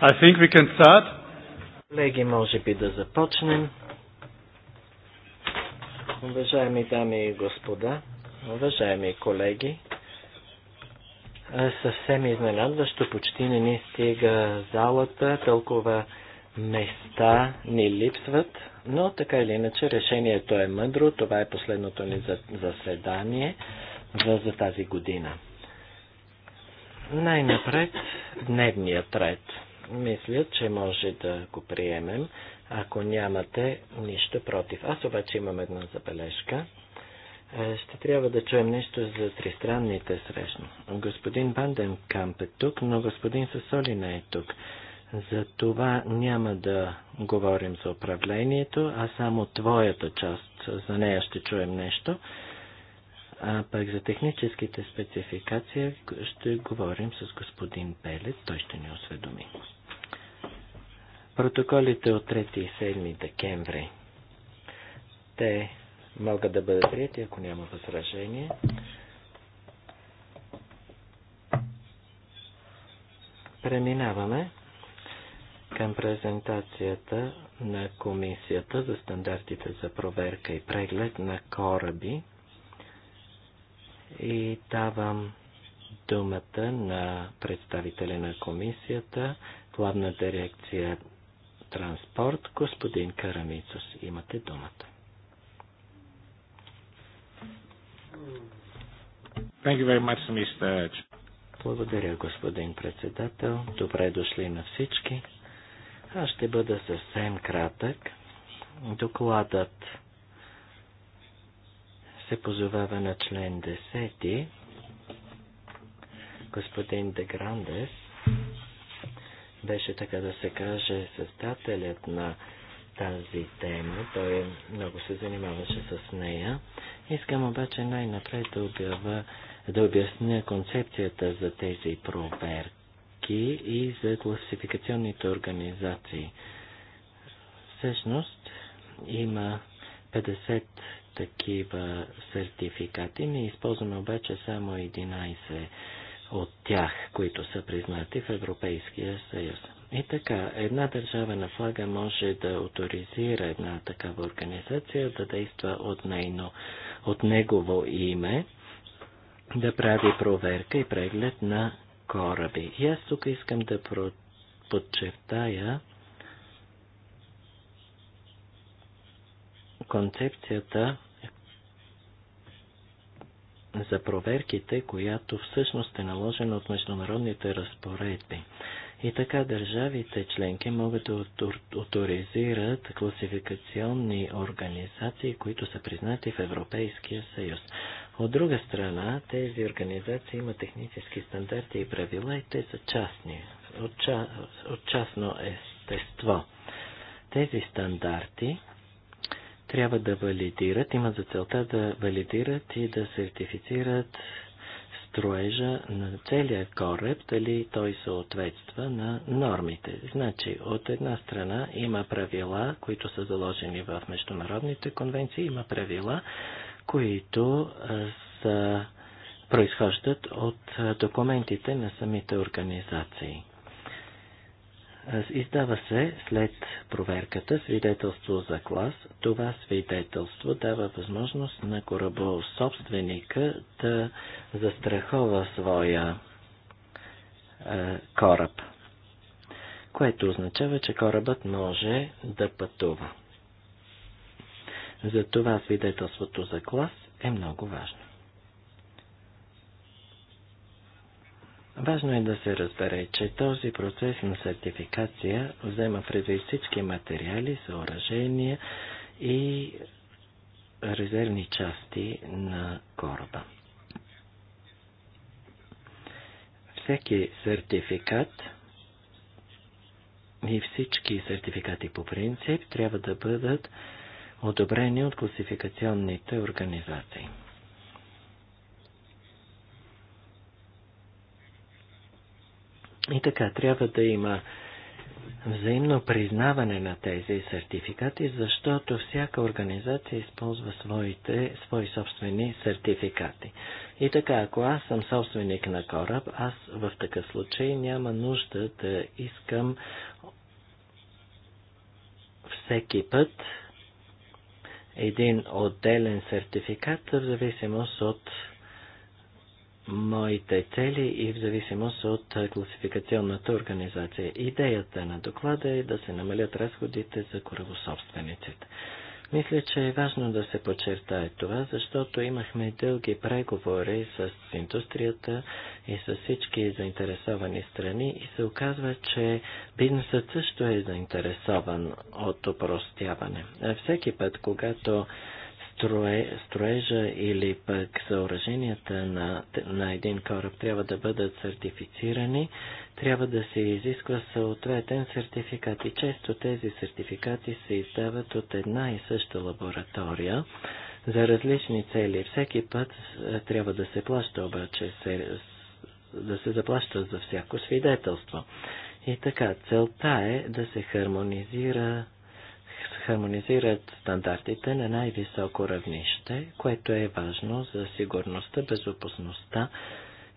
I think we can start. Колеги, може би да започнем. Уважаеми дами и господа, уважаеми колеги, съвсем изненадващо почти не ни стига залата, толкова места ни липсват, но така или иначе решението е мъдро, това е последното ни заседание за, за тази година. Най-напред дневният ред. Мисля, че може да го приемем, ако нямате нищо против. Аз обаче имам една забележка. Е, ще трябва да чуем нещо за тристранните срещи. Господин Банден Камп е тук, но господин Сасоли не е тук. За това няма да говорим за управлението, а само твоята част. За нея ще чуем нещо. А пък за техническите спецификации ще говорим с господин Пелец. Той ще ни осведоми. Протоколите от 3 и 7 декември. Те могат да бъдат прияти, ако няма възражение. Преминаваме към презентацията на Комисията за стандартите за проверка и преглед на кораби и давам думата на представителя на Комисията, главна дирекция транспорт. Господин Карамицус, имате думата. Thank you very much, Mr. Благодаря, господин председател. Добре дошли на всички. Аз ще бъда съвсем кратък. Докладът се позовава на член 10. Господин Деграндес беше така да се каже създателят на тази тема. Той много се занимаваше с нея. Искам обаче най-напред да, обява, да обясня концепцията за тези проверки и за класификационните организации. Всъщност има 50 такива сертификати. Ние използваме обаче само 11 от тях, които са признати в Европейския съюз. И така, една държава на флага може да авторизира една такава организация да действа от, нейно, от негово име, да прави проверка и преглед на кораби. И аз тук искам да подчертая концепцията за проверките, която всъщност е наложена от международните разпоредби. И така държавите членки могат да авторизират класификационни организации, които са признати в Европейския съюз. От друга страна, тези организации имат технически стандарти и правила и те са частни, от, ча, от частно естество. Тези стандарти трябва да валидират, имат за целта да валидират и да сертифицират строежа на целия кораб, дали той съответства на нормите. Значи, от една страна има правила, които са заложени в международните конвенции, има правила, които са, произхождат от документите на самите организации. Издава се след проверката свидетелство за клас. Това свидетелство дава възможност на корабособственика да застрахова своя е, кораб, което означава, че корабът може да пътува. Затова свидетелството за клас е много важно. Важно е да се разбере, че този процес на сертификация взема предвид всички материали, съоръжения и резервни части на кораба. Всеки сертификат и всички сертификати по принцип трябва да бъдат одобрени от класификационните организации. И така, трябва да има взаимно признаване на тези сертификати, защото всяка организация използва своите, свои собствени сертификати. И така, ако аз съм собственик на кораб, аз в такъв случай няма нужда да искам всеки път един отделен сертификат в зависимост от моите цели и в зависимост от класификационната организация. Идеята на доклада е да се намалят разходите за корабособствениците. Мисля, че е важно да се подчертае това, защото имахме дълги преговори с индустрията и с всички заинтересовани страни и се оказва, че бизнесът също е заинтересован от упростяване. Всеки път, когато строе, строежа или пък съоръженията на, на един кораб трябва да бъдат сертифицирани, трябва да се изисква съответен сертификат и често тези сертификати се издават от една и съща лаборатория за различни цели. Всеки път е, трябва да се плаща обаче, се, да се заплаща за всяко свидетелство. И така, целта е да се хармонизира хармонизират стандартите на най-високо равнище, което е важно за сигурността, безопасността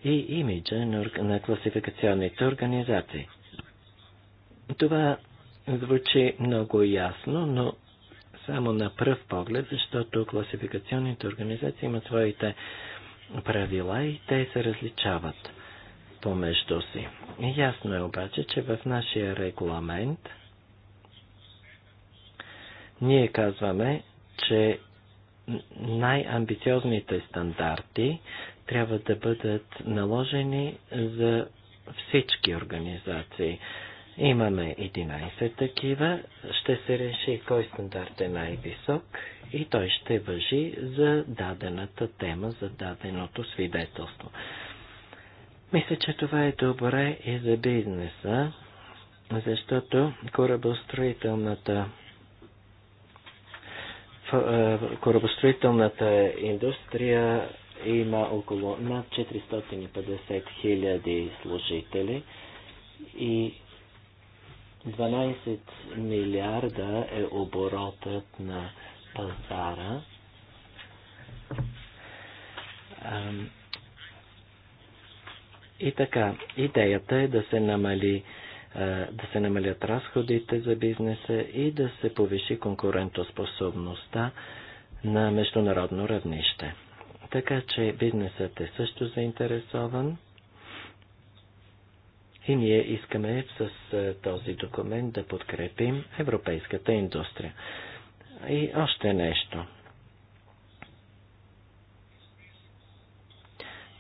и имиджа на, класификационните организации. Това звучи много ясно, но само на пръв поглед, защото класификационните организации имат своите правила и те се различават помежду си. Ясно е обаче, че в нашия регламент – ние казваме, че най-амбициозните стандарти трябва да бъдат наложени за всички организации. Имаме 11 такива, ще се реши кой стандарт е най-висок и той ще въжи за дадената тема, за даденото свидетелство. Мисля, че това е добре и за бизнеса, защото корабостроителната е, корабостроителната индустрия има около над 450 хиляди служители и 12 милиарда е оборотът на пазара. И така, идеята е да се намали е, да се намалят разходите за бизнеса и да се повиши конкурентоспособността на международно равнище. Така че бизнесът е също заинтересован и ние искаме с е, този документ да подкрепим европейската индустрия. И още нещо.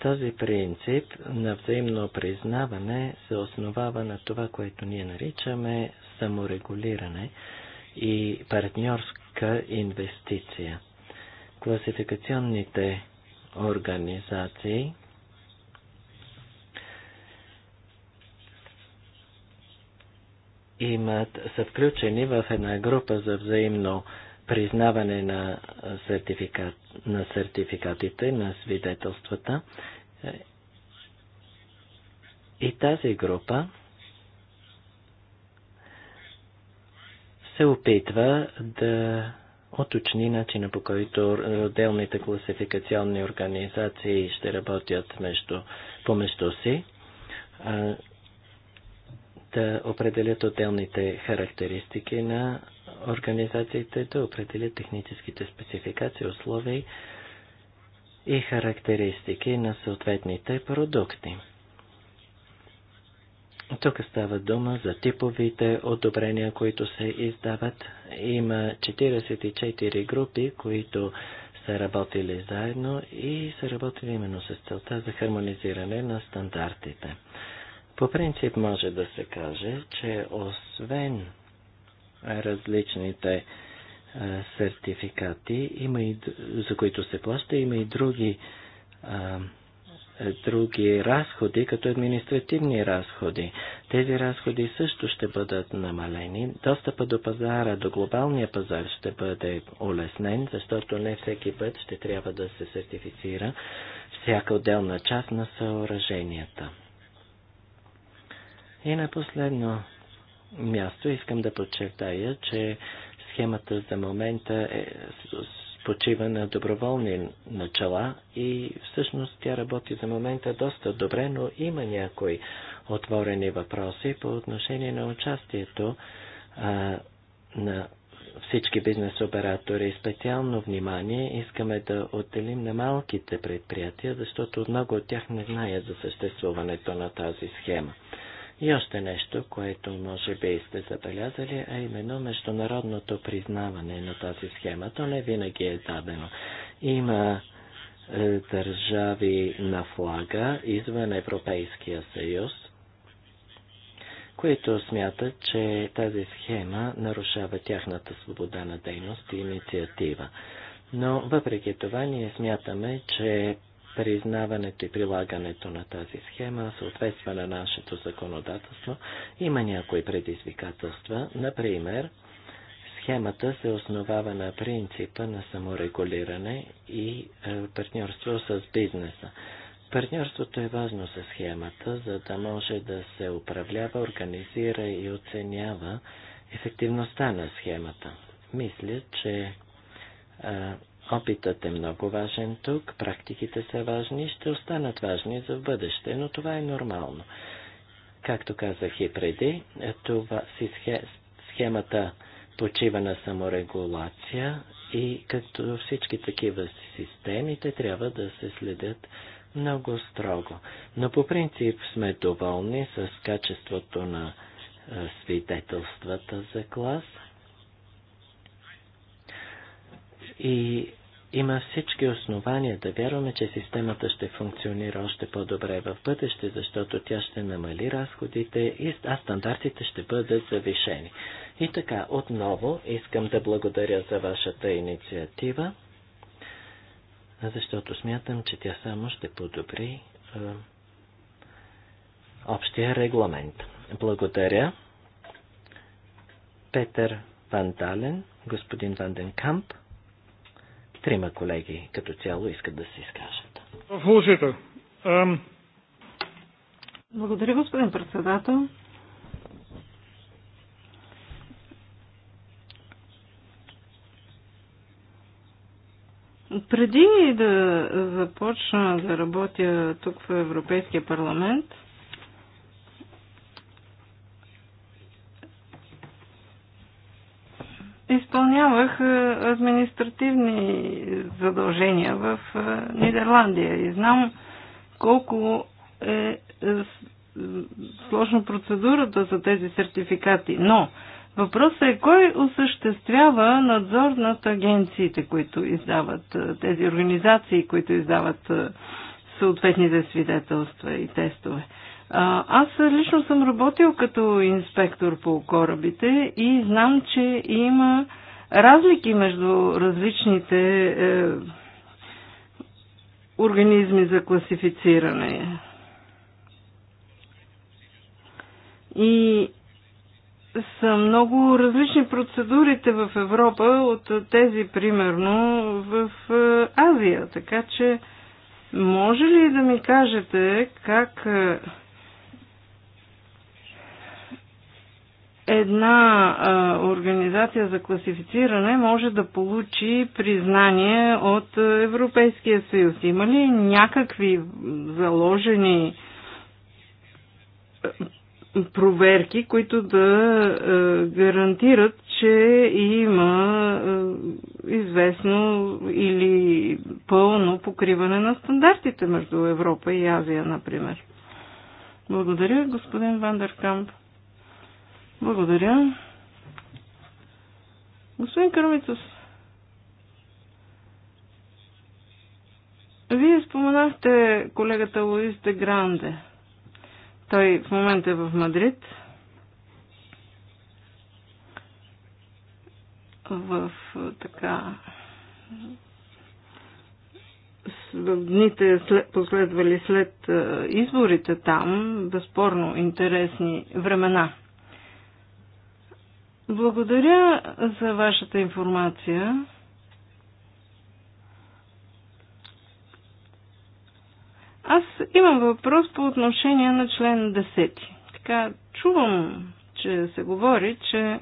Този принцип на взаимно признаване се основава на това, което ние наричаме саморегулиране и партньорска инвестиция. Класификационните организации имат, са включени в една група за взаимно признаване на, сертификат, на сертификатите, на свидетелствата. И тази група се опитва да оточни начина по който отделните класификационни организации ще работят между, помежду си, да определят отделните характеристики на организациите да определят техническите спецификации, условия и характеристики на съответните продукти. Тук става дума за типовите одобрения, които се издават. Има 44 групи, които са работили заедно и са работили именно с целта за хармонизиране на стандартите. По принцип може да се каже, че освен различните е, сертификати, има и, за които се плаща, има и други, а, е, други разходи, като административни разходи. Тези разходи също ще бъдат намалени. Достъпа до пазара, до глобалния пазар ще бъде улеснен, защото не всеки път ще трябва да се сертифицира всяка отделна част на съоръженията. И на последно място искам да подчертая, че схемата за момента е, почива на доброволни начала и всъщност тя работи за момента доста добре, но има някои отворени въпроси по отношение на участието а, на всички бизнес оператори. Специално внимание искаме да отделим на малките предприятия, защото много от тях не знаят за съществуването на тази схема. И още нещо, което може би сте забелязали, а именно международното признаване на тази схема. То не винаги е дадено. Има е, държави на флага извън Европейския съюз, които смятат, че тази схема нарушава тяхната свобода на дейност и инициатива. Но въпреки това ние смятаме, че признаването и прилагането на тази схема съответства на нашето законодателство. Има някои предизвикателства. Например, схемата се основава на принципа на саморегулиране и е, партньорство с бизнеса. Партньорството е важно с схемата, за да може да се управлява, организира и оценява ефективността на схемата. Мисля, че е, Опитът е много важен тук, практиките са важни, ще останат важни за в бъдеще, но това е нормално. Както казах и преди, това си схемата почива на саморегулация и като всички такива системи, те трябва да се следят много строго. Но по принцип сме доволни с качеството на свидетелствата за клас. И има всички основания да вярваме, че системата ще функционира още по-добре в бъдеще, защото тя ще намали разходите, а стандартите ще бъдат завишени. И така, отново искам да благодаря за вашата инициатива, защото смятам, че тя само ще подобри е, общия регламент. Благодаря. Петър Вандален, господин Ванденкамп. Трима колеги като цяло искат да се изкажат. Благодаря, господин председател. Преди да започна да работя тук в Европейския парламент, изпълнявах е, административни задължения в е, Нидерландия и знам колко е, е сложна процедурата за тези сертификати. Но въпросът е кой осъществява надзор над агенциите, които издават тези организации, които издават съответните свидетелства и тестове. Аз лично съм работил като инспектор по корабите и знам, че има разлики между различните е, организми за класифициране. И са много различни процедурите в Европа от тези, примерно, в е, Азия. Така че, може ли да ми кажете как е, една а, организация за класифициране може да получи признание от Европейския съюз? Има ли някакви заложени проверки, които да а, гарантират, че има а, известно или пълно покриване на стандартите между Европа и Азия, например. Благодаря, господин Вандеркамп. Благодаря. Господин Кърмицус, Вие споменахте колегата Луис де Гранде. Той в момента е в Мадрид. В така в дните след, последвали след изборите там, безспорно интересни времена – благодаря за вашата информация. Аз имам въпрос по отношение на член 10. Така, чувам, че се говори, че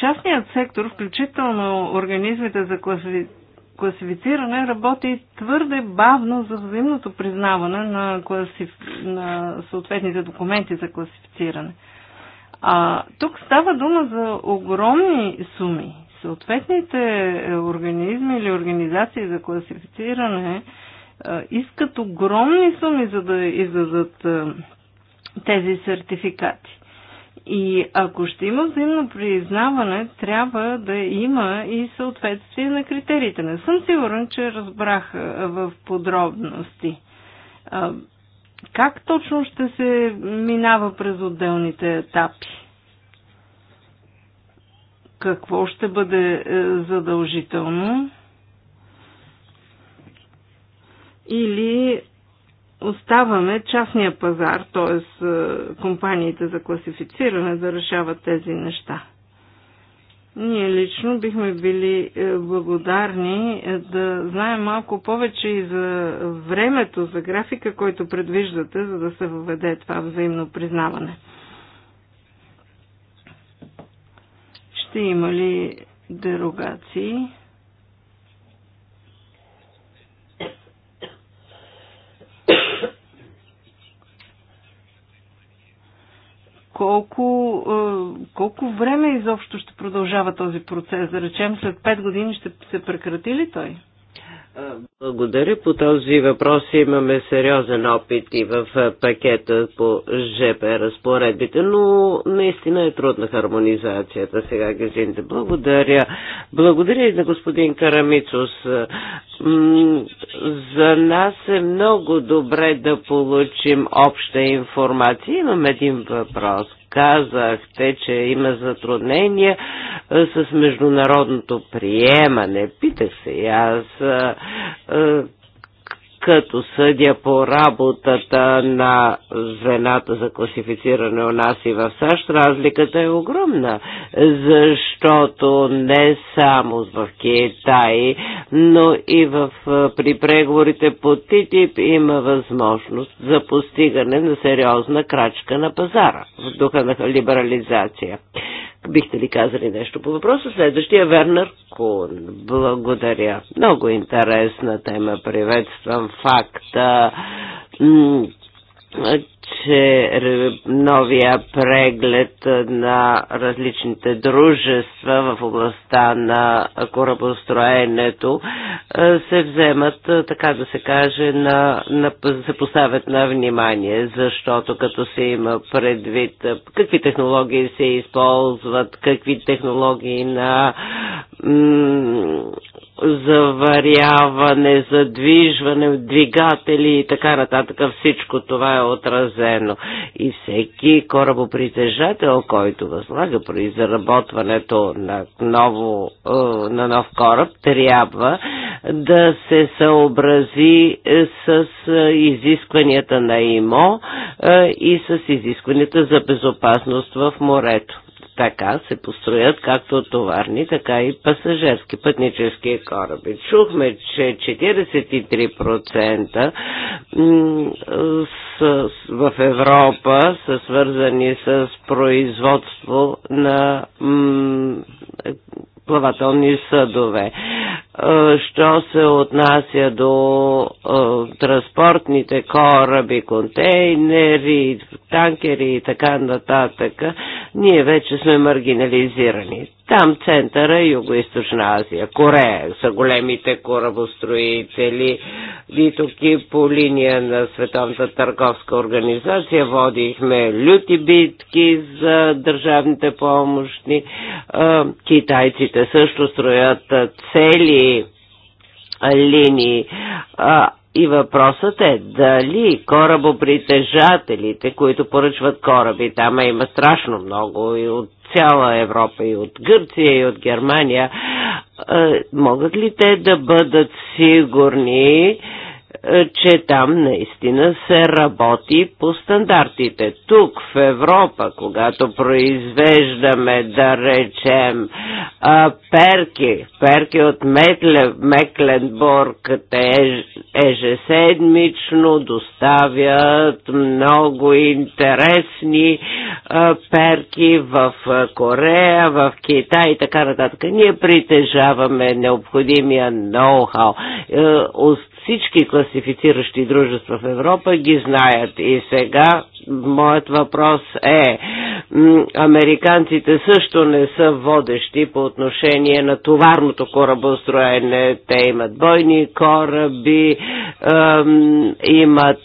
частният сектор, включително организмите за класи... класифициране, работи твърде бавно за взаимното признаване на, класиф... на съответните документи за класифициране. А тук става дума за огромни суми. Съответните организми или организации за класифициране искат огромни суми, за да издадат тези сертификати. И ако ще има взаимно признаване, трябва да има и съответствие на критериите. Не съм сигурен, че разбрах в подробности. Как точно ще се минава през отделните етапи? Какво ще бъде е, задължително? Или оставаме частния пазар, т.е. Е, компаниите за класифициране да решават тези неща? Ние лично бихме били е, благодарни е, да знаем малко повече и за времето, за графика, който предвиждате, за да се въведе това взаимно признаване. Ще има ли дерогации? колко, е, колко време изобщо ще продължава този процес? Да речем, след 5 години ще се прекрати ли той? Благодаря. По този въпрос имаме сериозен опит и в пакета по ЖП разпоредбите, но наистина е трудна хармонизацията сега, Гезинте. Благодаря. Благодаря и на господин Карамицус. За нас е много добре да получим обща информация. Имам един въпрос казахте, че има затруднения с международното приемане. Питах се и аз като съдя по работата на звената за класифициране у нас и в САЩ, разликата е огромна, защото не само в Китай, но и в, при преговорите по ТИТИП има възможност за постигане на сериозна крачка на пазара в духа на либерализация. Бихте ли казали нещо по въпроса? Следващия Вернер Кун. Благодаря. Много интересна тема. Приветствам факта, че новия преглед на различните дружества в областта на корабостроенето се вземат, така да се каже, на, на, се поставят на внимание, защото като се има предвид какви технологии се използват, какви технологии на заваряване, задвижване, двигатели и така нататък. Всичко това е отразено. И всеки корабопритежател, който възлага при заработването на, ново, е, на нов кораб, трябва да се съобрази е, с е, изискванията на ИМО и с изискванията за безопасност в морето. Така се построят както товарни, така и пасажирски пътнически кораби. Чухме, че 43% в Европа са свързани с производство на плавателни съдове. Е, що се отнася до е, транспортните кораби, контейнери, танкери и така нататък, ние вече сме маргинализирани. Там центъра Юго-Источна Азия, Корея са големите корабостроители. И тук и по линия на Световната търговска организация водихме люти битки за държавните помощни. Китайците също строят цели линии. И въпросът е дали корабопритежателите, които поръчват кораби, там има страшно много и от цяла Европа, и от Гърция, и от Германия, е, могат ли те да бъдат сигурни, че там наистина се работи по стандартите. Тук в Европа, когато произвеждаме, да речем, перки, перки от Метле, Мекленбург, те ежеседмично доставят много интересни перки в Корея, в Китай и така нататък. Ние притежаваме необходимия ноу-хау. Е, всички класифициращи дружества в Европа ги знаят. И сега моят въпрос е, американците също не са водещи по отношение на товарното корабостроене. Те имат бойни кораби, имат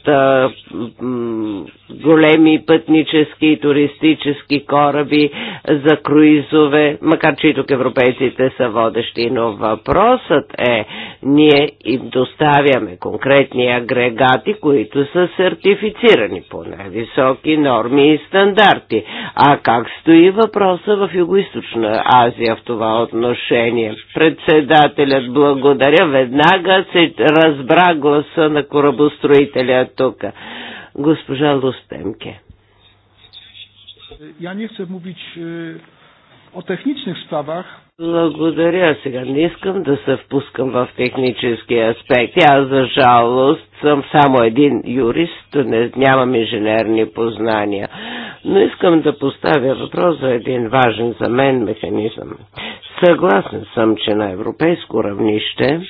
големи пътнически и туристически кораби за круизове, макар че и тук европейците са водещи, но въпросът е, ние им доставяме конкретни агрегати, които са сертифицирани по най-високи норми и стандарти. А как стои въпроса в юго Азия в това отношение? Председателят благодаря, веднага се разбра гласа на корабостроителя тук госпожа Лустемке. Я не chcę mówić о технических справах. Благодаря. Сега не искам да се впускам в технически аспекти. Аз, за жалост, съм само един юрист, не, нямам инженерни познания. Но искам да поставя въпрос за един важен за мен механизъм. Съгласен съм, че на европейско равнище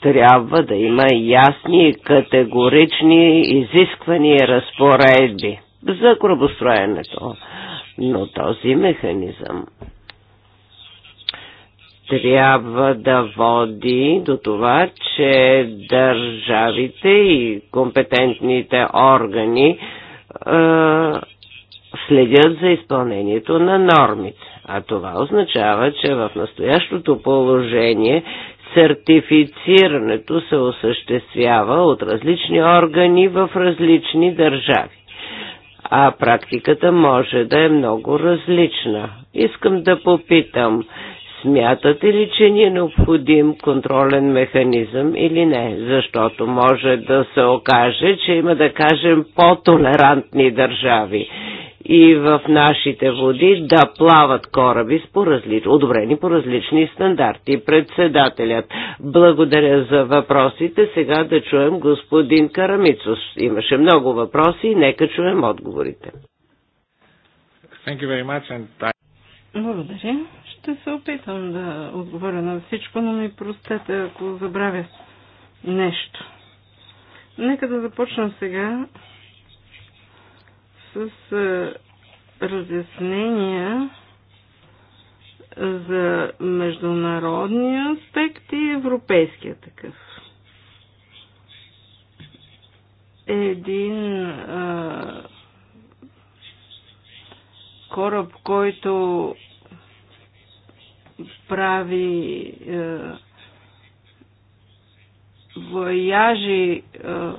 трябва да има ясни и категорични изисквания и разпоредби за кръвостроенето. Но този механизъм трябва да води до това, че държавите и компетентните органи е, следят за изпълнението на нормите. А това означава, че в настоящото положение Сертифицирането се осъществява от различни органи в различни държави а практиката може да е много различна. Искам да попитам, смятате ли, че ни е необходим контролен механизъм или не? Защото може да се окаже, че има, да кажем, по-толерантни държави и в нашите води да плават кораби с по различ... одобрени по различни стандарти. Председателят, благодаря за въпросите. Сега да чуем господин Карамицус. Имаше много въпроси, нека чуем отговорите. Thank you very much and I... Благодаря. Ще се опитам да отговоря на всичко, но ми простете, ако забравя нещо. Нека да започна сега с е, разяснения за международния аспект и европейския такъв. Един а, е, кораб, който прави а, е, вояжи а,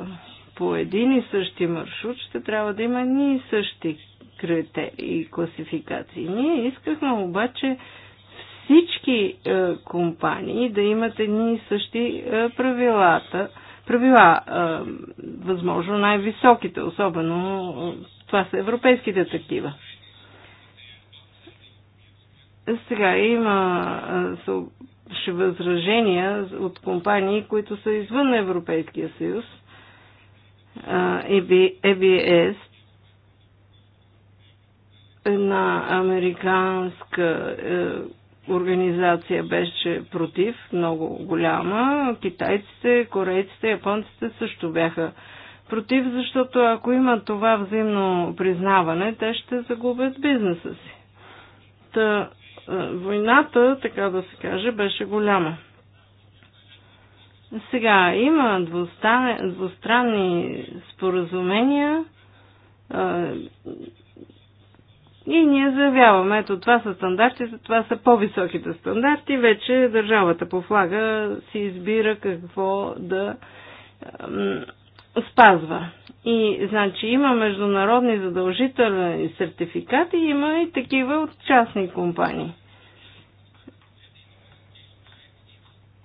по един и същи маршрут ще трябва да има ни и същи критерии и класификации. Ние искахме обаче всички е, компании да имат едни и същи е, правилата, правила, е, възможно най-високите, особено е, това са европейските такива. Сега има е, възражения от компании, които са извън Европейския съюз – ABS, е една американска е, организация беше против, много голяма. Китайците, корейците, японците също бяха против, защото ако има това взаимно признаване, те ще загубят бизнеса си. Та, е, войната, така да се каже, беше голяма. Сега има двустранни споразумения и ние заявяваме, ето това са стандарти, това са по-високите стандарти, вече държавата по флага си избира какво да спазва. И значи има международни задължителни сертификати, има и такива от частни компании.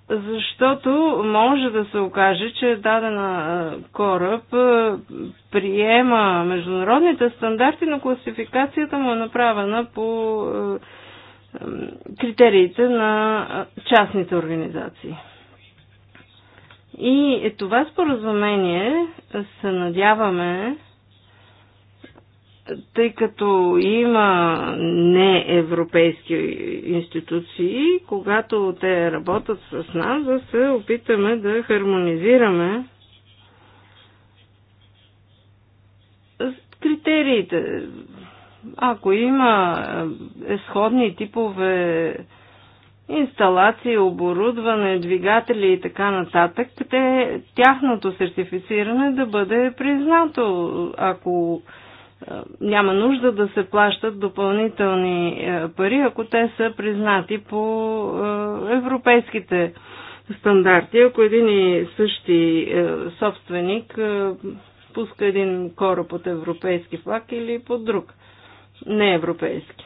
защото може да се окаже, че дадена кораб приема международните стандарти, но класификацията му е направена по критериите на частните организации. И е това споразумение се надяваме тъй като има неевропейски институции, когато те работят с нас, да се опитаме да хармонизираме критериите. Ако има сходни типове инсталации, оборудване, двигатели и така нататък, те, тяхното сертифициране да бъде признато. Ако е, няма нужда да се плащат допълнителни е, пари, ако те са признати по е, европейските стандарти. Ако един и същи собственик пуска един кораб от европейски флаг или под друг, не европейски.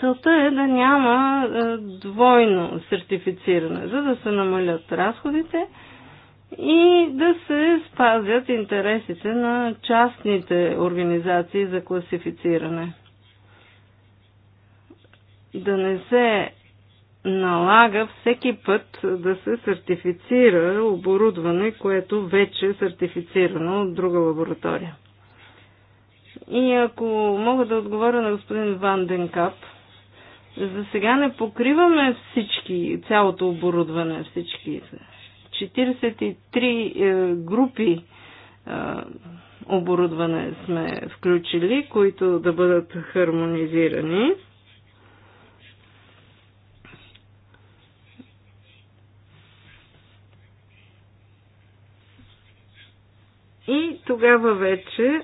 Целта е да няма двойно сертифициране, за да се намалят разходите и да се спазят интересите на частните организации за класифициране. Да не се налага всеки път да се сертифицира оборудване, което вече е сертифицирано от друга лаборатория. И ако мога да отговоря на господин Ван Денкап, за сега не покриваме всички, цялото оборудване, всички 43 е, групи е, оборудване сме включили, които да бъдат хармонизирани. И тогава вече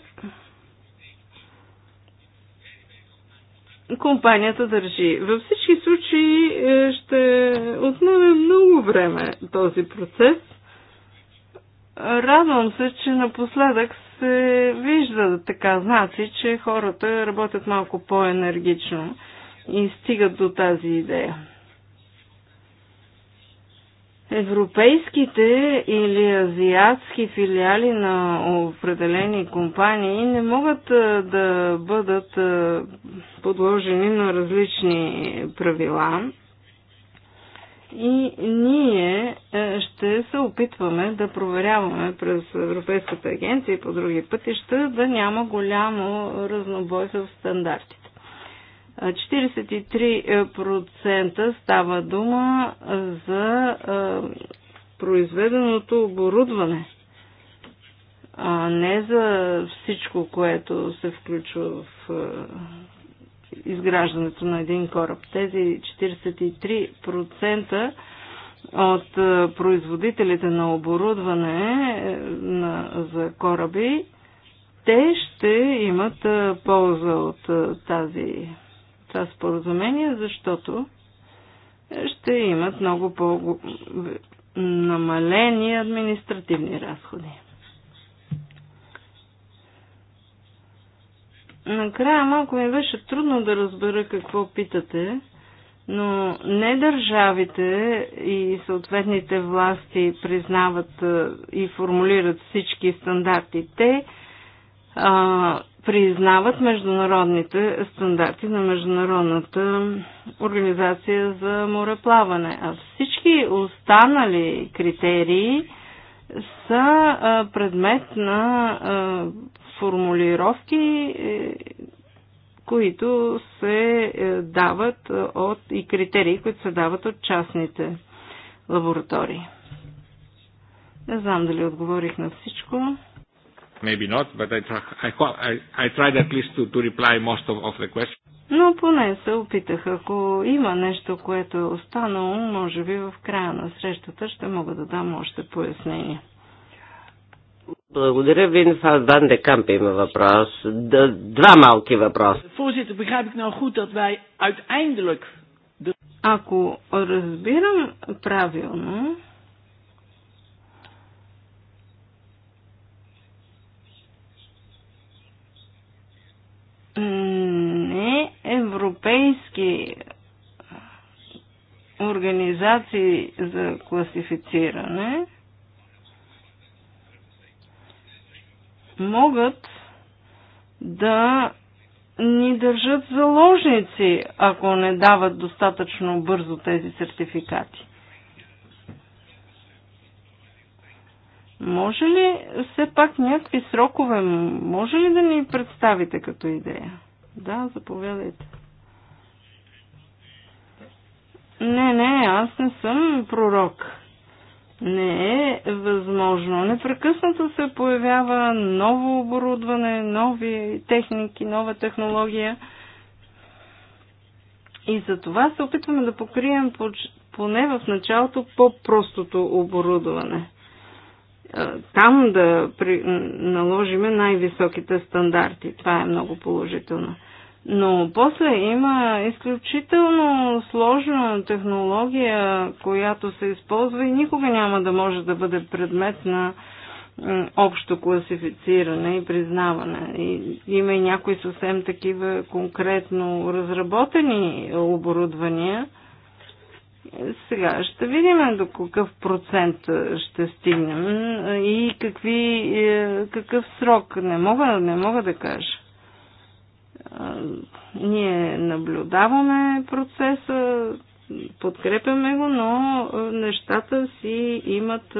компанията държи. Във всички случаи е, ще отнеме много време този процес. Радвам се, че напоследък се вижда така знаци, че хората работят малко по-енергично и стигат до тази идея европейските или азиатски филиали на определени компании не могат да бъдат подложени на различни правила. И ние ще се опитваме да проверяваме през Европейската агенция и по други пътища да няма голямо разнобой в стандарти. 43% става дума за произведеното оборудване, а не за всичко, което се включва в изграждането на един кораб. Тези 43% от производителите на оборудване е, за кораби, те ще имат полза от тази това споразумение, защото ще имат много по-намалени административни разходи. Накрая малко ми беше трудно да разбера какво питате, но не държавите и съответните власти признават и формулират всички стандарти. Те а, признават международните стандарти на Международната организация за мореплаване. А всички останали критерии са предмет на формулировки, е, които се е, дават е, от и критерии, които се дават от частните лаборатории. Не знам дали отговорих на всичко. Maybe not, but I, try, I, I, I tried at least to, to reply most of, of the questions. Но поне се опитах. Ако има нещо, което е останало, може би в края на срещата ще мога да дам още пояснение. Благодаря, Вин Ван де Камп има въпрос. Д- два малки въпроса. Voorzitter, begrijp ik nou goed dat wij uiteindelijk... Ако разбирам правилно, не европейски организации за класифициране могат да ни държат заложници, ако не дават достатъчно бързо тези сертификати. Може ли все пак някакви срокове, може ли да ни представите като идея? Да, заповядайте. Не, не, аз не съм пророк. Не е възможно. Непрекъснато се появява ново оборудване, нови техники, нова технология. И за това се опитваме да покрием поне в началото по-простото оборудване там да наложиме най-високите стандарти. Това е много положително. Но после има изключително сложна технология, която се използва и никога няма да може да бъде предмет на общо класифициране и признаване. И, има и някои съвсем такива конкретно разработени оборудвания – сега ще видим до какъв процент ще стигнем и какви, е, какъв срок. Не мога, не мога да кажа. Ние наблюдаваме процеса, подкрепяме го, но нещата си имат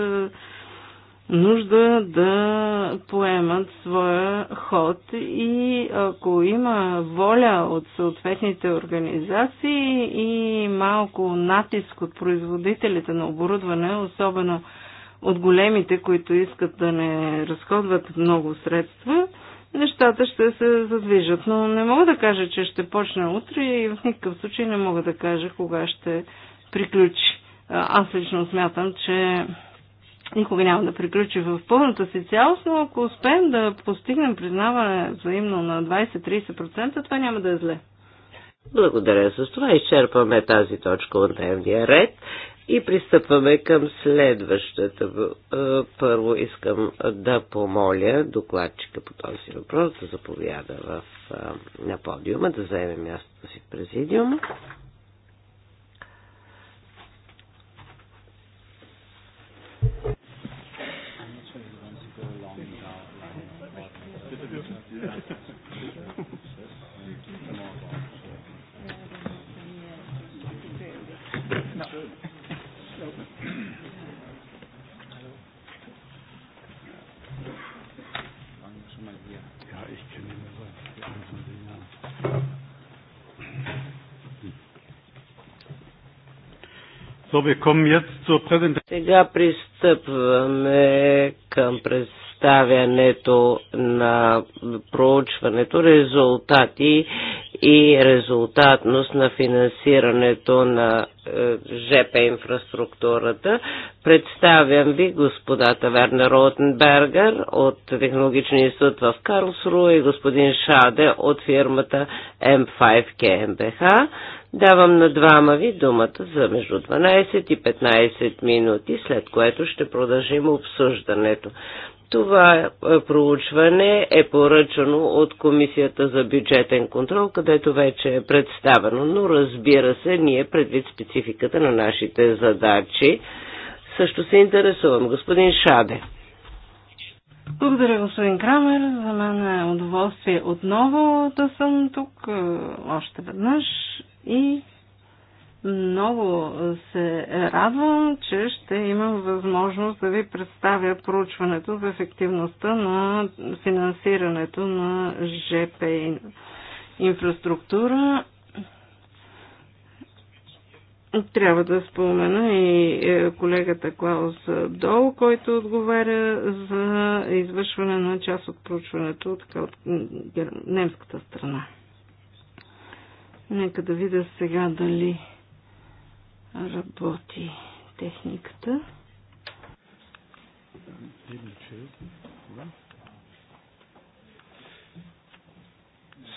нужда да поемат своя ход и ако има воля от съответните организации и малко натиск от производителите на оборудване, особено от големите, които искат да не разходват много средства, нещата ще се задвижат. Но не мога да кажа, че ще почне утре и в никакъв случай не мога да кажа кога ще приключи. Аз лично смятам, че никога няма да приключи в пълната си цялост, но ако успеем да постигнем признаване взаимно на 20-30%, това няма да е зле. Благодаря. С това изчерпваме тази точка от дневния ред и пристъпваме към следващата. Е, първо искам да помоля докладчика по този въпрос да заповяда в, е, на подиума, да заеме мястото си в президиума. Сега пристъпваме към през представянето на проучването, резултати и резултатност на финансирането на е, ЖП инфраструктурата. Представям ви господата Вернер Ротенбергер от Технологичния институт в Карлсру и господин Шаде от фирмата M5 КМБХ. Давам на двама ви думата за между 12 и 15 минути, след което ще продължим обсъждането. Това е, проучване е поръчано от Комисията за бюджетен контрол, където вече е представено, но разбира се, ние предвид спецификата на нашите задачи, също се интересувам. Господин Шаде. Благодаря, господин Крамер. За мен е удоволствие отново да съм тук е, още веднъж и много се радвам, че ще имам възможност да ви представя проучването за ефективността на финансирането на ЖП инфраструктура. Трябва да спомена и е, колегата Клаус Дол, който отговаря за извършване на част от проучването така, от немската страна. Нека да видя сега дали работи техниката.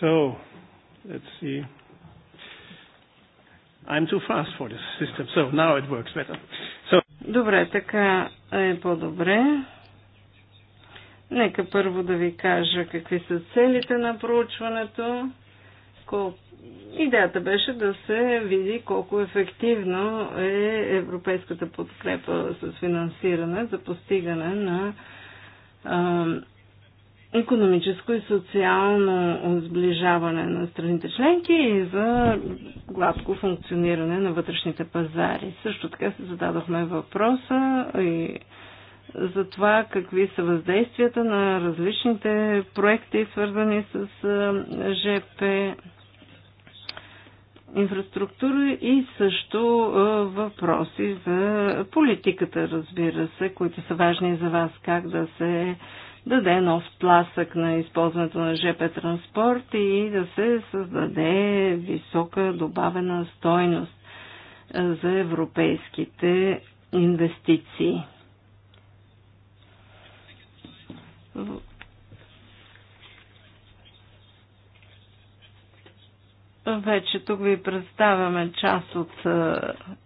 So, let's see. I'm too fast for this system, so now it works better. So... Добре, така е по-добре. Нека първо да ви кажа какви са целите на проучването, колко Идеята беше да се види колко ефективно е европейската подкрепа с финансиране за постигане на економическо и социално сближаване на страните членки и за гладко функциониране на вътрешните пазари. Също така се зададохме въпроса и за това какви са въздействията на различните проекти, свързани с ЖП инфраструктура и също въпроси за политиката, разбира се, които са важни за вас, как да се даде нов пласък на използването на ЖП транспорт и да се създаде висока добавена стойност за европейските инвестиции. Вече тук ви представяме част от е,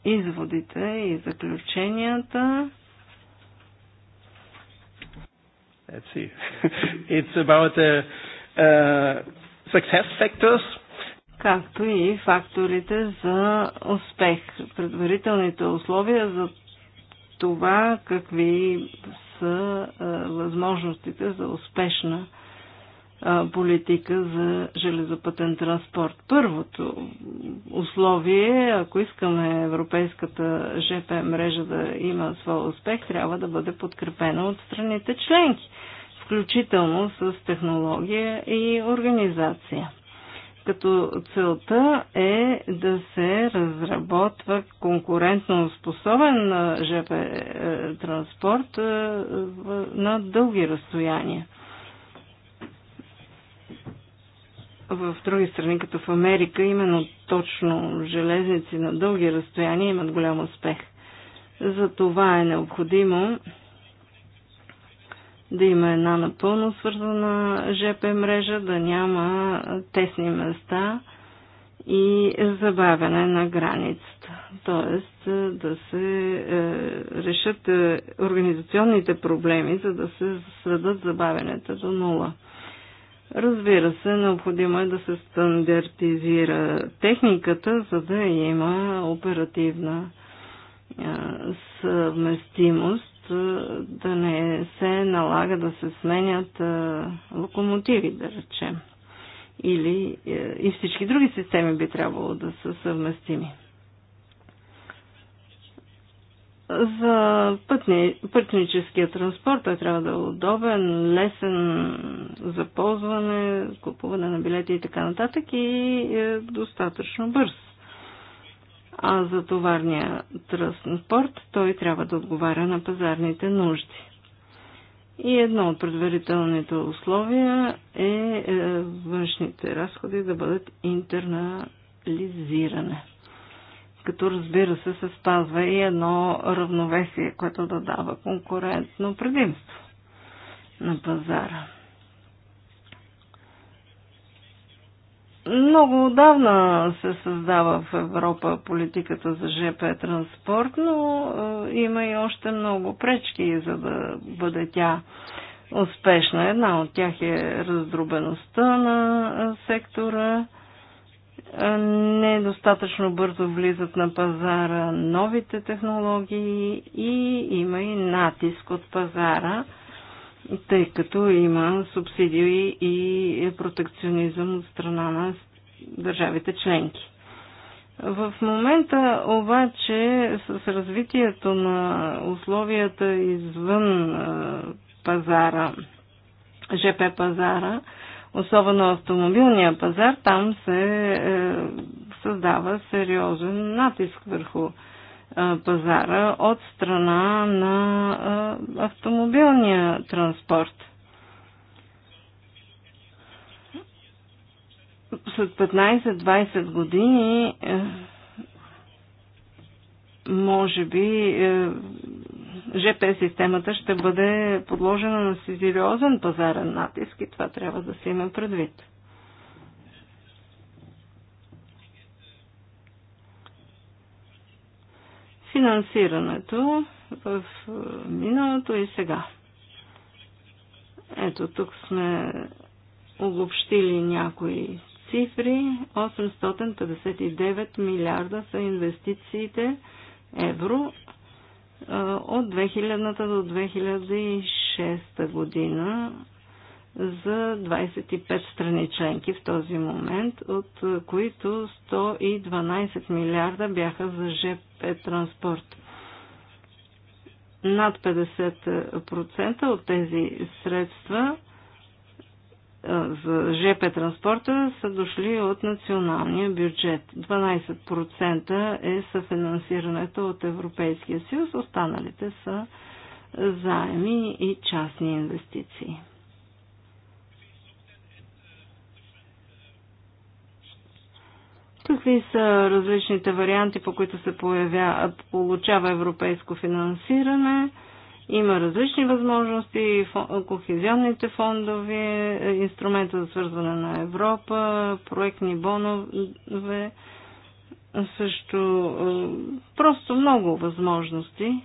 изводите и заключенията. Let's see. It's about the uh, uh, success factors. Както и факторите за успех, предварителните условия за това какви са е, възможностите за успешна политика за железопътен транспорт. Първото условие, ако искаме европейската ЖП мрежа да има своя успех, трябва да бъде подкрепена от страните членки, включително с технология и организация. Като целта е да се разработва конкурентно способен ЖП транспорт на дълги разстояния. в други страни, като в Америка, именно точно железници на дълги разстояния имат голям успех. За това е необходимо да има една напълно свързана ЖП мрежа, да няма тесни места и забавяне на границата. Тоест е, да се е, решат е, организационните проблеми, за да се сведат забавянето до нула. Разбира се, необходимо е да се стандартизира техниката, за да има оперативна съвместимост, да не се налага да се сменят локомотиви, да речем. Или е, и всички други системи би трябвало да са съвместими. За пътни, пътническия транспорт той трябва да е удобен, лесен за ползване, купуване на билети и така нататък и е достатъчно бърз. А за товарния транспорт той трябва да отговаря на пазарните нужди. И едно от предварителните условия е, е външните разходи да бъдат интернализиране като разбира се се спазва и едно равновесие, което да дава конкурентно предимство на пазара. Много отдавна се създава в Европа политиката за ЖП транспорт, но е, има и още много пречки, за да бъде тя успешна. Една от тях е раздробеността на е, сектора, недостатъчно бързо влизат на пазара новите технологии и има и натиск от пазара, тъй като има субсидии и протекционизъм от страна на държавите членки. В момента обаче с развитието на условията извън пазара, ЖП пазара, особено автомобилния пазар, там се е, създава сериозен натиск върху е, пазара от страна на е, автомобилния транспорт. След 15-20 години е, може би е, ЖП системата ще бъде подложена на сериозен пазарен натиск и това трябва да се има предвид. Финансирането в е, миналото и сега. Ето тук сме обобщили някои цифри. 859 милиарда са инвестициите евро от 2000 та до 2006 година за 25 страни членки в този момент, от които 112 милиарда бяха за ЖП транспорт. Над 50% от тези средства за ЖП транспорта са дошли от националния бюджет. 12% е съфинансирането от Европейския съюз, останалите са заеми и частни инвестиции. Какви са различните варианти, по които се появя, получава европейско финансиране? Има различни възможности, кохезионните фондове, е, инструмента за свързване на Европа, проектни бонове, също е, просто много възможности,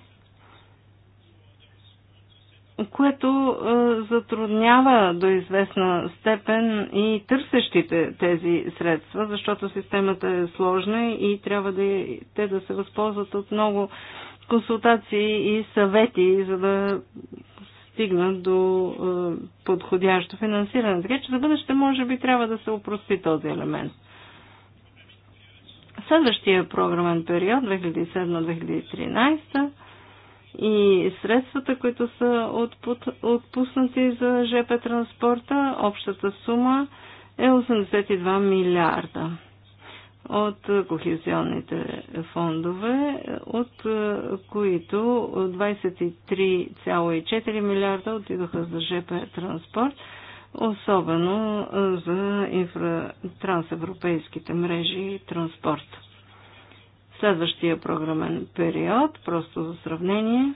което е, затруднява до известна степен и търсещите тези средства, защото системата е сложна и трябва да, те да се възползват от много консултации и съвети, за да стигнат до е, подходящо финансиране. Така че за бъдеще може би трябва да се упрости този елемент. Следващия програмен период 2007-2013 и средствата, които са отпуснати за ЖП транспорта, общата сума е 82 милиарда от кохезионните фондове, от които 23,4 милиарда отидоха за ЖП транспорт, особено за инфра... трансевропейските мрежи и транспорт. Следващия програмен период, просто за сравнение,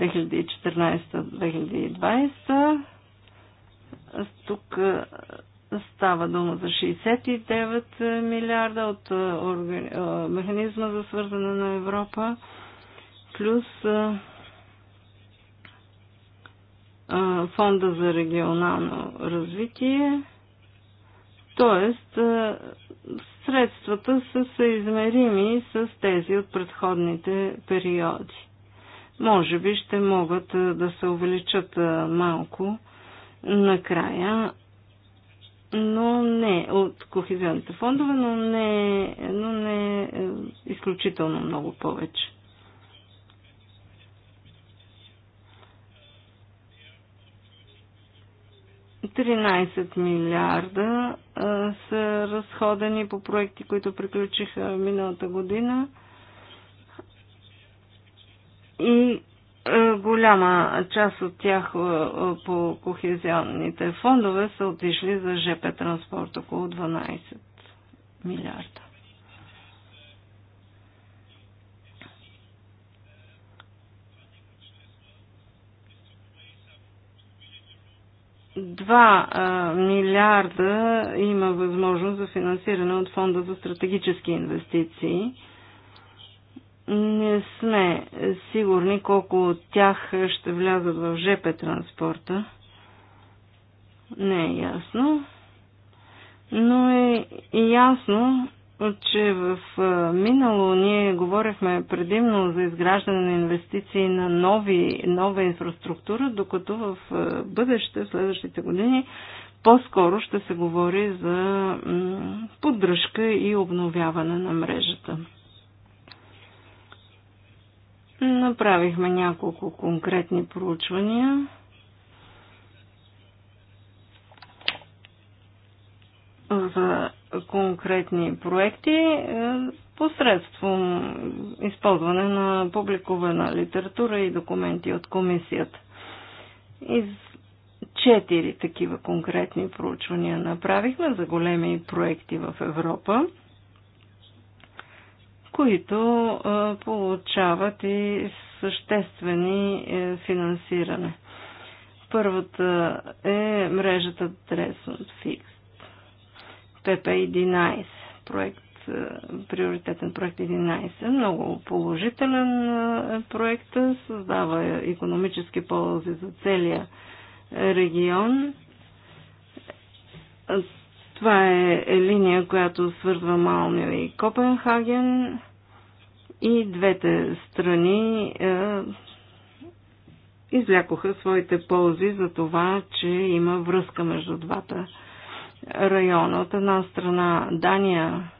2014-2020, тук Става дума за 69 милиарда от е, е, механизма за свързане на Европа, плюс е, фонда за регионално развитие. Тоест, средствата са съизмерими с тези от предходните периоди. Може би ще могат да се увеличат малко накрая, но не от кохезионните фондове, но не, но не е, изключително много повече. Тринадесет милиарда а, е, са разходени по проекти, които приключиха миналата година и е, голяма част от тях е, е, по кохезионните фондове са отишли за ЖП транспорт около 12 милиарда. Два милиарда има възможност за финансиране от фонда за стратегически инвестиции – не сме сигурни колко от тях ще влязат в ЖП транспорта. Не е ясно. Но е ясно, че в минало ние говорихме предимно за изграждане на инвестиции на нови, нова инфраструктура, докато в бъдеще, в следващите години, по-скоро ще се говори за поддръжка и обновяване на мрежата. Направихме няколко конкретни проучвания. за конкретни проекти е, посредством използване на публикувана литература и документи от комисията. Из четири такива конкретни проучвания направихме за големи проекти в Европа които получават и съществени е, финансиране. Първата е мрежата Dresden Fixed. ПП-11, проект, е, приоритетен проект 11. Много положителен е, проект, създава економически ползи за целия регион това е, е линия, която свързва Малмил и Копенхаген и двете страни е, излякоха своите ползи за това, че има връзка между двата района. От една страна Дания,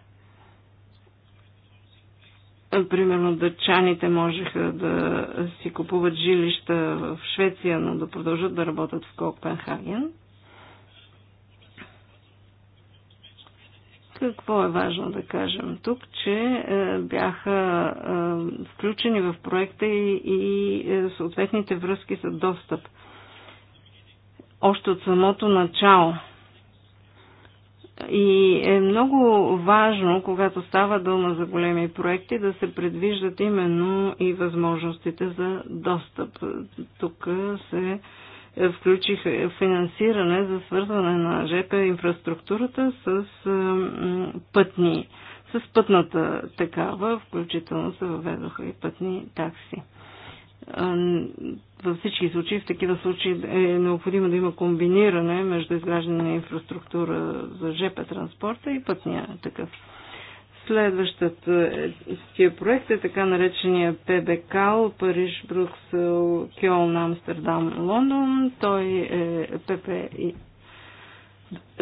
примерно дъчаните можеха да си купуват жилища в Швеция, но да продължат да работят в Копенхаген – Какво е важно да кажем тук, че е, бяха е, включени в проекта и, и е, съответните връзки за достъп. Още от самото начало. И е много важно, когато става дума за големи проекти, да се предвиждат именно и възможностите за достъп. Тук се включих финансиране за свързване на ЖП инфраструктурата с пътни, с пътната такава, включително се въведоха и пътни такси. Във всички случаи, в такива случаи е необходимо да има комбиниране между изграждане на инфраструктура за ЖП транспорта и пътния такъв. Следващата тия проект е така наречения ПБК, Париж, Брюксел, Кьолн, Амстердам, Лондон. Той е и...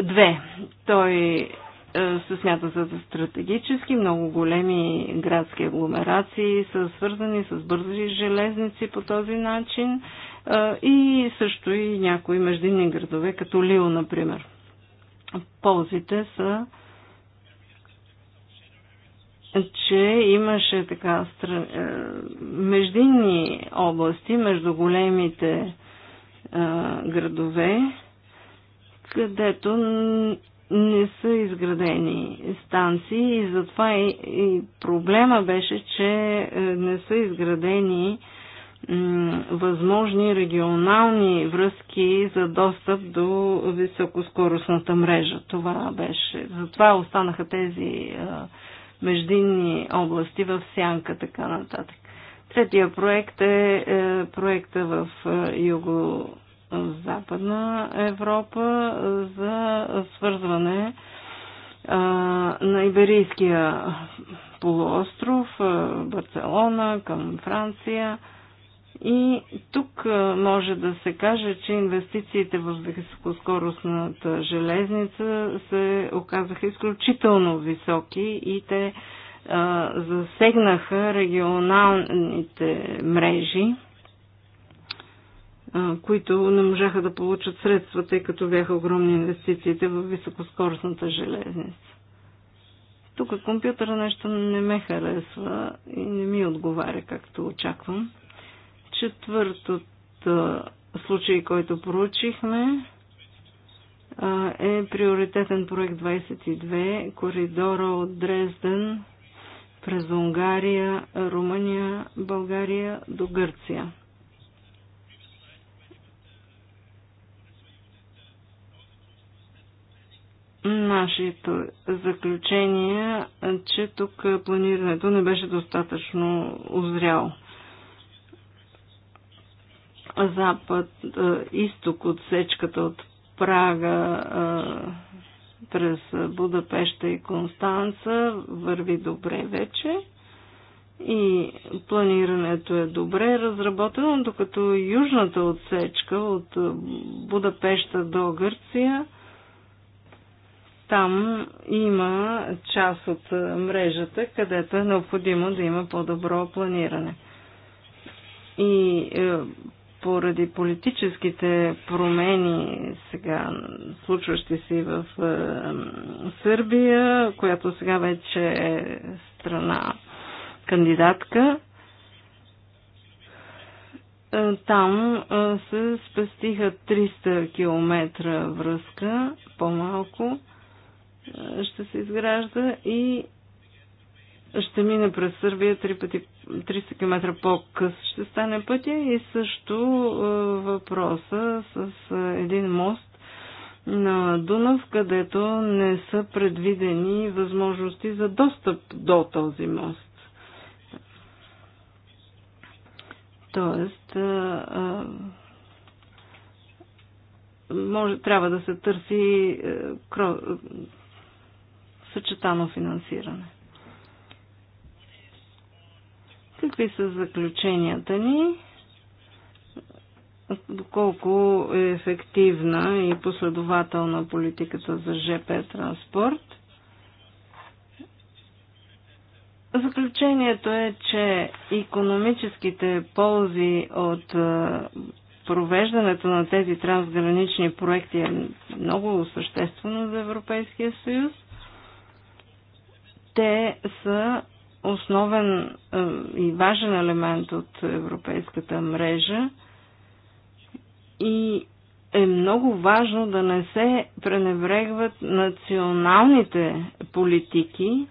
Две. Той е, се смята за стратегически. Много големи градски агломерации са свързани с бързи железници по този начин е, и също и някои междинни градове, като Лил, например. Ползите са че имаше така стран... Е, междинни области между големите а, е, градове, където не са изградени станции и затова и, и проблема беше, че е, не са изградени възможни регионални връзки за достъп до високоскоростната мрежа. Това беше. Затова останаха тези а, междинни области в сянка, така нататък. Третия проект е, е проекта в е, Юго-Западна Европа за свързване е, на Иберийския полуостров, е, Барселона, към Франция – и тук може да се каже, че инвестициите в високоскоростната железница се оказаха изключително високи и те а, засегнаха регионалните мрежи, а, които не можаха да получат средства, тъй като бяха огромни инвестициите в високоскоростната железница. Тук компютъра нещо не ме харесва и не ми отговаря както очаквам. Четвъртото случай, който проучихме, е приоритетен проект 22, коридора от Дрезден през Унгария, Румъния, България до Гърция. Нашето заключение е, че тук планирането не беше достатъчно озряло запад, е, изток от сечката от Прага е, през Будапеща и Констанца върви добре вече и планирането е добре разработено, докато южната отсечка от Будапеща до Гърция там има част от мрежата, където е необходимо да има по-добро планиране. И е, поради политическите промени сега случващи се в е, Сърбия, която сега вече е страна кандидатка, е, там е, се спастиха 300 км връзка, по-малко ще се изгражда и ще мине през Сърбия три пъти 300 км по-къс ще стане пътя и също е, въпроса с е, един мост на Дунав, където не са предвидени възможности за достъп до този мост. Тоест, е, може, трябва да се търси съчетано финансиране. Какви са заключенията ни? Доколко е ефективна и последователна политиката за ЖП транспорт? Заключението е, че економическите ползи от провеждането на тези трансгранични проекти е много съществено за Европейския съюз. Те са основен е, и важен елемент от европейската мрежа и е много важно да не се пренебрегват националните политики,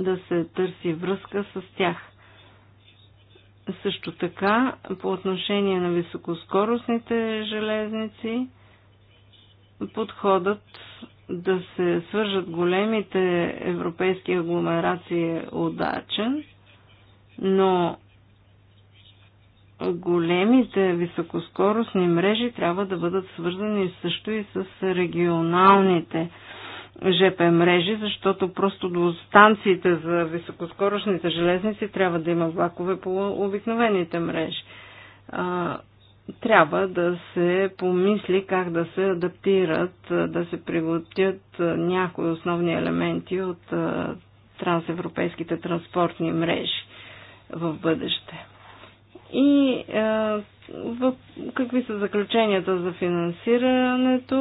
да се търси връзка с тях. Също така, по отношение на високоскоростните железници, подходът да се свържат големите европейски агломерации е удачен, но големите високоскоростни мрежи трябва да бъдат свързани също и с регионалните ЖП мрежи, защото просто до станциите за високоскоростните железници трябва да има влакове по обикновените мрежи трябва да се помисли как да се адаптират, да се приготвят някои основни елементи от трансевропейските транспортни мрежи в бъдеще. И в, какви са заключенията за финансирането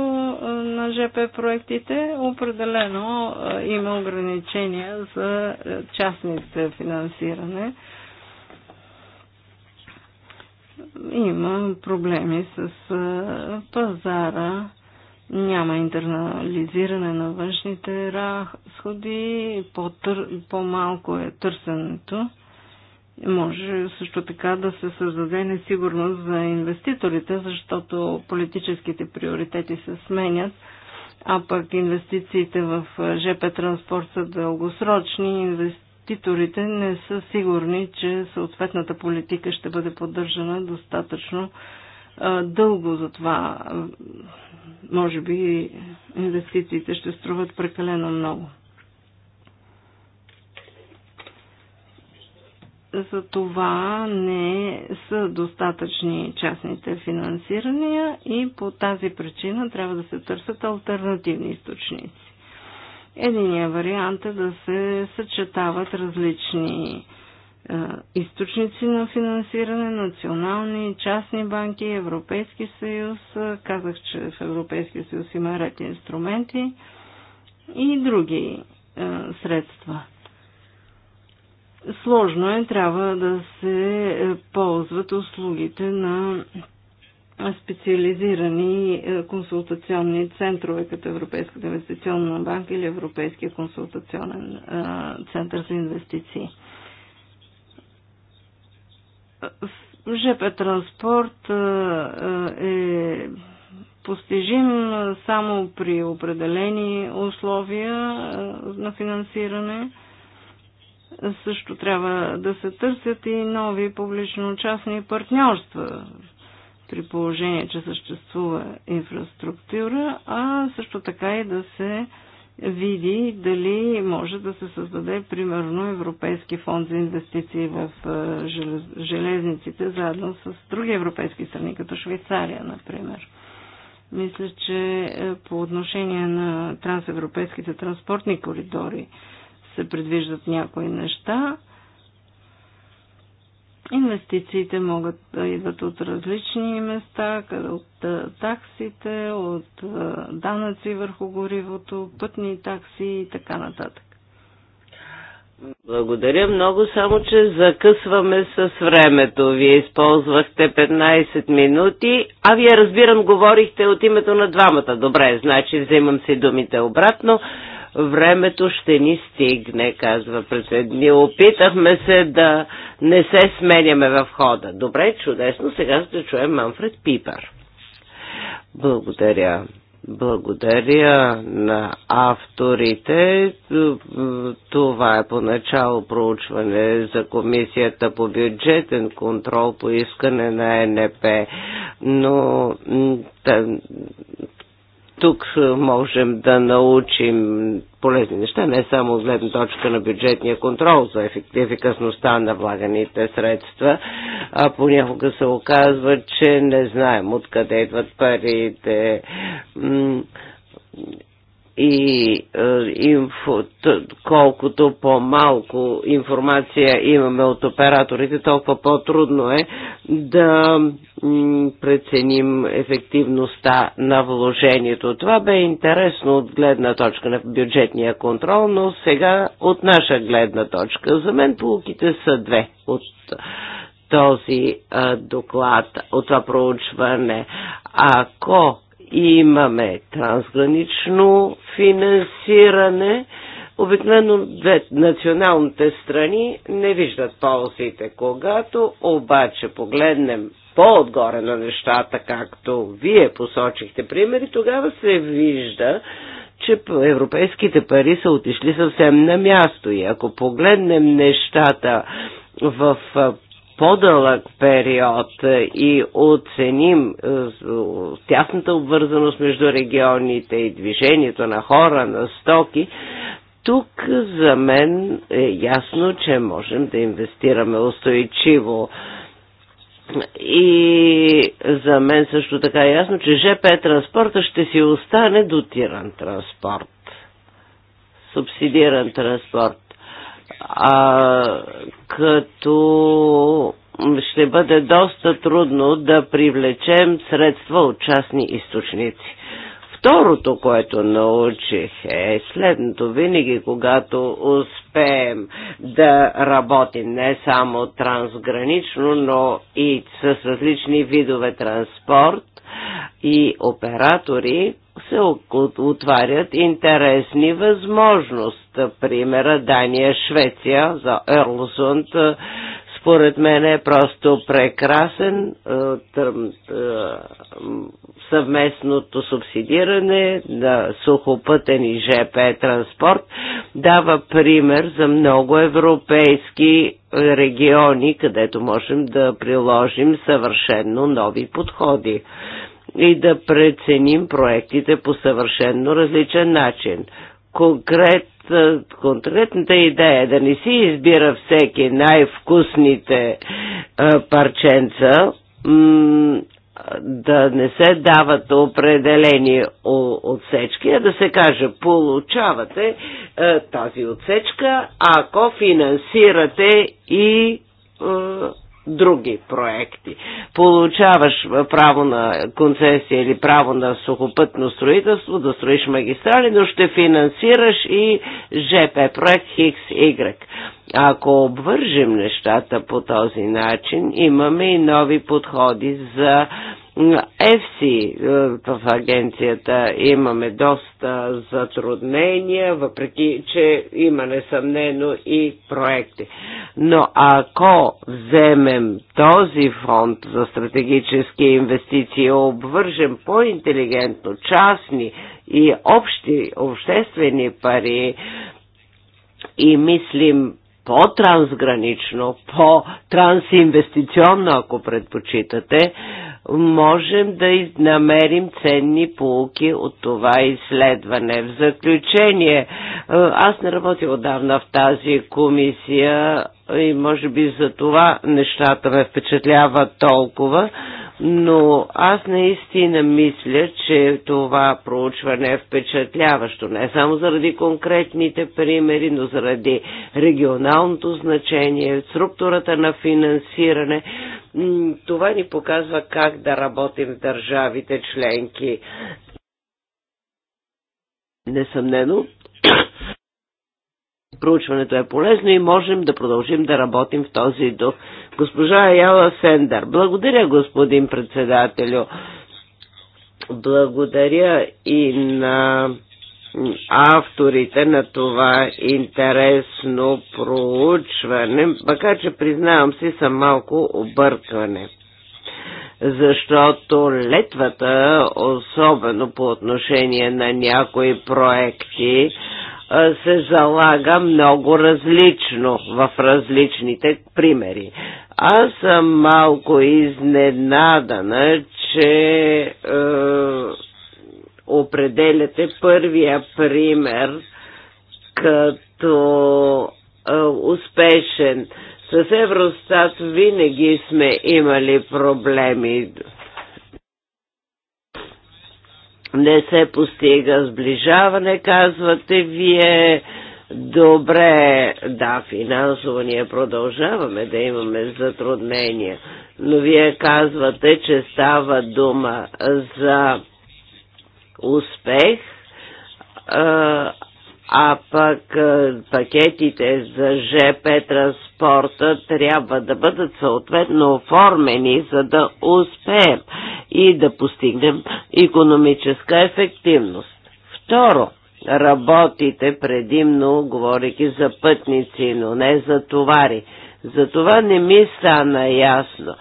на ЖП проектите? Определено има ограничения за частните финансиране. Има проблеми с пазара, няма интернализиране на външните разходи, по-малко е търсенето. Може също така да се създаде несигурност за инвеститорите, защото политическите приоритети се сменят, а пък инвестициите в ЖП транспорт са дългосрочни, инвеститорите не са сигурни, че съответната политика ще бъде поддържана достатъчно дълго Затова Може би инвестициите ще струват прекалено много. За това не са достатъчни частните финансирания и по тази причина трябва да се търсят альтернативни източници. Единия вариант е да се съчетават различни е, източници на финансиране, национални, частни банки, Европейски съюз. Казах, че в Европейския съюз има ред инструменти и други е, средства. Сложно е, трябва да се е, ползват услугите на специализирани е, консултационни центрове, като Европейската инвестиционна банка или Европейския консултационен е, център за инвестиции. ЖП транспорт е, е постижим само при определени условия на финансиране. Също трябва да се търсят и нови публично-частни партньорства при положение, че съществува инфраструктура, а също така и да се види дали може да се създаде, примерно, Европейски фонд за инвестиции в е, железниците, заедно с други европейски страни, като Швейцария, например. Мисля, че е, по отношение на трансевропейските транспортни коридори се предвиждат някои неща Инвестициите могат да идват от различни места, от таксите, от данъци върху горивото, пътни такси и така нататък. Благодаря много, само че закъсваме с времето. Вие използвахте 15 минути, а вие разбирам говорихте от името на двамата. Добре, значи вземам си думите обратно. Времето ще ни стигне, казва председател. Ние опитахме се да не се сменяме в хода. Добре, чудесно, сега ще чуем Манфред Пипър. Благодаря. Благодаря на авторите. Това е поначало проучване за Комисията по бюджетен контрол по искане на НП, но тук е, можем да научим полезни неща, не само от гледна точка на бюджетния контрол за ефикасността на влаганите средства, а понякога се оказва, че не знаем откъде идват парите и е, инфо, колкото по-малко информация имаме от операторите, толкова по-трудно е да преценим ефективността на вложението. Това бе интересно от гледна точка на бюджетния контрол, но сега от наша гледна точка. За мен полуките са две от този е, доклад, от това проучване. Ако имаме трансгранично финансиране. Обикновено две националните страни не виждат ползите. Когато обаче погледнем по-отгоре на нещата, както вие посочихте примери, тогава се вижда, че европейските пари са отишли съвсем на място. И ако погледнем нещата в по-дълъг период и оценим е, тясната обвързаност между регионите и движението на хора, на стоки, тук за мен е ясно, че можем да инвестираме устойчиво. И за мен също така е ясно, че ЖП транспорта ще си остане дотиран транспорт. Субсидиран транспорт а, като ще бъде доста трудно да привлечем средства от частни източници. Второто, което научих е следното. Винаги, когато успеем да работим не само трансгранично, но и с различни видове транспорт и оператори, се отварят интересни възможности. Примера Дания, Швеция за Ерлсунд според мен е просто прекрасен. Е, е, съвместното субсидиране на сухопътен и ЖП транспорт дава пример за много европейски е, региони, където можем да приложим съвършенно нови подходи и да преценим проектите по съвършенно различен начин. Конкрет, конкретната идея е да не си избира всеки най-вкусните парченца, да не се дават определени отсечки, а да се каже, получавате е, тази отсечка, ако финансирате и е, други проекти. Получаваш право на концесия или право на сухопътно строителство, да строиш магистрали, но ще финансираш и ЖП проект XY. Ако обвържем нещата по този начин, имаме и нови подходи за ЕФСИ е, в агенцията имаме доста затруднения, въпреки че има несъмнено и проекти. Но ако вземем този фонд за стратегически инвестиции, обвържем по-интелигентно частни и общи, обществени пари и мислим по-трансгранично, по-трансинвестиционно, ако предпочитате, можем да намерим ценни полуки от това изследване. В заключение, аз не работя отдавна в тази комисия, и може би за това нещата ме впечатляват толкова, но аз наистина мисля, че това проучване е впечатляващо, не само заради конкретните примери, но заради регионалното значение, структурата на финансиране. Това ни показва как да работим в държавите членки. Несъмнено, проучването е полезно и можем да продължим да работим в този дух. Госпожа Яла Сендър, благодаря господин председателю. Благодаря и на авторите на това интересно проучване, макар че признавам си съм малко объркване. Защото летвата, особено по отношение на някои проекти, се залага много различно в различните примери. Аз съм малко изненадана, че е, определяте първия пример като е, успешен. С Евростат винаги сме имали проблеми не се постига сближаване, казвате вие. Добре, да, финансово ние продължаваме да имаме затруднения, но вие казвате, че става дума за успех, а пък пакетите за ЖП транспорта трябва да бъдат съответно оформени, за да успеем и да постигнем економическа ефективност. Второ, работите предимно, говоряки за пътници, но не за товари. За това не ми стана ясно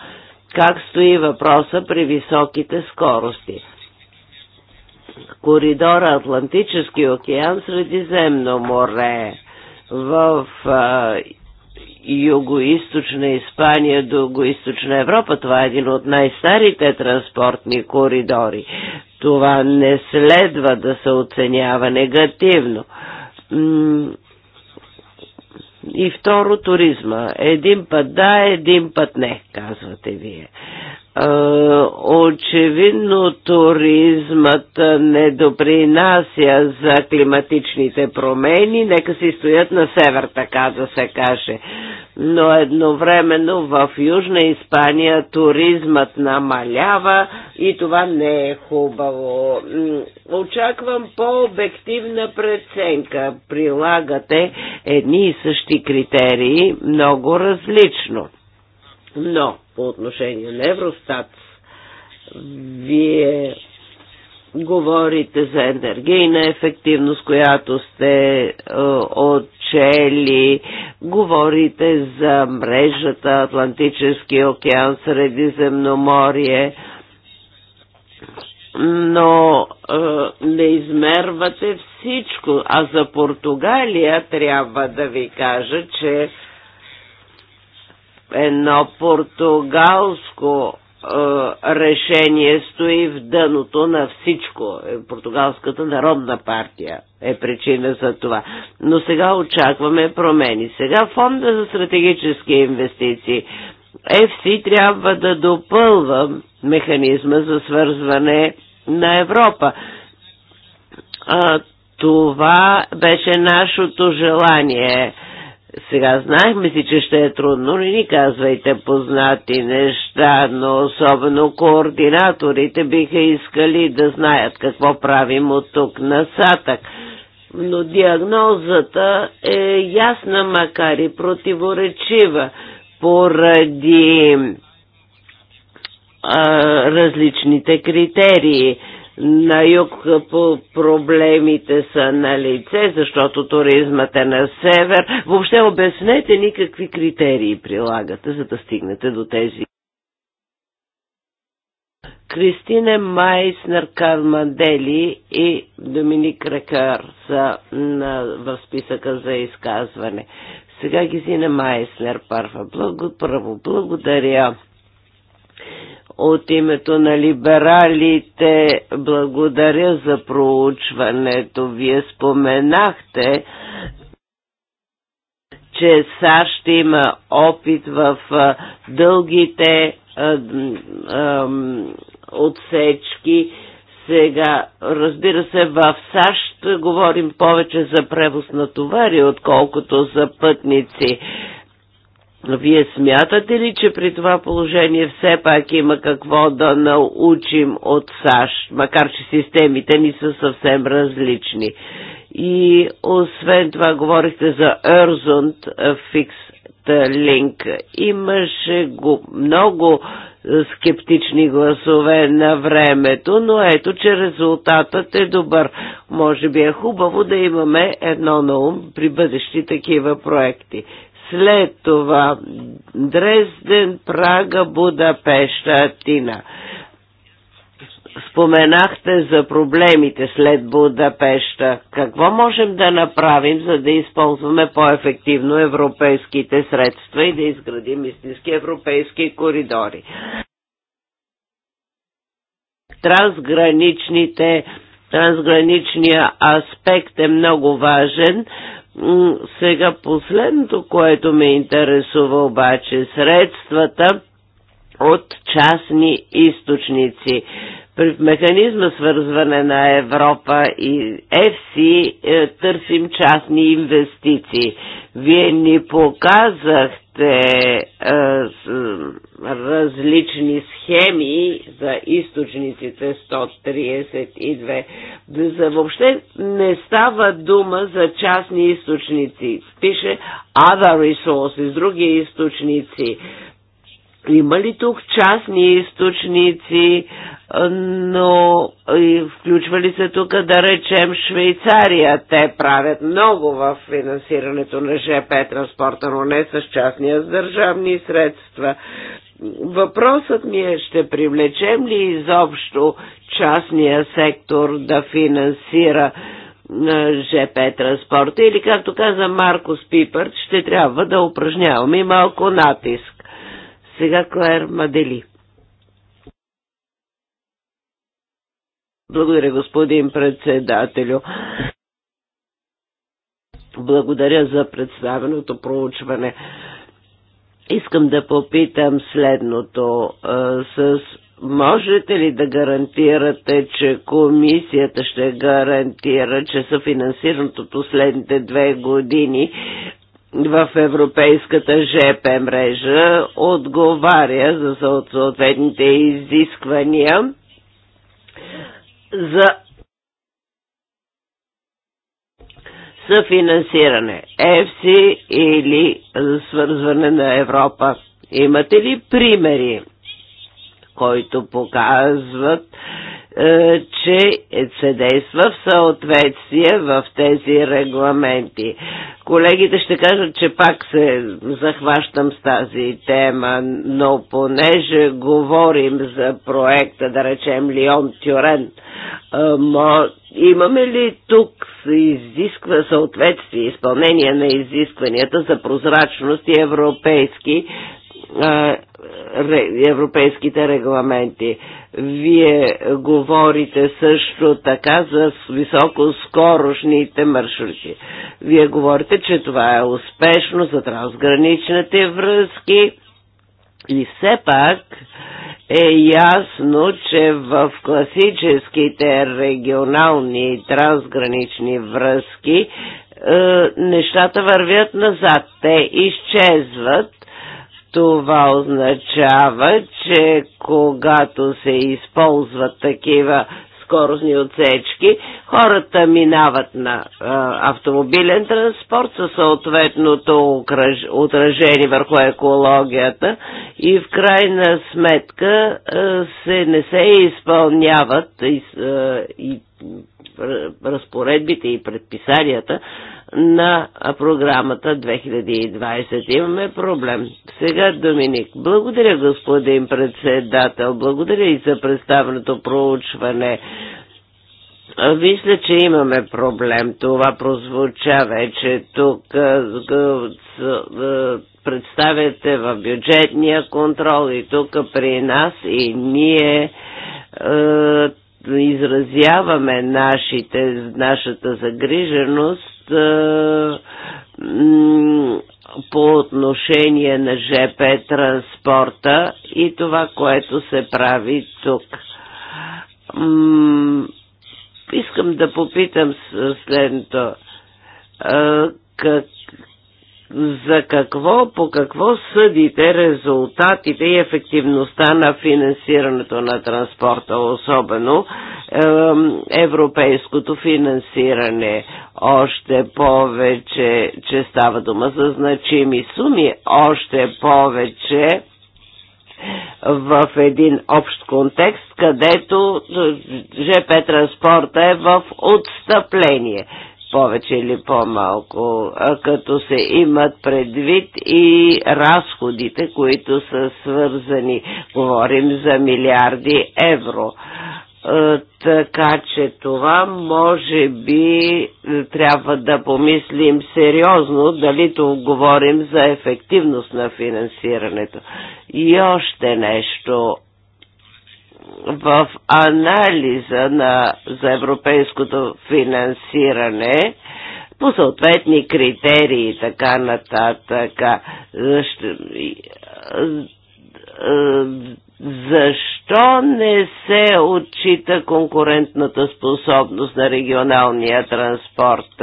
как стои въпроса при високите скорости коридора Атлантически океан Средиземно море в юго-источна Испания до юго-источна Европа. Това е един от най-старите транспортни коридори. Това не следва да се оценява негативно. И второ, туризма. Един път да, един път не, казвате вие. Е, очевидно туризмът не допринася за климатичните промени, нека си стоят на север, така да се каже. Но едновременно в Южна Испания туризмът намалява и това не е хубаво. Очаквам по-обективна преценка. Прилагате едни и същи критерии, много различно. Но по отношение на Евростат. Вие говорите за енергийна ефективност, която сте е, отчели, говорите за мрежата Атлантически океан, Средиземноморие, но е, не измервате всичко. А за Португалия трябва да ви кажа, че едно португалско е, решение стои в дъното на всичко. Е, португалската народна партия е причина за това. Но сега очакваме промени. Сега фонда за стратегически инвестиции. FC трябва да допълва механизма за свързване на Европа. А, това беше нашето желание сега знаехме си, че ще е трудно, не ни казвайте познати неща, но особено координаторите биха искали да знаят какво правим от тук насатък. Но диагнозата е ясна, макар и противоречива, поради а, различните критерии на юг по проблемите са на лице, защото туризмът е на север. Въобще обяснете ни какви критерии прилагате, за да стигнете до тези. Кристина Майснер Кармандели и Доминик Рекар са на, в списъка за изказване. Сега Гизина Майснер, Благо, първо, благодаря от името на либералите благодаря за проучването. Вие споменахте, че САЩ има опит в дългите отсечки. Сега, разбира се, в САЩ говорим повече за превоз на товари, отколкото за пътници. Вие смятате ли, че при това положение все пак има какво да научим от САЩ, макар че системите ни са съвсем различни? И освен това говорихте за Ерзунд фикс линк. Имаше го много скептични гласове на времето, но ето, че резултатът е добър. Може би е хубаво да имаме едно на ум при бъдещи такива проекти. След това Дрезден, Прага, Будапешта, Атина. Споменахте за проблемите след Будапешта. Какво можем да направим, за да използваме по-ефективно европейските средства и да изградим истински европейски коридори? Трансграничните Трансграничният аспект е много важен сега последното, което ме интересува обаче, средствата от частни източници. При механизма свързване на Европа и ЕФСИ е, търсим частни инвестиции. Вие ни показахте, а, различни схеми за източниците 132. За въобще не става дума за частни източници. Пише other resources, други източници. Има ли тук частни източници, но включва ли се тук, да речем, Швейцария? Те правят много в финансирането на ЖП транспорта, но не с частни, а с държавни средства. Въпросът ми е, ще привлечем ли изобщо частния сектор да финансира ЖП транспорта или, както каза Маркос Пипърт, ще трябва да упражняваме малко натиск. Сега Клаер Мадели. Благодаря, господин председателю. Благодаря за представеното проучване. Искам да попитам следното. С Можете ли да гарантирате, че комисията ще гарантира, че съфинансирането последните две години в европейската ЖП мрежа отговаря за съответните изисквания за съфинансиране, ЕФСИ или за свързване на Европа. Имате ли примери, които показват, е, че се действа в съответствие в тези регламенти. Колегите ще кажат, че пак се захващам с тази тема, но понеже говорим за проекта, да речем Лион Тюрен, е, имаме ли тук изисква съответствие, изпълнение на изискванията за прозрачност и европейски европейските регламенти. Вие говорите също така за високоскорошните маршрути. Вие говорите, че това е успешно за трансграничните връзки. И все пак е ясно, че в класическите регионални и трансгранични връзки е, нещата вървят назад. Те изчезват това означава, че когато се използват такива скоростни отсечки, хората минават на а, автомобилен транспорт със съответното отражение върху екологията и в крайна сметка а, се не се изпълняват и, а, и разпоредбите и предписанията на програмата 2020. Имаме проблем. Сега Доминик. Благодаря, господин председател. Благодаря и за представеното проучване. Мисля, че имаме проблем. Това прозвуча вече тук. Представяте в бюджетния контрол и тук при нас и ние е, изразяваме нашите, нашата загриженост е, по отношение на ЖП транспорта и това, което се прави тук. Искам да попитам следното. Е, за какво, по какво съдите резултатите и ефективността на финансирането на транспорта, особено е, европейското финансиране. Още повече, че става дума за значими суми, още повече в един общ контекст, където ЖП транспорта е в отстъпление повече или по-малко, като се имат предвид и разходите, които са свързани. Говорим за милиарди евро е, така че това може би е, трябва да помислим сериозно, дали то говорим за ефективност на финансирането. И още нещо в анализа на, за европейското финансиране по съответни критерии и така нататък. Ще, защо не се отчита конкурентната способност на регионалния транспорт?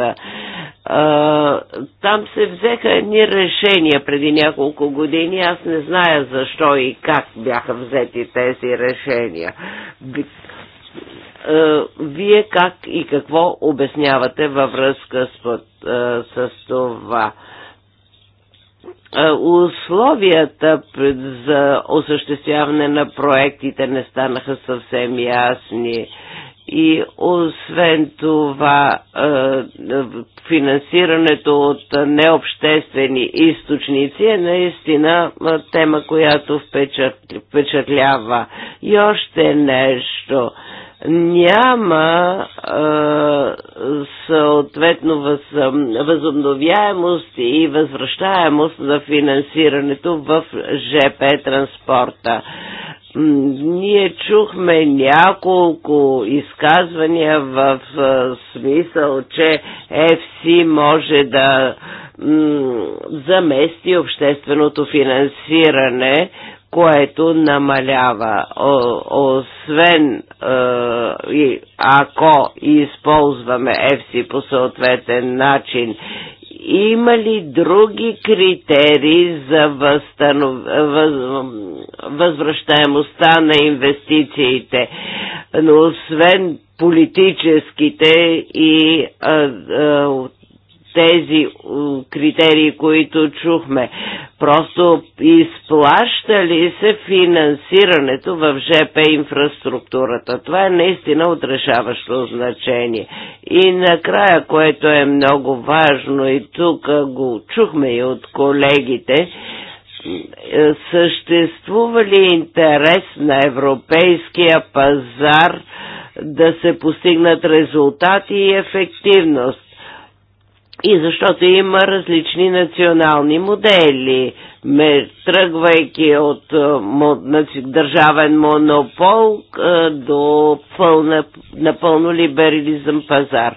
Там се взеха едни решения преди няколко години. Аз не зная защо и как бяха взети тези решения. Вие как и какво обяснявате във връзка с, с това? условията за осъществяване на проектите не станаха съвсем ясни. И освен това, финансирането от необществени източници е наистина тема, която впечатлява. И още нещо няма съответно въз, възобновяемост и възвръщаемост за финансирането в ЖП транспорта. Ние чухме няколко изказвания в смисъл, че FC може да замести общественото финансиране което намалява. Освен е, ако използваме ЕФСИ по съответен начин има ли други критерии за възстанов... въз... възвръщаемостта на инвестициите, но освен политическите и а, е, а, е, тези критерии, които чухме? Просто изплаща ли се финансирането в ЖП инфраструктурата? Това е наистина отрешаващо значение. И накрая, което е много важно и тук го чухме и от колегите, е, съществува ли интерес на европейския пазар да се постигнат резултати и ефективност? и защото има различни национални модели, тръгвайки от е, значи, държавен монопол е, до пълна, напълно либерализъм пазар.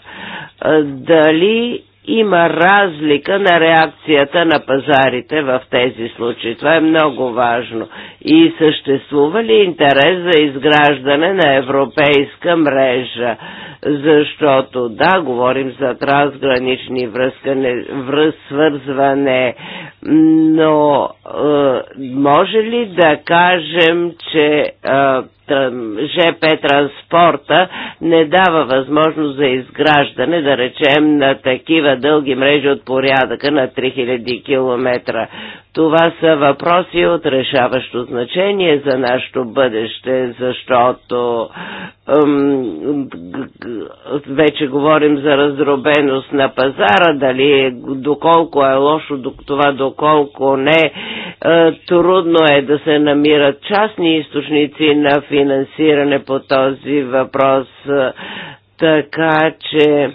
Е, дали има разлика на реакцията на пазарите в тези случаи. Това е много важно. И съществува ли интерес за изграждане на европейска мрежа? Защото, да, говорим за трансгранични връзкане, връз, свързване, но е, може ли да кажем, че е, ЖП транспорта не дава възможност за изграждане, да речем, на такива дълги мрежи от порядъка на 3000 км. Това са въпроси от решаващо значение за нашето бъдеще, защото ем, вече говорим за раздробеност на пазара, дали е доколко е лошо това, доколко не. Е, трудно е да се намират частни източници на финансиране по този въпрос. Е, така че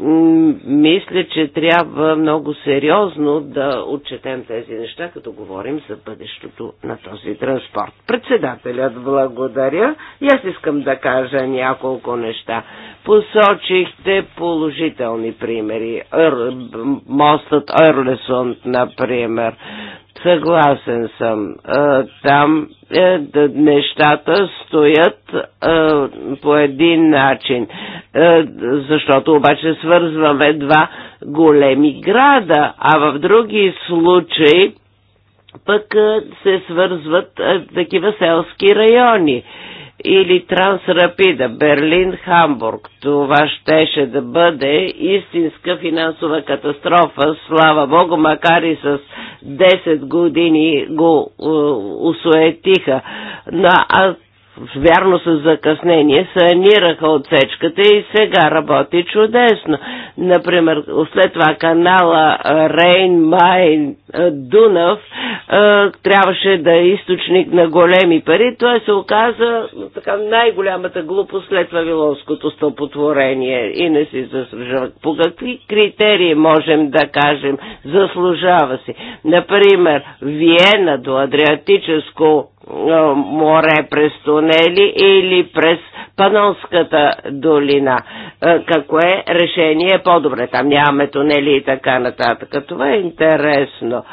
мисля, че трябва много сериозно да отчетем тези неща, като говорим за бъдещето на този транспорт. Председателят благодаря и аз искам да кажа няколко неща. Посочихте положителни примери. Мостът Ерлесунд, например. Съгласен съм. Там е, нещата стоят по един начин, е, защото обаче свързваме два големи града, а в други случаи пък се свързват такива селски райони или Трансрапида, Берлин, Хамбург. Това щеше да бъде истинска финансова катастрофа, слава Богу, макар и с 10 години го е, усуетиха. Но аз вярно с закъснение, санираха отсечката и сега работи чудесно. Например, след това канала Рейн Майн Дунав трябваше да е източник на големи пари. Той се оказа така най-голямата глупост след Вавилонското стълпотворение и не си заслужава. По какви критерии можем да кажем заслужава си? Например, Виена до Адриатическо море през тунели или през Панонската долина. Е, какво е решение е по-добре? Там нямаме тунели и така нататък. Това е интересно.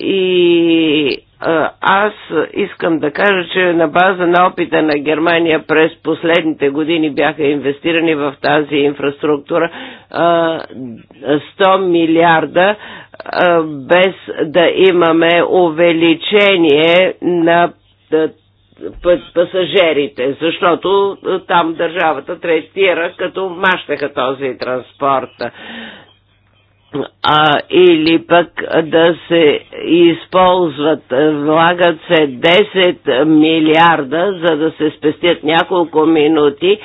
И е, аз искам да кажа, че на база на опита на Германия през последните години бяха инвестирани в тази инфраструктура 100 милиарда без да имаме увеличение на пасажерите, защото е, там държавата третира като мащаха този транспорт а, или пък да се използват, е, влагат се 10 милиарда, за да се спестят няколко минути,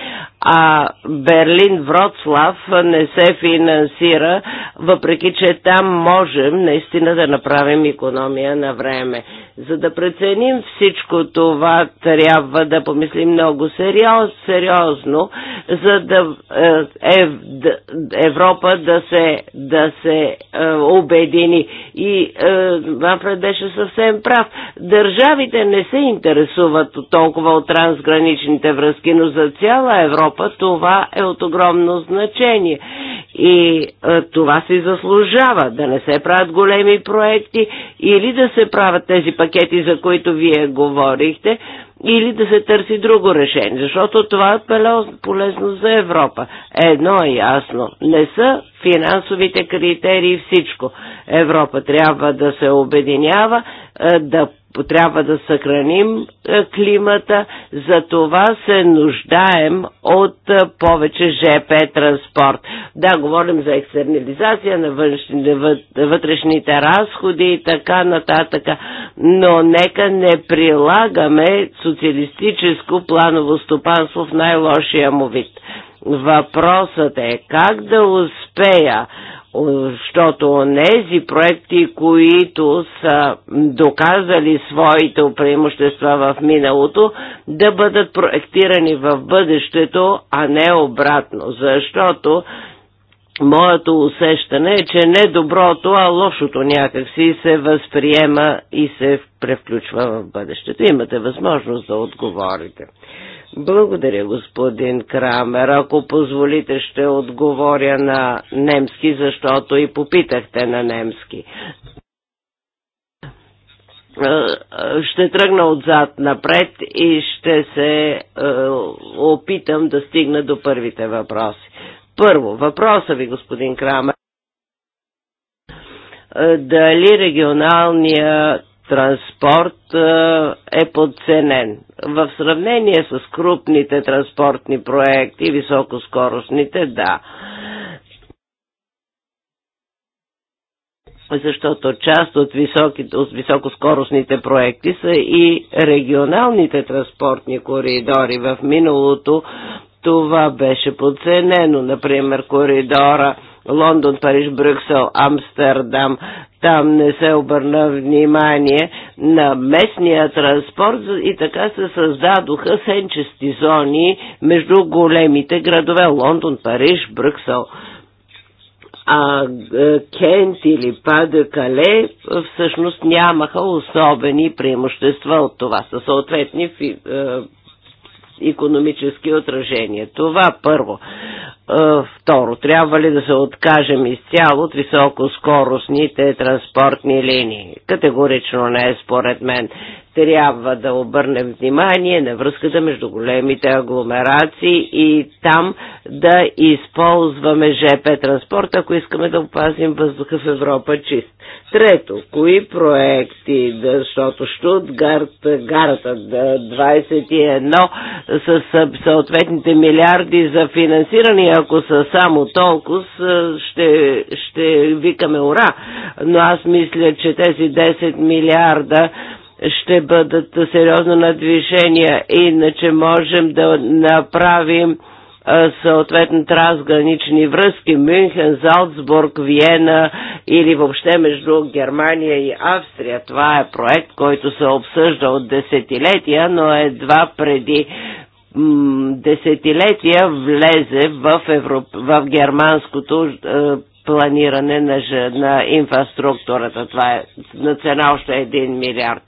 а Берлин-Вроцлав не се финансира, въпреки че там можем наистина да направим економия на време. За да преценим всичко това, трябва да помислим много сериоз, сериозно, за да е, е Европа да се, да се е, обедини. И е, беше съвсем прав. Държавите не се интересуват толкова от трансграничните връзки, но за цяла Европа Европа, това е от огромно значение. И е, това се заслужава да не се правят големи проекти или да се правят тези пакети, за които вие говорихте, или да се търси друго решение, защото това е полезно за Европа. Едно е ясно. Не са финансовите критерии всичко. Европа трябва да се обединява, е, да трябва да съхраним е, климата, за това се нуждаем от е, повече ЖП транспорт. Да, говорим за екстернализация на вътрешните разходи и така нататък, но нека не прилагаме социалистическо планово стопанство в най-лошия му вид. Въпросът е как да успея защото тези проекти, които са доказали своите преимущества в миналото, да бъдат проектирани в бъдещето, а не обратно, защото моето усещане е, че не доброто, а лошото някакси се възприема и се превключва в бъдещето. Имате възможност да отговорите. Благодаря, господин Крамер. Ако позволите, ще отговоря на немски, защото и попитахте на немски. Е, ще тръгна отзад напред и ще се е, опитам да стигна до първите въпроси. Първо, въпроса ви, господин Крамер е, дали регионалния транспорт е подценен. В сравнение с крупните транспортни проекти, високоскоростните, да. защото част от, високи, от високоскоростните проекти са и регионалните транспортни коридори. В миналото това беше подценено, например, коридора Лондон, Париж, Брюксел, Амстердам. Там не се обърна внимание на местния транспорт и така се създадоха сенчести зони между големите градове Лондон, Париж, Брюксел а е, Кент или Паде Кале всъщност нямаха особени преимущества от това, са съответни е, економически отражения. Това първо. Второ, трябва ли да се откажем изцяло от високоскоростните транспортни линии? Категорично не е според мен трябва да обърнем внимание на връзката между големите агломерации и там да използваме ЖП транспорт, ако искаме да опазим въздуха в Европа чист. Трето, кои проекти, защото Штутгарт, гарата 21 с съответните милиарди за финансиране, ако са само толкова, ще, ще викаме ура. Но аз мисля, че тези 10 милиарда ще бъдат сериозно надвижения, иначе можем да направим съответно трансгранични връзки Мюнхен, Залцбург, Виена или въобще между Германия и Австрия. Това е проект, който се обсъжда от десетилетия, но едва преди десетилетия влезе в, Европ... в германското планиране на, на инфраструктурата. Това е на цена още 1 милиард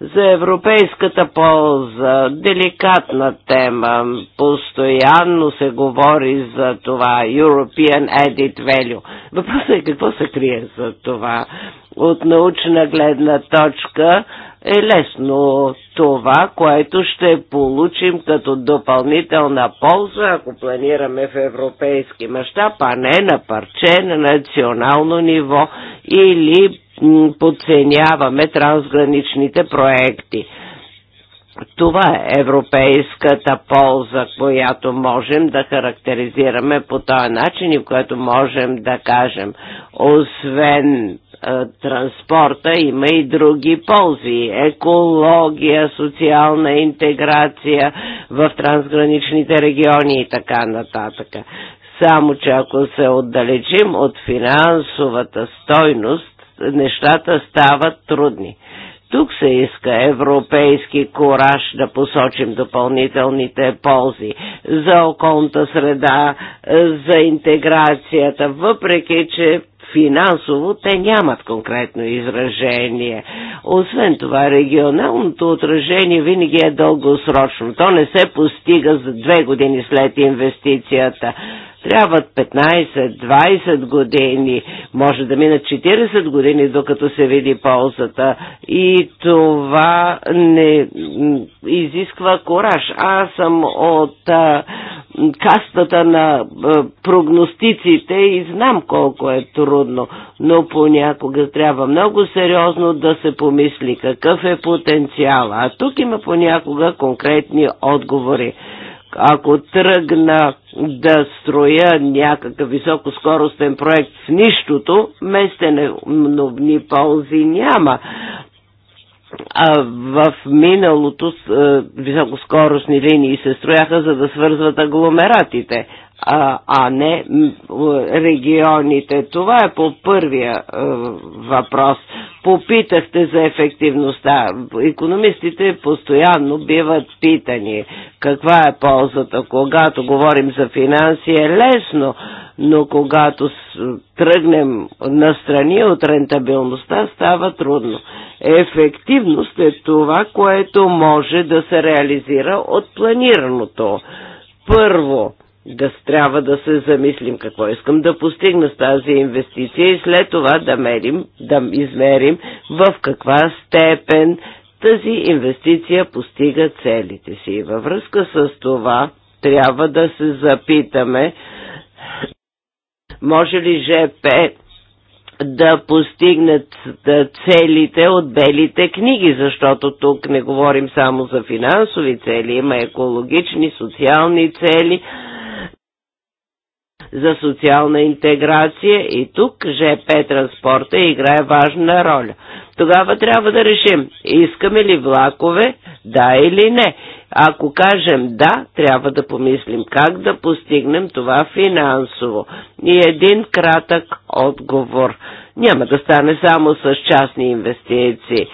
за европейската полза. Деликатна тема. Постоянно се говори за това European Added Value. Въпросът е какво се крие за това. От научна гледна точка е лесно това, което ще получим като допълнителна полза, ако планираме в европейски мащаб, а не на парче на национално ниво или подценяваме трансграничните проекти. Това е европейската полза, която можем да характеризираме по този начин и в което можем да кажем. Освен е, транспорта има и други ползи. Екология, социална интеграция в трансграничните региони и така нататък. Само че ако се отдалечим от финансовата стойност, нещата стават трудни. Тук се иска европейски кораж да посочим допълнителните ползи за околната среда, за интеграцията, въпреки че финансово те нямат конкретно изражение. Освен това, регионалното отражение винаги е дългосрочно. То не се постига за две години след инвестицията. Трябват 15-20 години, може да минат 40 години, докато се види ползата. И това не изисква кораж. Аз съм от а, кастата на а, прогностиците и знам колко е трудно, но понякога трябва много сериозно да се помисли какъв е потенциал, А тук има понякога конкретни отговори. Ако тръгна да строя някакъв високоскоростен проект с нищото, мнобни ползи няма. А в миналото е, високоскоростни линии се строяха, за да свързват агломератите а, а не регионите. Това е по първия а, е, въпрос. Попитахте за ефективността. Економистите постоянно биват питани каква е ползата. Когато говорим за финанси е лесно, но когато тръгнем настрани от рентабилността става трудно. Ефективност е това, което може да се реализира от планираното. Първо, да трябва да се замислим какво искам да постигна с тази инвестиция и след това да мерим, да измерим в каква степен тази инвестиция постига целите си. И във връзка с това трябва да се запитаме, може ли ЖП да постигнат целите от белите книги, защото тук не говорим само за финансови цели, има екологични, социални цели, за социална интеграция и тук ЖП транспорта играе важна роля. Тогава трябва да решим, искаме ли влакове, да или не. Ако кажем да, трябва да помислим как да постигнем това финансово. И един кратък отговор. Няма да стане само с частни инвестиции.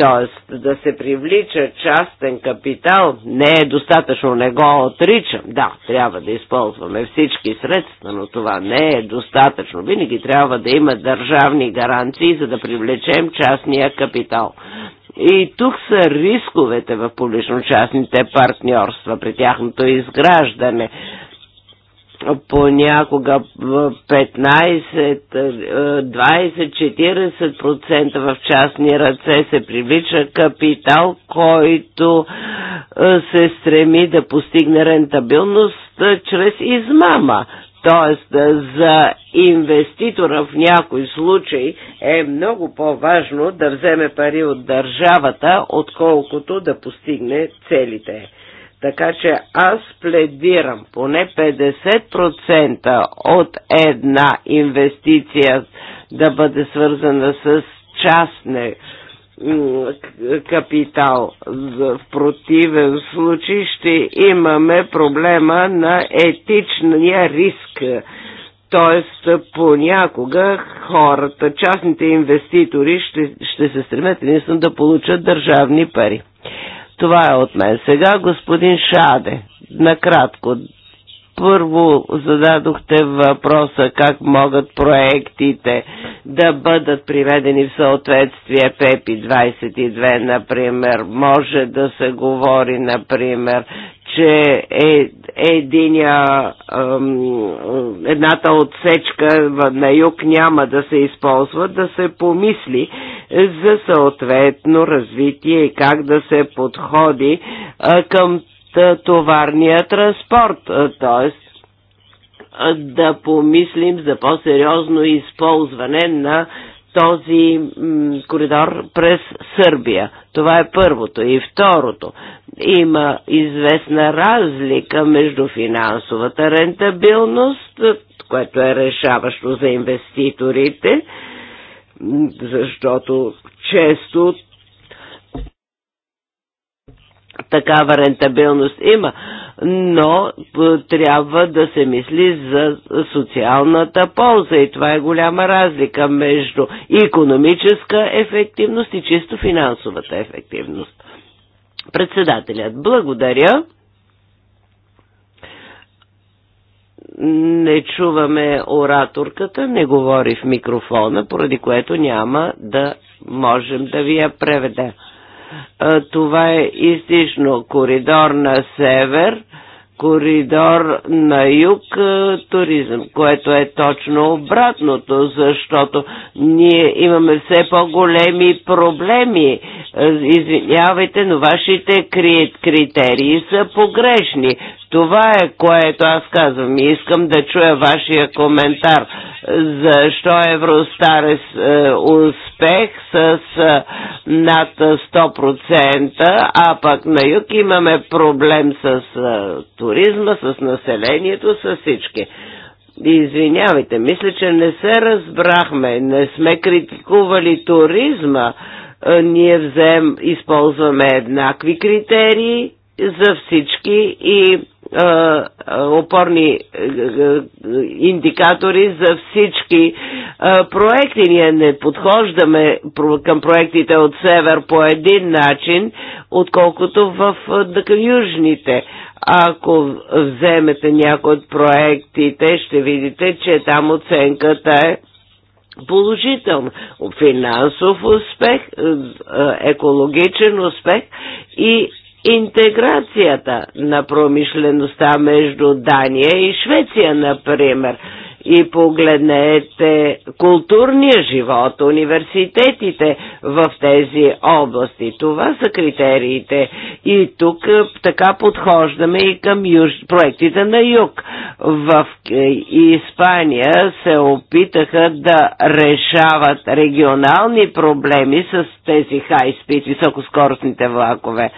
Т.е. да се привлича частен капитал не е достатъчно, не го отричам. Да, трябва да използваме всички средства, но това не е достатъчно. Винаги трябва да има държавни гаранции, за да привлечем частния капитал. И тук са рисковете в публично-частните партньорства при тяхното изграждане понякога 15, 20-40% в частни ръце се привлича капитал, който е, се стреми да постигне рентабилност е, чрез измама. Тоест е, за инвеститора в някой случай е много по-важно да вземе пари от държавата, отколкото да постигне целите така че аз пледирам поне 50% от една инвестиция да бъде свързана с частни капитал. В противен случай ще имаме проблема на етичния риск. Тоест, понякога хората, частните инвеститори ще, ще се стремят единствено да получат държавни пари. Това е от мен. Сега господин Шаде, накратко. Първо зададохте въпроса как могат проектите да бъдат приведени в съответствие ПЕПИ 22, например. Може да се говори, например, че е, единия, едната отсечка на юг няма да се използва, да се помисли за съответно развитие и как да се подходи към товарния транспорт, т.е. да помислим за по-сериозно използване на този коридор през Сърбия. Това е първото. И второто, има известна разлика между финансовата рентабилност, което е решаващо за инвеститорите, защото често такава рентабилност има, но е, трябва да се мисли за социалната полза и това е голяма разлика между економическа ефективност и чисто финансовата ефективност. Председателят, благодаря. не чуваме ораторката, не говори в микрофона, поради което няма да можем да ви я преведем. Това е истично коридор на север, коридор на юг туризъм, което е точно обратното, защото ние имаме все по-големи проблеми. Извинявайте, но вашите критерии са погрешни. Това е което аз казвам и искам да чуя вашия коментар. Защо Евростарес е, е успех с над 100%, а пък на юг имаме проблем с туризма, с населението, с всички. Извинявайте, мисля, че не се разбрахме, не сме критикували туризма. Ние взем, използваме еднакви критерии за всички и опорни индикатори за всички проекти. Ние не подхождаме към проектите от север по един начин, отколкото в южните. Ако вземете някои от проектите, ще видите, че там оценката е положителна. Финансов успех, екологичен успех и интеграцията на промишлеността между Дания и Швеция, например и погледнете културния живот, университетите в тези области. Това са критериите. И тук е, така подхождаме и към юж, проектите на юг. В е, Испания се опитаха да решават регионални проблеми с тези хай-спид, високоскоростните влакове.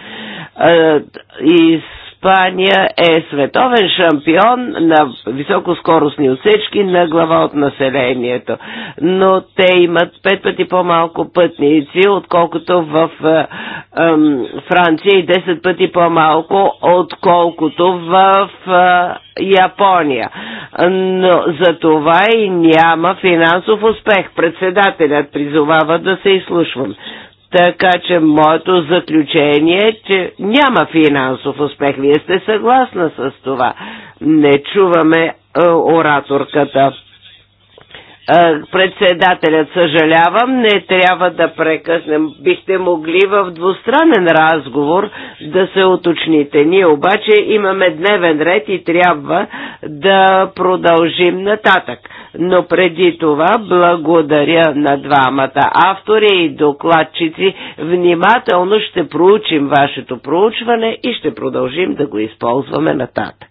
Е, и Испания е световен шампион на високоскоростни отсечки на глава от населението, но те имат пет пъти по-малко пътници, отколкото в ем, Франция и 10 пъти по-малко, отколкото в е, Япония. Но за това и няма финансов успех. Председателят призовава да се изслушвам. Така че моето заключение е, че няма финансов успех. Вие сте съгласна с това. Не чуваме е, ораторката. Е, председателят, съжалявам, не трябва да прекъснем. Бихте могли в двустранен разговор да се уточните. Ние обаче имаме дневен ред и трябва да продължим нататък. Но преди това благодаря на двамата автори и докладчици. Внимателно ще проучим вашето проучване и ще продължим да го използваме нататък.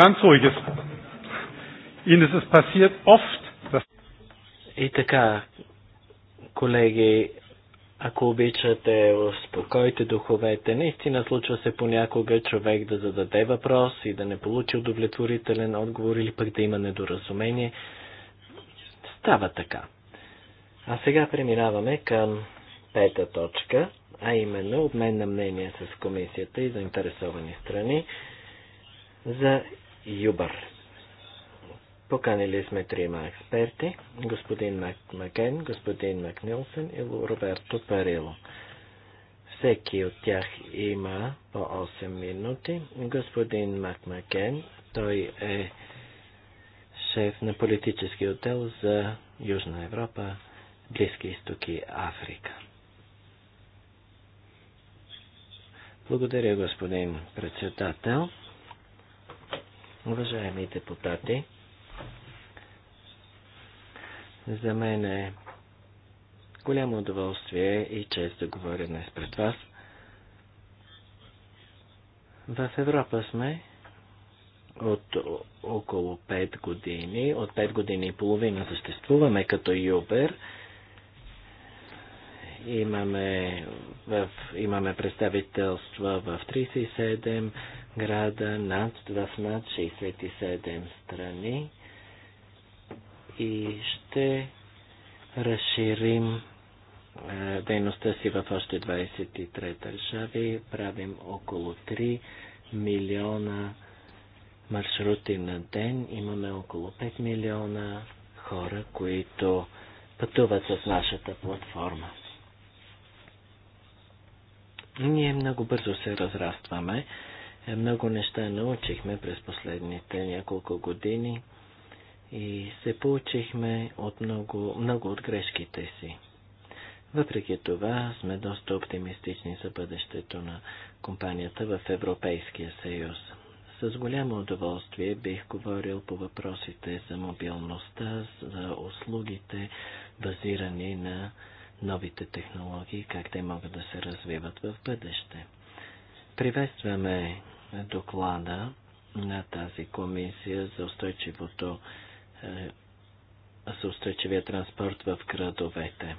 Ganz ist. Ihnen ist es passiert oft, dass... И така, колеги, ако обичате, успокойте духовете. Наистина случва се понякога човек да зададе въпрос и да не получи удовлетворителен отговор или пък да има недоразумение. Става така. А сега преминаваме към пета точка, а именно обмен на мнение с комисията и заинтересовани страни за Юбър. Поканили сме трима експерти, господин Мак Макен, господин Макнилсен и Роберто Парило. Всеки от тях има по 8 минути. Господин Макен, той е шеф на политически отдел за Южна Европа, Близки изтоки, Африка. Благодаря, господин председател. Уважаеми депутати, за мен е голямо удоволствие и чест да говоря днес пред вас. В Европа сме от около 5 години, от 5 години и половина съществуваме като Юбер. Имаме, в, имаме представителства в 37 града над, 267 67 страни и ще разширим е, дейността си в още 23 държави. Правим около 3 милиона маршрути на ден. Имаме около 5 милиона хора, които пътуват с нашата платформа. Ние много бързо се разрастваме. Е, много неща научихме през последните няколко години и се получихме от много, много от грешките си. Въпреки това сме доста оптимистични за бъдещето на компанията в Европейския съюз. С голямо удоволствие бих говорил по въпросите за мобилността, за услугите, базирани на новите технологии, как те могат да се развиват в бъдеще. Приветстваме доклада на тази комисия за устойчивото е, за устойчивия транспорт в градовете.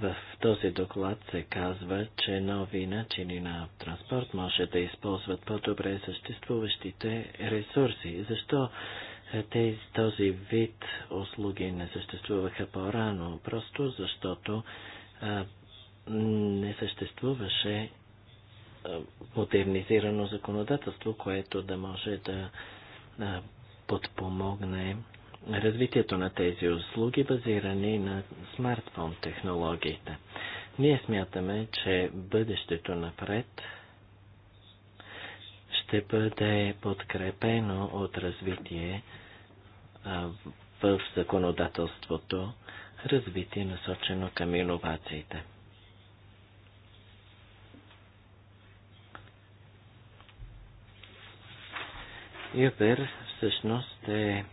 В този доклад се казва, че нови начини на транспорт може да използват по-добре съществуващите ресурси. Защо е, тези, този вид услуги не съществуваха по-рано? Просто защото а, е, не съществуваше модернизирано законодателство, което да може да подпомогне развитието на тези услуги, базирани на смартфон технологиите. Ние смятаме, че бъдещето напред ще бъде подкрепено от развитие в законодателството, развитие насочено към иновациите. Uber всъщност е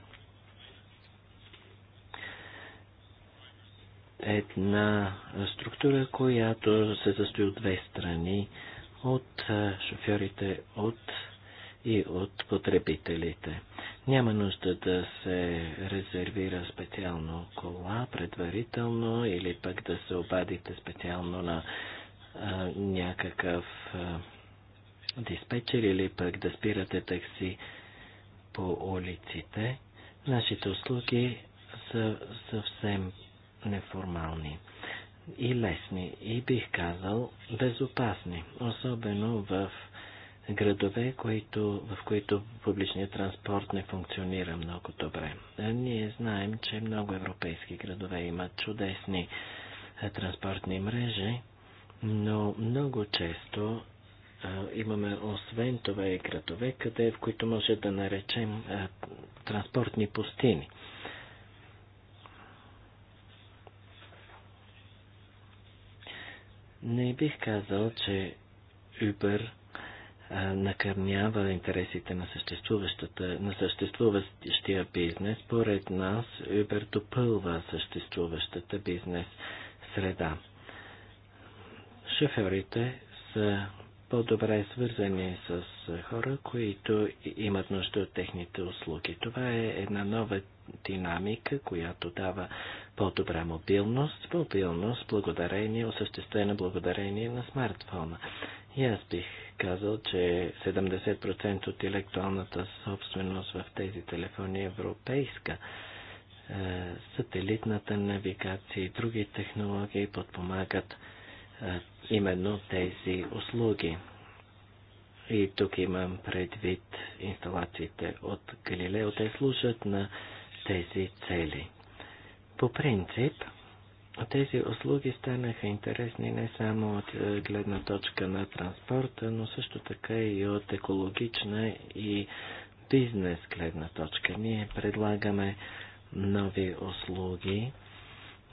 една структура, която се състои от две страни, от шофьорите от и от потребителите. Няма нужда да се резервира специално кола предварително или пък да се обадите специално на а, някакъв а, диспетчер или пък да спирате такси по улиците, нашите услуги са съвсем неформални и лесни и бих казал безопасни, особено в градове, които, в които публичният транспорт не функционира много добре. Ние знаем, че много европейски градове имат чудесни транспортни мрежи, но много често имаме освен това и градове, къде, в които може да наречем а, транспортни пустини. Не бих казал, че Uber накърнява интересите на, на съществуващия бизнес. Поред нас Uber допълва съществуващата бизнес среда. Шоферите са по-добре свързани с хора, които имат нужда от техните услуги. Това е една нова динамика, която дава по-добра мобилност, мобилност благодарение, осъществена благодарение на смартфона. И аз бих казал, че 70% от интелектуалната собственост в тези телефони е европейска. Е, сателитната навигация и други технологии подпомагат именно тези услуги. И тук имам предвид инсталациите от Галилео. Те служат на тези цели. По принцип, тези услуги станаха интересни не само от е, гледна точка на транспорта, но също така и от екологична и бизнес гледна точка. Ние предлагаме нови услуги.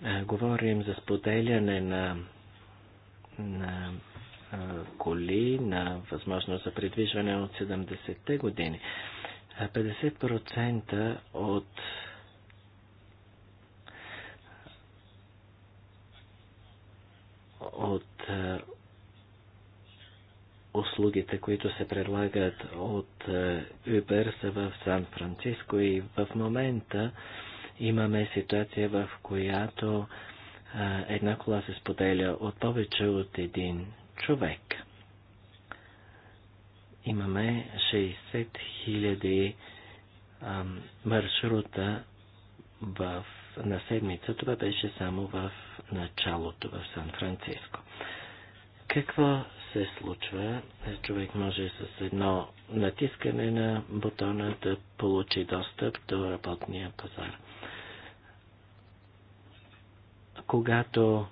Е, говорим за споделяне на на коли, на възможност за придвижване от 70-те години. 50% от от услугите, които се предлагат от Uber са в Сан-Франциско и в момента имаме ситуация, в която една кола се споделя от повече от един човек. Имаме 60 000 маршрута в, на седмица. Това беше само в началото в Сан-Франциско. Какво се случва? Човек може с едно натискане на бутона да получи достъп до работния пазар когато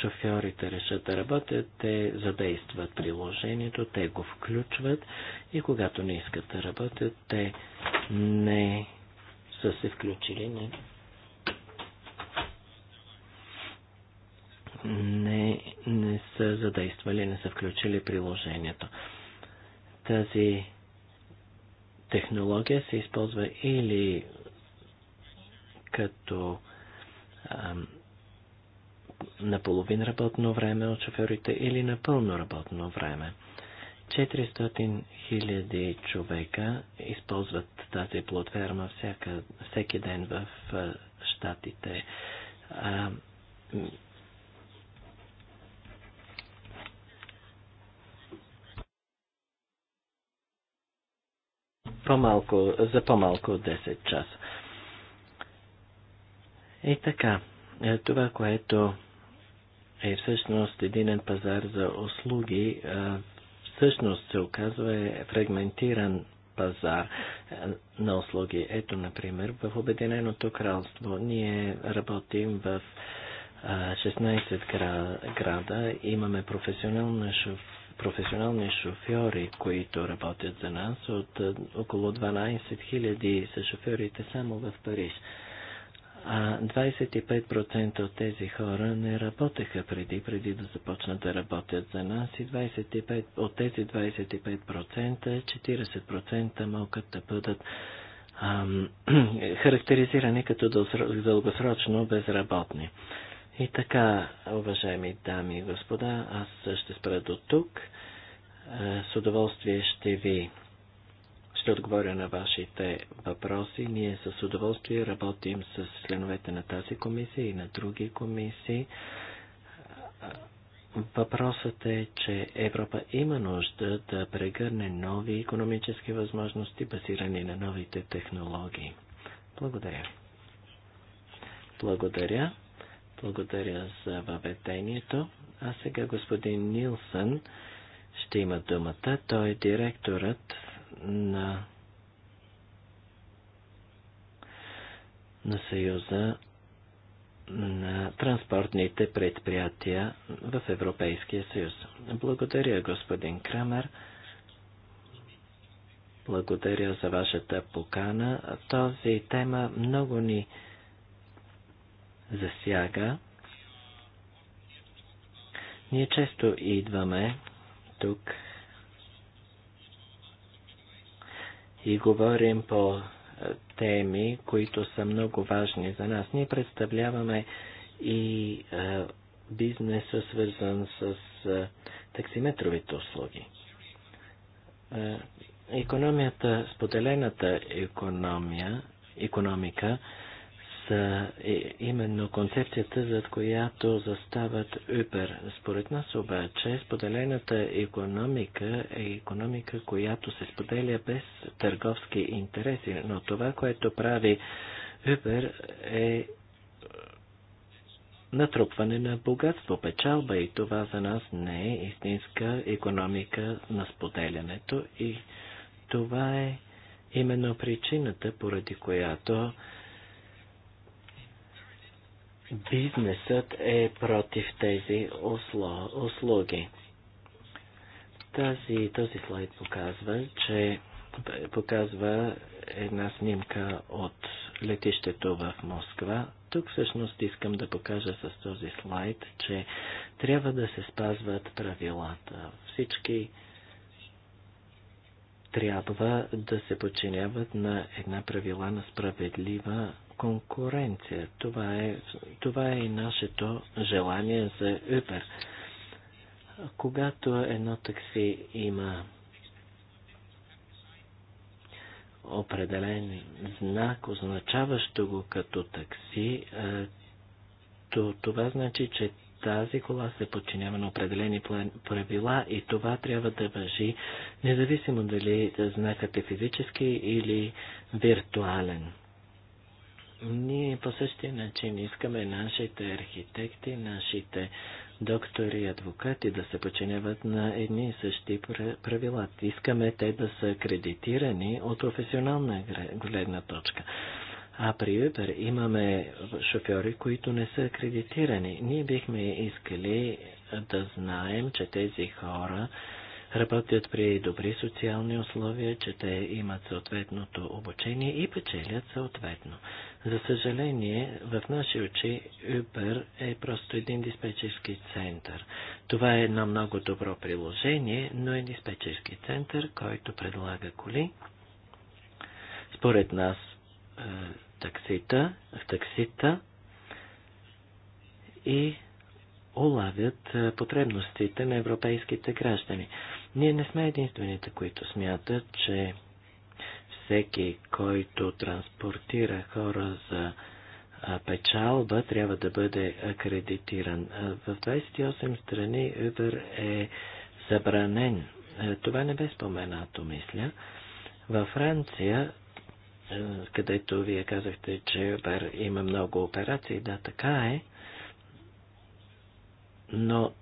шофьорите решат да работят, те задействат приложението, те го включват и когато не искат да работят, те не са се включили, не, не, не са задействали, не са включили приложението. Тази технология се използва или като на половин работно време от шофьорите или на пълно работно време. 400 000 човека използват тази платформа всеки ден в Штатите. по-малко, за по-малко от 10 часа. И така, е, това, което е всъщност единен пазар за услуги, всъщност се оказва е фрагментиран пазар на услуги. Ето, например, в Обединеното кралство ние работим в 16 града, имаме професионална шоф професионални шофьори, които работят за нас. От около 12 000 са шофьорите само в Париж а 25% от тези хора не работеха преди, преди да започнат да работят за нас и 25, от тези 25%, 40% могат да бъдат ам, характеризирани като дългосрочно безработни. И така, уважаеми дами и господа, аз ще спра до тук. Е, с удоволствие ще ви ще отговоря на вашите въпроси. Ние с удоволствие работим с членовете на тази комисия и на други комисии. Въпросът е, че Европа има нужда да прегърне нови економически възможности, базирани на новите технологии. Благодаря. Благодаря. Благодаря за въведението. А сега господин Нилсън ще има думата. Той е директорът на, на Съюза на транспортните предприятия в Европейския съюз. Благодаря, господин Крамер. Благодаря за вашата покана. Този тема много ни засяга. Ние често идваме тук и говорим по е, теми, които са много важни за нас. Ние представляваме и е, бизнеса, свързан с е, таксиметровите услуги. економията, споделената економия, економика за е, именно концепцията, зад която застават Uber. Според нас обаче, споделената економика е економика, която се споделя без търговски интереси, но това, което прави Uber е натрупване на богатство, печалба и това за нас не е истинска економика на споделянето и това е именно причината, поради която бизнесът е против тези услуги. Тази, този слайд показва, че показва една снимка от летището в Москва. Тук всъщност искам да покажа с този слайд, че трябва да се спазват правилата. Всички трябва да се подчиняват на една правила на справедлива конкуренция. Това е, това е и нашето желание за Uber. Когато едно такси има определен знак, означаващо го като такси, е, то това значи, че тази кола се подчинява на определени правила и това трябва да въжи, независимо дали знакът е физически или виртуален. Ние по същия начин искаме нашите архитекти, нашите доктори и адвокати да се подчиняват на едни и същи правила. Искаме те да са акредитирани от професионална гледна точка. А при Uber имаме шофьори, които не са акредитирани. Ние бихме искали да знаем, че тези хора работят при добри социални условия, че те имат съответното обучение и печелят съответно. За съжаление, в наши очи Uber е просто един диспетчерски център. Това е едно много добро приложение, но е диспетчерски център, който предлага коли. Според нас е, таксита, таксита и улавят е, потребностите на европейските граждани. Ние не сме единствените, които смятат, че всеки, който транспортира хора за печалба, трябва да бъде акредитиран. В 28 страни Uber е забранен. Това не бе споменато, мисля. Във Франция, където вие казахте, че Uber има много операции, да, така е, но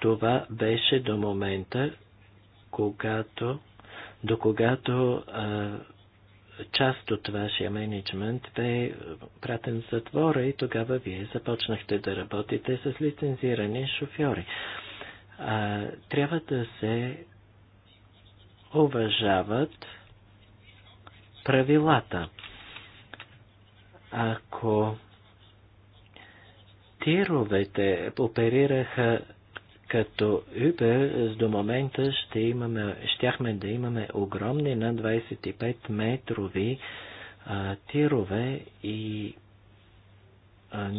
това беше до момента, когато до когато а, част от вашия менеджмент бе пратен в затвора и тогава вие започнахте да работите с лицензирани шофьори. А, трябва да се уважават правилата. Ако тировете оперираха като Uber до момента ще имаме, щяхме да имаме огромни на 25 метрови а, тирове и а,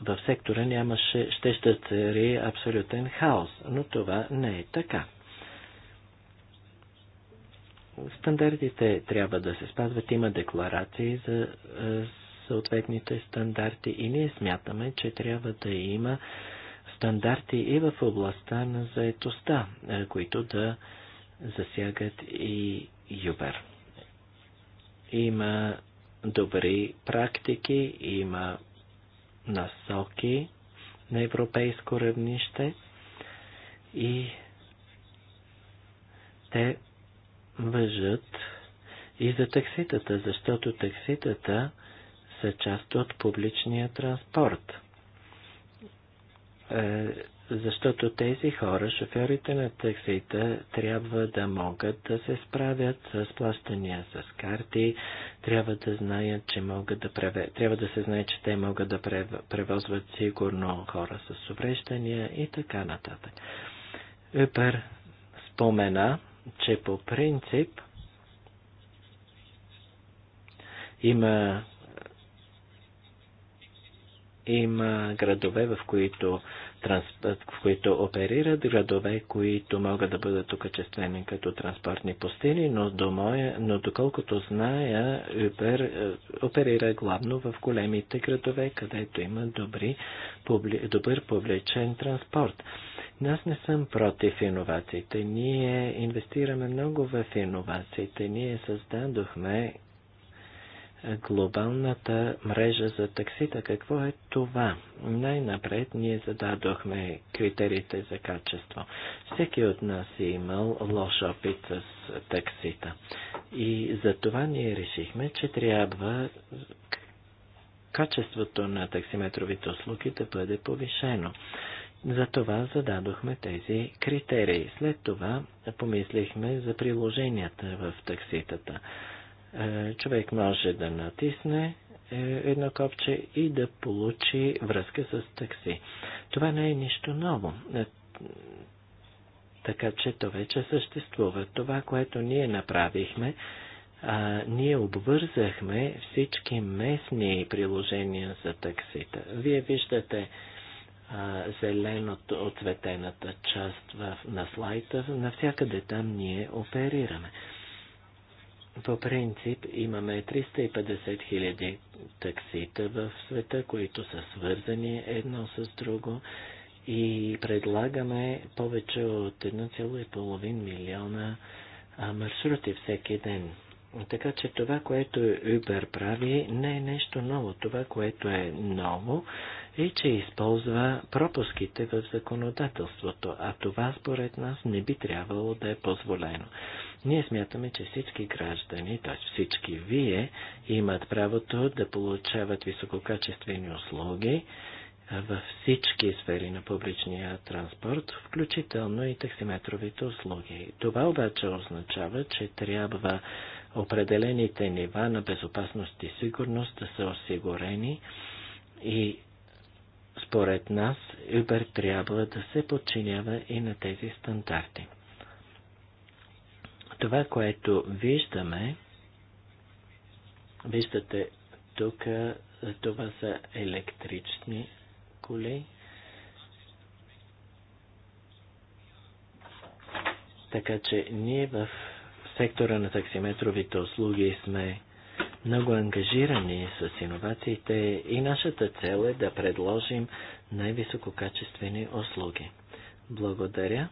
в сектора нямаше, ще ще цари абсолютен хаос, но това не е така. Стандартите трябва да се спазват, има декларации за съответните стандарти и ние смятаме, че трябва да има а, стандарти и в областта на заетостта, е, които да засягат и Юбер. Има добри практики, има насоки на европейско равнище и те въжат и за такситата, защото такситата са част от публичния транспорт – е, защото тези хора, шофьорите на таксита, трябва да могат да се справят с плащания с карти, трябва да знаят, че могат да преве... трябва да се знае, че те могат да превозват сигурно хора с увреждания и така нататък. Упер, спомена, че по принцип има има градове, в които, в които оперират, градове, които могат да бъдат окачествени като транспортни пустини, но, до моя, но доколкото зная, Uber е, оперира главно в големите градове, където има добри, публи, добър публичен транспорт. Аз не съм против иновациите. Ние инвестираме много в иновациите. Ние създадохме глобалната мрежа за таксита. Какво е това? Най-напред ние зададохме критериите за качество. Всеки от нас е имал лош опит с таксита. И за това ние решихме, че трябва качеството на таксиметровите услуги да бъде повишено. Затова зададохме тези критерии. След това помислихме за приложенията в такситата. Е, човек може да натисне е, едно копче и да получи връзка с такси. Това не е нищо ново. Е, така че то вече съществува. Това, което ние направихме, а, ние обвързахме всички местни приложения за таксита. Вие виждате а, зеленото отцветената част в, на слайта, Навсякъде там ние оперираме по принцип имаме 350 хиляди таксита в света, които са свързани едно с друго и предлагаме повече от 1,5 милиона маршрути всеки ден. Така че това, което Uber прави, не е нещо ново. Това, което е ново, е, че използва пропуските в законодателството, а това според нас не би трябвало да е позволено. Ние смятаме, че всички граждани, т.е. всички вие, имат правото да получават висококачествени услуги във всички сфери на публичния транспорт, включително и таксиметровите услуги. Това обаче означава, че трябва определените нива на безопасност и сигурност да са осигурени и според нас Uber трябва да се подчинява и на тези стандарти. Това, което виждаме, виждате тук, това са електрични коли. Така че ние в сектора на таксиметровите услуги сме много ангажирани с иновациите и нашата цел е да предложим най-висококачествени услуги. Благодаря.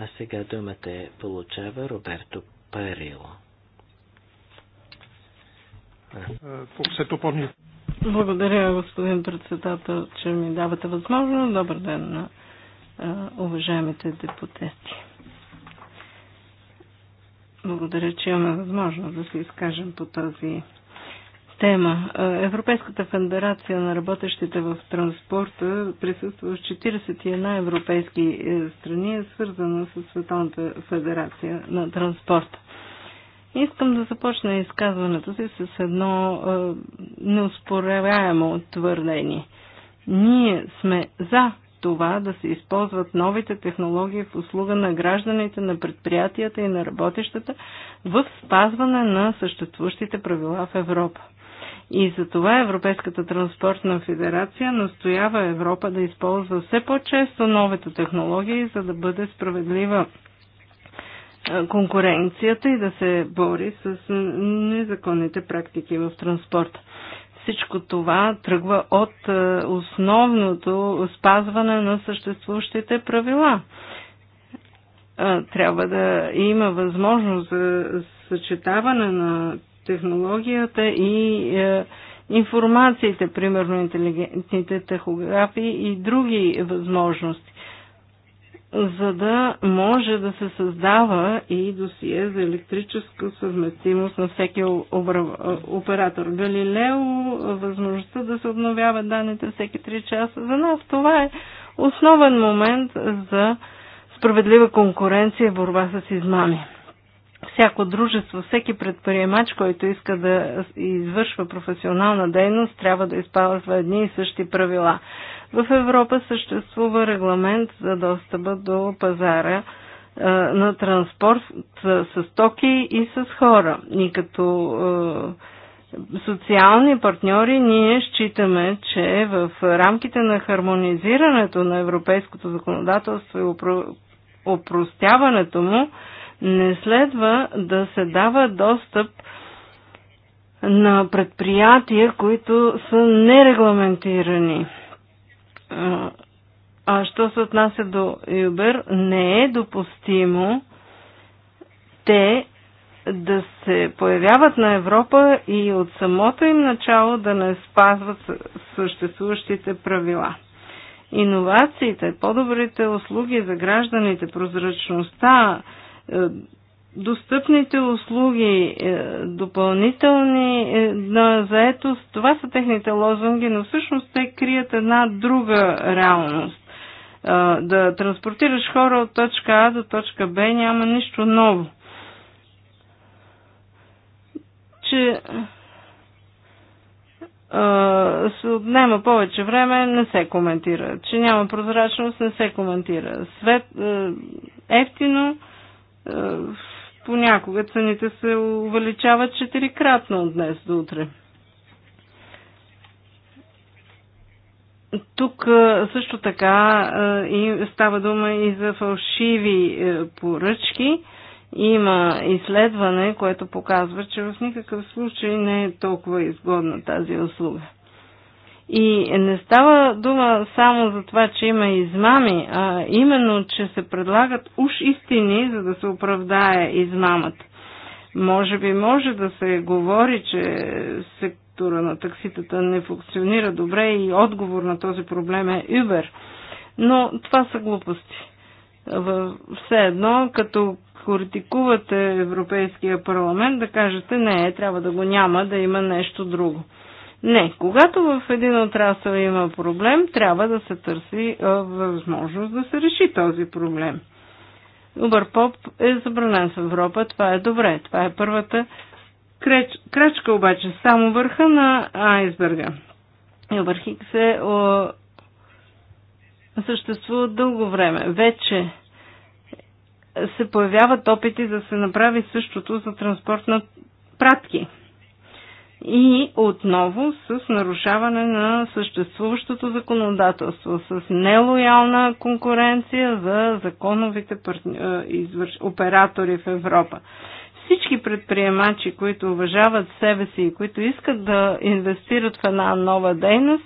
А сега думата е получава Роберто Парило. Благодаря, господин председател, че ми давате възможност. Добър ден на уважаемите депутати. Благодаря, че имаме възможност да се изкажем по тази тема. Европейската федерация на работещите в транспорта присъства в 41 европейски е, страни, свързана с Световната федерация на транспорта. Искам да започна изказването си с едно е, неоспоряемо твърдение. Ние сме за това да се използват новите технологии в услуга на гражданите, на предприятията и на работещата в спазване на съществуващите правила в Европа. И за това Европейската транспортна федерация настоява Европа да използва все по-често новите технологии, за да бъде справедлива конкуренцията и да се бори с незаконните практики в транспорта. Всичко това тръгва от основното спазване на съществуващите правила. Трябва да има възможност за съчетаване на технологията и е, информациите, примерно интелигентните тахографии и други възможности, за да може да се създава и досие за електрическа съвместимост на всеки оператор. Галилео, възможността да се обновяват данните всеки 3 часа, за нас това е основен момент за справедлива конкуренция и борба с измами всяко дружество, всеки предприемач, който иска да извършва професионална дейност, трябва да изпазва едни и същи правила. В Европа съществува регламент за достъпа до пазара на транспорт с токи и с хора. И като социални партньори ние считаме, че в рамките на хармонизирането на европейското законодателство и опростяването му, не следва да се дава достъп на предприятия, които са нерегламентирани. А що се отнася до Uber, не е допустимо те да се появяват на Европа и от самото им начало да не спазват съществуващите правила. Иновациите, по-добрите услуги за гражданите, прозрачността, е, достъпните услуги, е, допълнителни е, на заетост, това са техните лозунги, но всъщност те крият една друга реалност. Да транспортираш хора от точка А до точка Б няма нищо ново. Че се отнема повече време, не се коментира. Че няма прозрачност, не се коментира. Свет, ефтино, е, понякога цените се увеличават четирикратно от днес до утре. Тук е, също така е, и става дума и за фалшиви поръчки. Има изследване, което показва, че в никакъв случай не е толкова изгодна тази услуга. И не става дума само за това, че има измами, а именно, че се предлагат уж истини, за да се оправдае измамата. Може би може да се говори, че сектора на такситата не функционира добре и отговор на този проблем е Uber. Но това са глупости. Все едно, като критикувате Европейския парламент, да кажете не, трябва да го няма, да има нещо друго. Не, когато в един отрасъл има проблем, трябва да се търси възможност да се реши този проблем. Uberpop е забранен в Европа, това е добре, това е първата креч, крачка обаче, само върха на айсберга. Uberhix се о, съществува дълго време. Вече се появяват опити да се направи същото за транспорт на пратки и отново с нарушаване на съществуващото законодателство, с нелоялна конкуренция за законовите е, оператори в Европа. Всички предприемачи, които уважават себе си и които искат да инвестират в една нова дейност,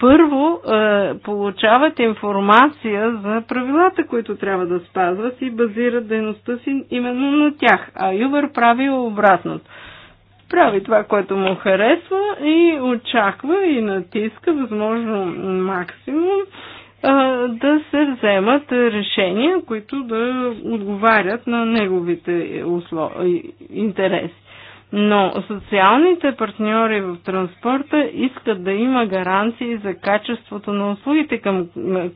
първо е, получават информация за правилата, които трябва да спазват и базират дейността си именно на тях. А Юбър прави обратното прави това, което му харесва и очаква и натиска възможно максимум да се вземат решения, които да отговарят на неговите услов... интереси. Но социалните партньори в транспорта искат да има гаранции за качеството на услугите към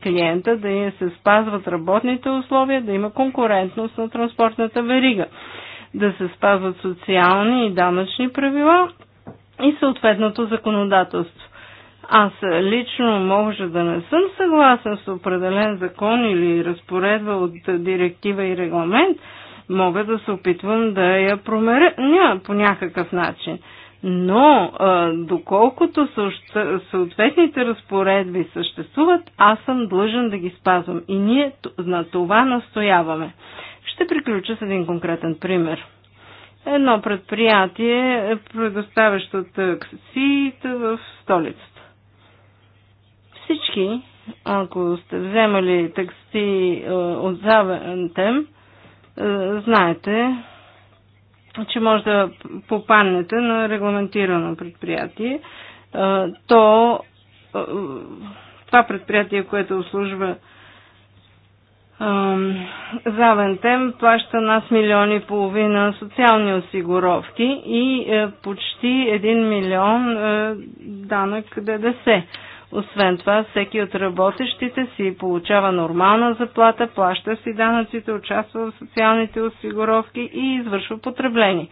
клиента, да се спазват работните условия, да има конкурентност на транспортната верига да се спазват социални и данъчни правила и съответното законодателство. Аз лично може да не съм съгласен с определен закон или разпоредба от директива и регламент, мога да се опитвам да я промеря по някакъв начин. Но а, доколкото съответните разпоредби съществуват, аз съм длъжен да ги спазвам. И ние на това настояваме. Ще приключа с един конкретен пример. Едно предприятие, е предоставящо такси в столицата. Всички, ако сте вземали такси е, от Завентем, знаете, че може да попаднете на регламентирано предприятие, е, то е, това предприятие, което обслужва Завентем плаща нас милиони и половина социални осигуровки и е, почти 1 милион е, данък ДДС. Освен това, всеки от работещите си получава нормална заплата, плаща си данъците, участва в социалните осигуровки и извършва потребление.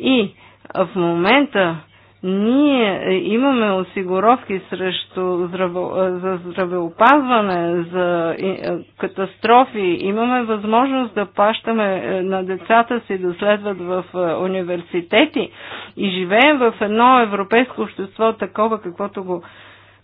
И в момента ние е, имаме осигуровки срещу здраво, е, за здравеопазване, за е, катастрофи. Имаме възможност да плащаме на децата си да следват в университети и живеем в едно европейско общество такова, каквото го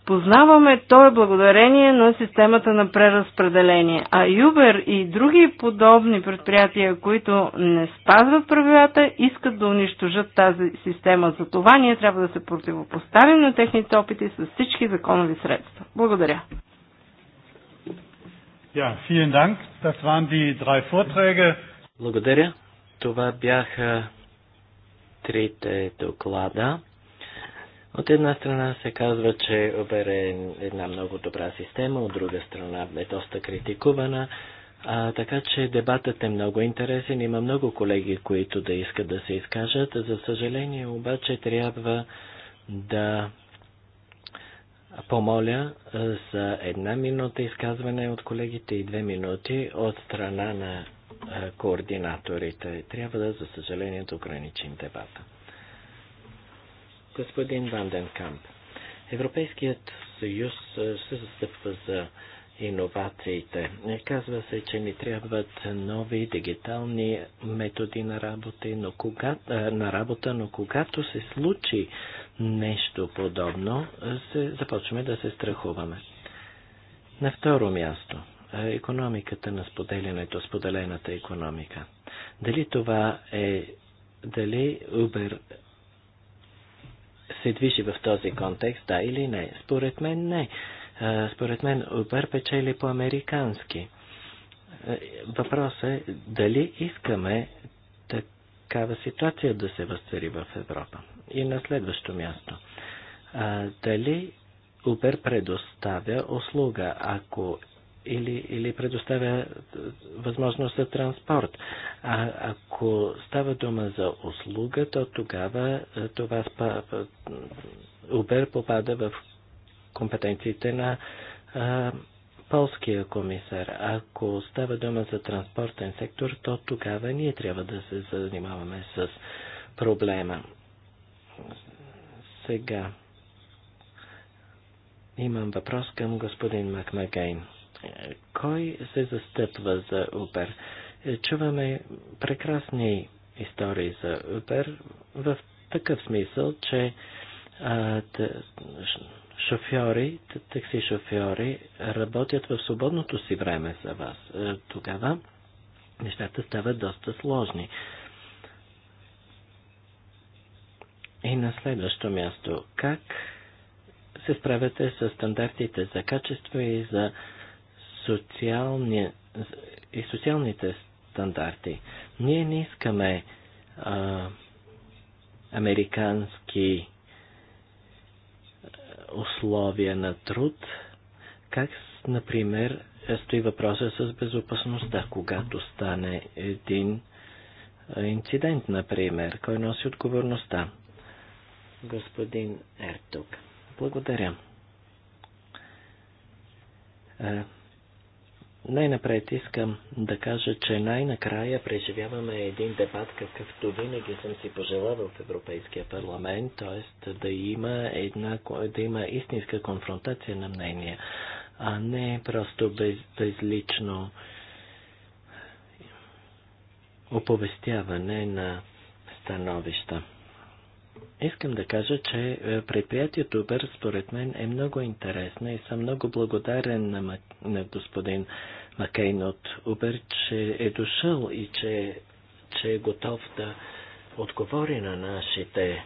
познаваме, то е благодарение на системата на преразпределение. А Юбер и други подобни предприятия, които не спазват правилата, искат да унищожат тази система. За това ние трябва да се противопоставим на техните опити с всички законови средства. Благодаря. Ja, vielen Dank. Das waren die drei Vorträge. Благодаря. Това бяха трите доклада. От една страна се казва, че Uber е една много добра система, от друга страна е доста критикувана. А, така че дебатът е много интересен. Има много колеги, които да искат да се изкажат. За съжаление обаче трябва да помоля за една минута изказване от колегите и две минути от страна на координаторите. Трябва да, за съжаление, да ограничим дебата. Господин Ванденкамп, Европейският съюз е, се застъпва за иновациите. Казва се, че ни трябват нови дигитални методи на работа, но когато, е, на работа, но когато се случи нещо подобно, се, започваме да се страхуваме. На второ място, е, економиката на споделянето, споделената економика. Дали това е, дали Uber се движи в този контекст, да или не? Според мен не. Според мен Uber печели по-американски. Въпросът е дали искаме такава ситуация да се възцари в Европа. И на следващо място. Дали Uber предоставя услуга, ако или, или предоставя е, възможност за транспорт. А ако става дума за услуга, то тогава е, това спа, е, Uber попада в компетенциите на а, полския комисар. Ако става дума за транспортен сектор, то тогава ние трябва да се занимаваме с проблема. Сега имам въпрос към господин Макмагейн. Кой се застъпва за Убер. Чуваме прекрасни истории за Убер в такъв смисъл, че а, шофьори, такси шофьори работят в свободното си време за вас. Е, тогава нещата стават доста сложни. И на следващо място, как се справяте с стандартите за качество и за социални, и социалните стандарти. Ние не искаме а, американски условия на труд, как, например, стои въпроса с безопасността, когато стане един инцидент, например, кой носи отговорността? Господин Ертук. Благодаря. Най-напред искам да кажа, че най-накрая преживяваме един дебат, какъвто винаги съм си пожелавал в Европейския парламент, т.е. да има, една, да има истинска конфронтация на мнения, а не просто без, безлично оповестяване на становища. Искам да кажа, че е, предприятието Uber според мен е много интересно и съм много благодарен на, Мак... на господин Макейн от Uber, че е дошъл и че, че е готов да отговори на нашите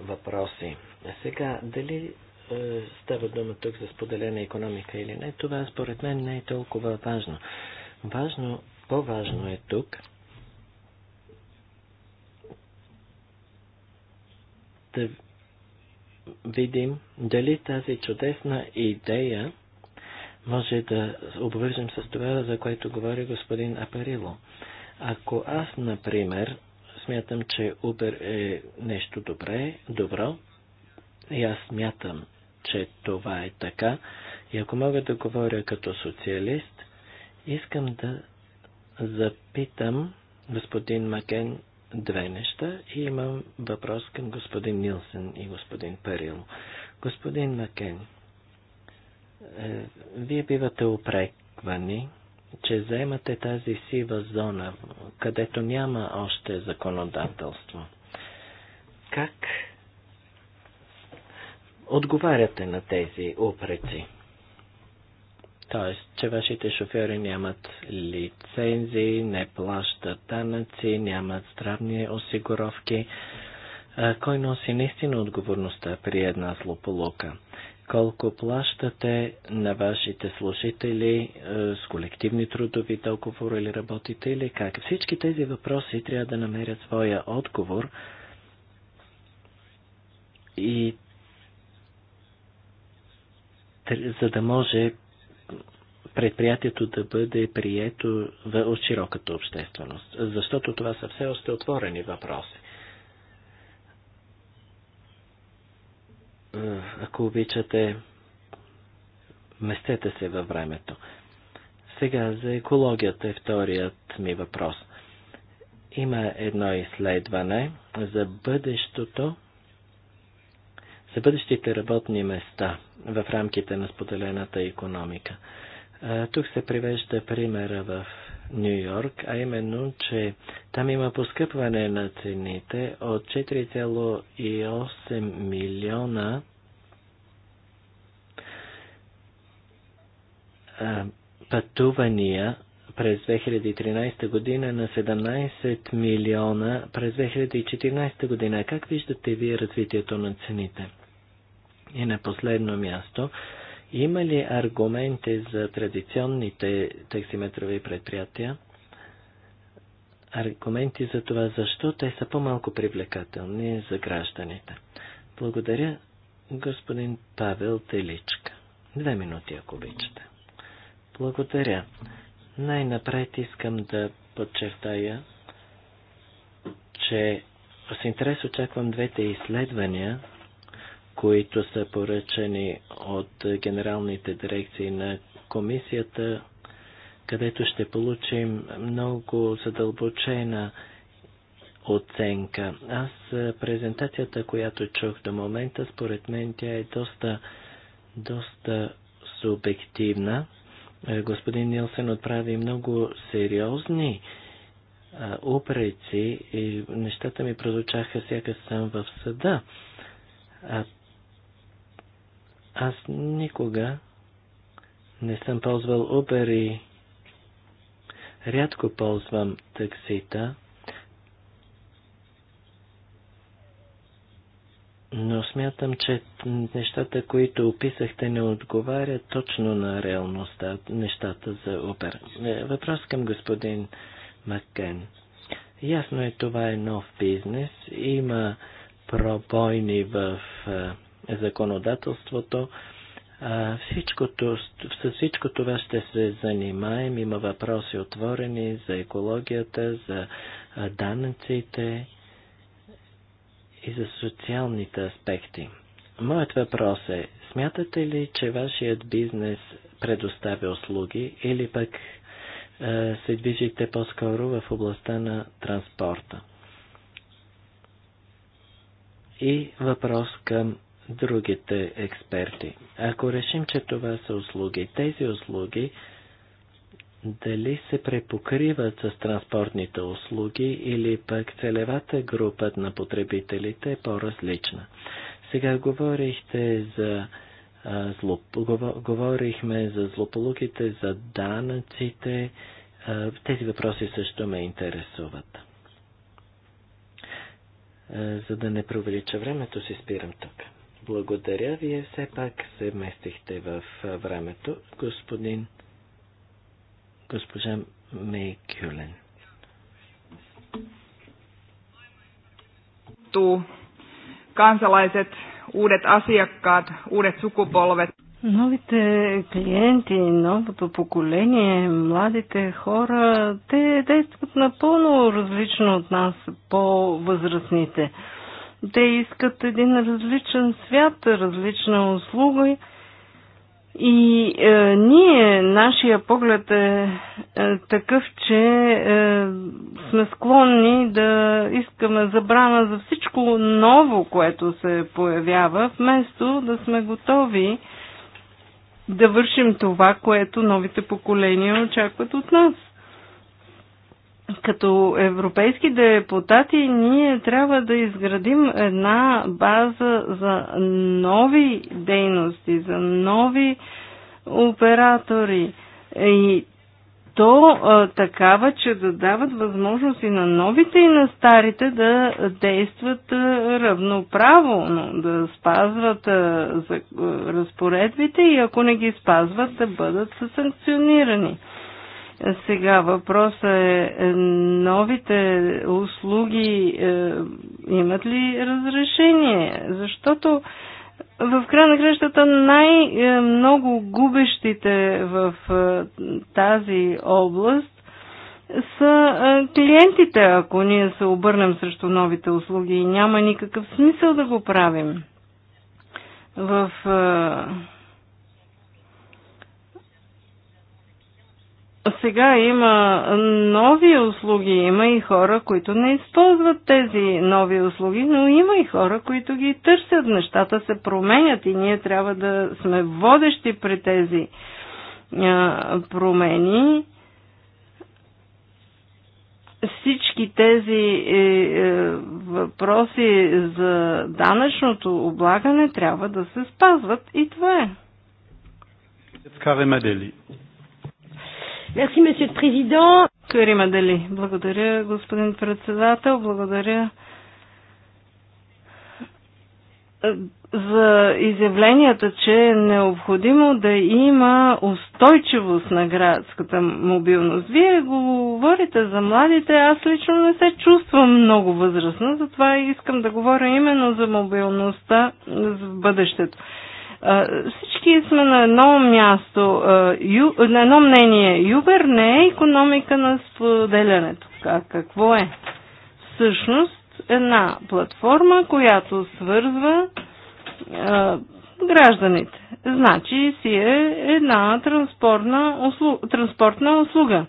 въпроси. А сега, дали е, става дума тук за споделена економика или не, това според мен не е толкова важно. Важно, по-важно е тук да видим дали тази чудесна идея може да обвържем с това, за което говори господин Апарило. Ако аз, например, смятам, че Uber е нещо добре, добро, и аз смятам, че това е така, и ако мога да говоря като социалист, искам да запитам господин Макен две неща и имам въпрос към господин Нилсен и господин Перил. Господин Макен, е, вие бивате упреквани, че заемате тази сива зона, където няма още законодателство. Как отговаряте на тези упреци? Т.е. че вашите шофьори нямат лицензии, не плащат данъци, нямат здравни осигуровки. Кой носи наистина отговорността при една злополука? Колко плащате на вашите служители е, с колективни трудови договори или работите или как? Всички тези въпроси трябва да намерят своя отговор и за да може предприятието да бъде прието от широката общественост, защото това са все още отворени въпроси. Е, ако обичате, местете се във времето. Сега за екологията е вторият ми въпрос. Има едно изследване за бъдещото за бъдещите работни места в рамките на споделената економика. Тук се привежда примера в Нью Йорк, а именно, че там има поскъпване на цените от 4,8 милиона пътувания през 2013 година на 17 милиона през 2014 година. Как виждате вие развитието на цените? И на последно място, има ли аргументи за традиционните таксиметрови предприятия? Аргументи за това, защо те са по-малко привлекателни за гражданите. Благодаря, господин Павел Теличка. Две минути, ако обичате. Благодаря. Най-напред искам да подчертая, че с интерес очаквам двете изследвания, които са поръчани от генералните дирекции на комисията, където ще получим много задълбочена оценка. Аз презентацията, която чух до момента, според мен тя е доста, доста субективна. Господин Нилсен отправи много сериозни упреци и нещата ми прозвучаха сякаш съм в съда. А аз никога не съм ползвал Uber и рядко ползвам таксита, но смятам, че нещата, които описахте, не отговарят точно на реалността, нещата за Uber. Е, въпрос към господин Маккен. Ясно е, това е нов бизнес. Има пробойни в е, законодателството. Всичкото, с всичко това ще се занимаем. Има въпроси отворени за екологията, за данъците и за социалните аспекти. Моят въпрос е, смятате ли, че вашият бизнес предоставя услуги или пък е, се движите по-скоро в областта на транспорта? И въпрос към другите експерти. Ако решим, че това са услуги, тези услуги дали се препокриват с транспортните услуги или пък целевата група на потребителите е по-различна. Сега говорихте за говорихме за злополуките, за данъците. тези въпроси също ме интересуват. за да не провелича времето, си спирам тук. Благодаря. Вие все пак се местихте в времето, господин госпожа Мей Кюлен. Kansalaiset, uudet asiakkaat, uudet sukupolvet. Новите клиенти, новото поколение, младите хора, те действат напълно различно от нас, по-възрастните. Те искат един различен свят, различна услуга. И е, ние, нашия поглед е, е такъв, че е, сме склонни да искаме забрана за всичко ново, което се появява, вместо да сме готови да вършим това, което новите поколения очакват от нас като европейски депутати ние трябва да изградим една база за нови дейности, за нови оператори. И то а, такава, че да дават възможност и на новите и на старите да действат а, равноправо, да спазват а, за, а, разпоредбите и ако не ги спазват да бъдат санкционирани. Сега въпросът е, е, новите услуги е, имат ли разрешение? Защото в края на кръщата най-много губещите в е, тази област са е, клиентите, ако ние се обърнем срещу новите услуги и няма никакъв смисъл да го правим. В сега има нови услуги, има и хора, които не използват тези нови услуги, но има и хора, които ги търсят. Нещата се променят и ние трябва да сме водещи при тези промени. Всички тези е, е, въпроси за данъчното облагане трябва да се спазват и това е. Каримадели. Merci, monsieur le président. Карима Дали. Благодаря, господин председател. Благодаря за изявленията, че е необходимо да има устойчивост на градската мобилност. Вие говорите за младите, аз лично не се чувствам много възрастна, затова искам да говоря именно за мобилността в бъдещето. Всички сме на едно място, на едно мнение. Юбер не е економика на споделянето. Какво е? Всъщност една платформа, която свързва гражданите. Значи си е една транспортна услуга. Транспортна услуга.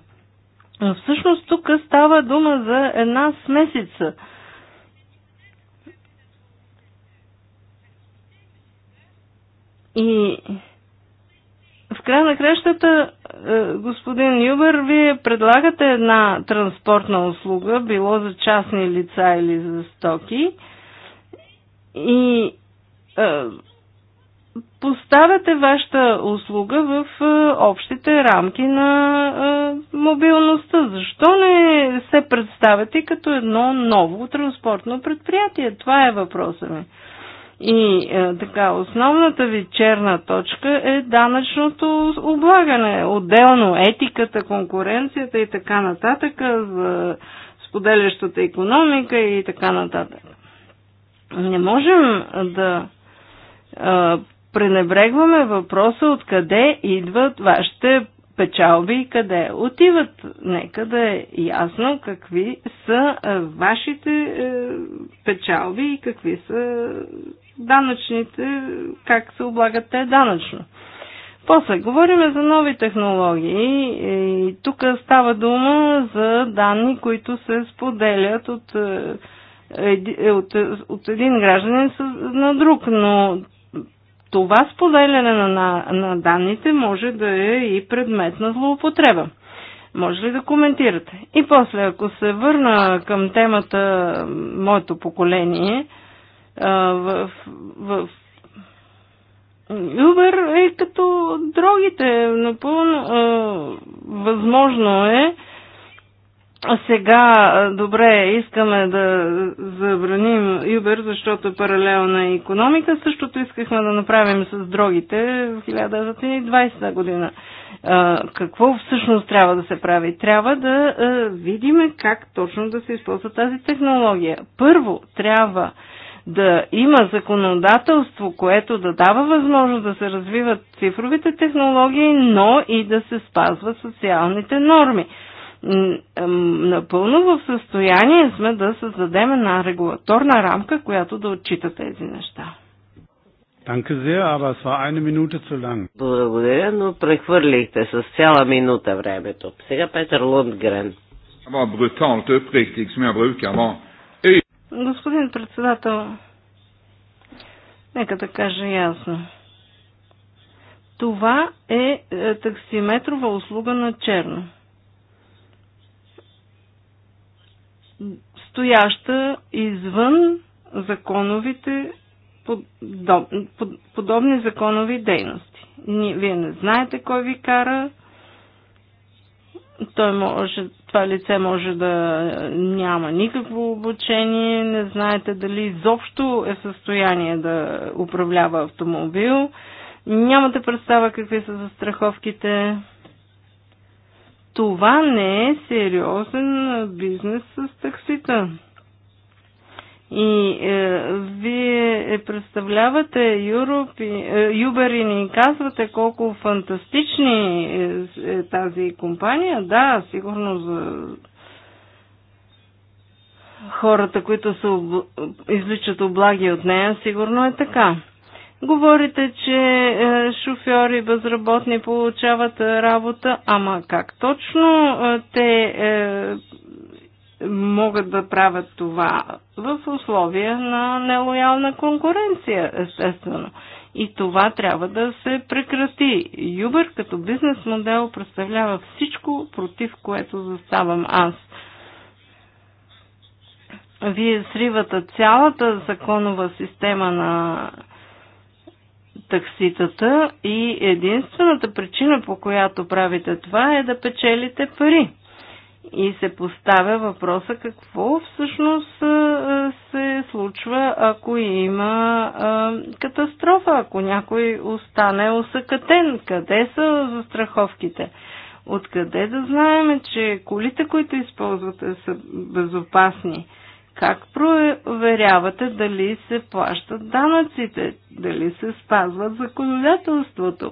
Но всъщност тук става дума за една смесица – И в края на кращата, е, господин Юбер, вие предлагате една транспортна услуга, било за частни лица или за стоки, и е, поставяте вашата услуга в е, общите рамки на мобилността. Защо не се представяте като едно ново транспортно предприятие? Това е въпросът ми. И е, така, основната ви черна точка е данъчното облагане. Отделно етиката, конкуренцията и така нататък, за споделящата економика и така нататък. Не можем да е, пренебрегваме въпроса откъде идват вашите печалби и къде отиват. Нека да е ясно какви са е, вашите е, печалби и какви са данъчните, как се облагат те данъчно. После, говорим за нови технологии и тук става дума за данни, които се споделят от, е, е, от, е, от един гражданин на друг, но това споделяне на, на, на данните може да е и предмет на злоупотреба. Може ли да коментирате? И после, ако се върна към темата моето поколение – в, в Uber е като другите. Напълно а, възможно е. А сега, добре, искаме да забраним Uber, защото е паралелна економика. Същото искахме да направим с другите в 1920 година. А, какво всъщност трябва да се прави? Трябва да а, видим как точно да се използва тази технология. Първо, трябва а, да има законодателство, което да дава възможност да се развиват цифровите технологии, но и да се спазват социалните норми. Напълно в състояние сме да създадем една регулаторна рамка, която да отчита тези неща. Благодаря, но прехвърлихте с цяла минута времето. Сега Петър Лундгрен. Това е бруталното е som jag brukar vara. Господин председател, нека да кажа ясно. Това е, е таксиметрова услуга на черно. Стояща извън законовите подобни законови дейности. Вие не знаете кой ви кара, той може, това лице може да няма никакво обучение, не знаете дали изобщо е в състояние да управлява автомобил, нямате представа какви са застраховките. Това не е сериозен бизнес с таксита. И е, вие представлявате Юруп, е, Юбер и ни казвате колко фантастични е, е тази компания. Да, сигурно за хората, които се об... изличат облаги от нея, сигурно е така. Говорите, че е, шофьори безработни получават е, работа, ама как точно е, те могат да правят това в условия на нелоялна конкуренция, естествено. И това трябва да се прекрати. Юбър като бизнес модел представлява всичко, против което заставам аз. Вие сривате цялата законова система на такситата и единствената причина по която правите това е да печелите пари. И се поставя въпроса какво всъщност се случва, ако има катастрофа, ако някой остане усъкътен, къде са застраховките. Откъде да знаем, че колите, които използвате, са безопасни? Как проверявате дали се плащат данъците, дали се спазват законодателството?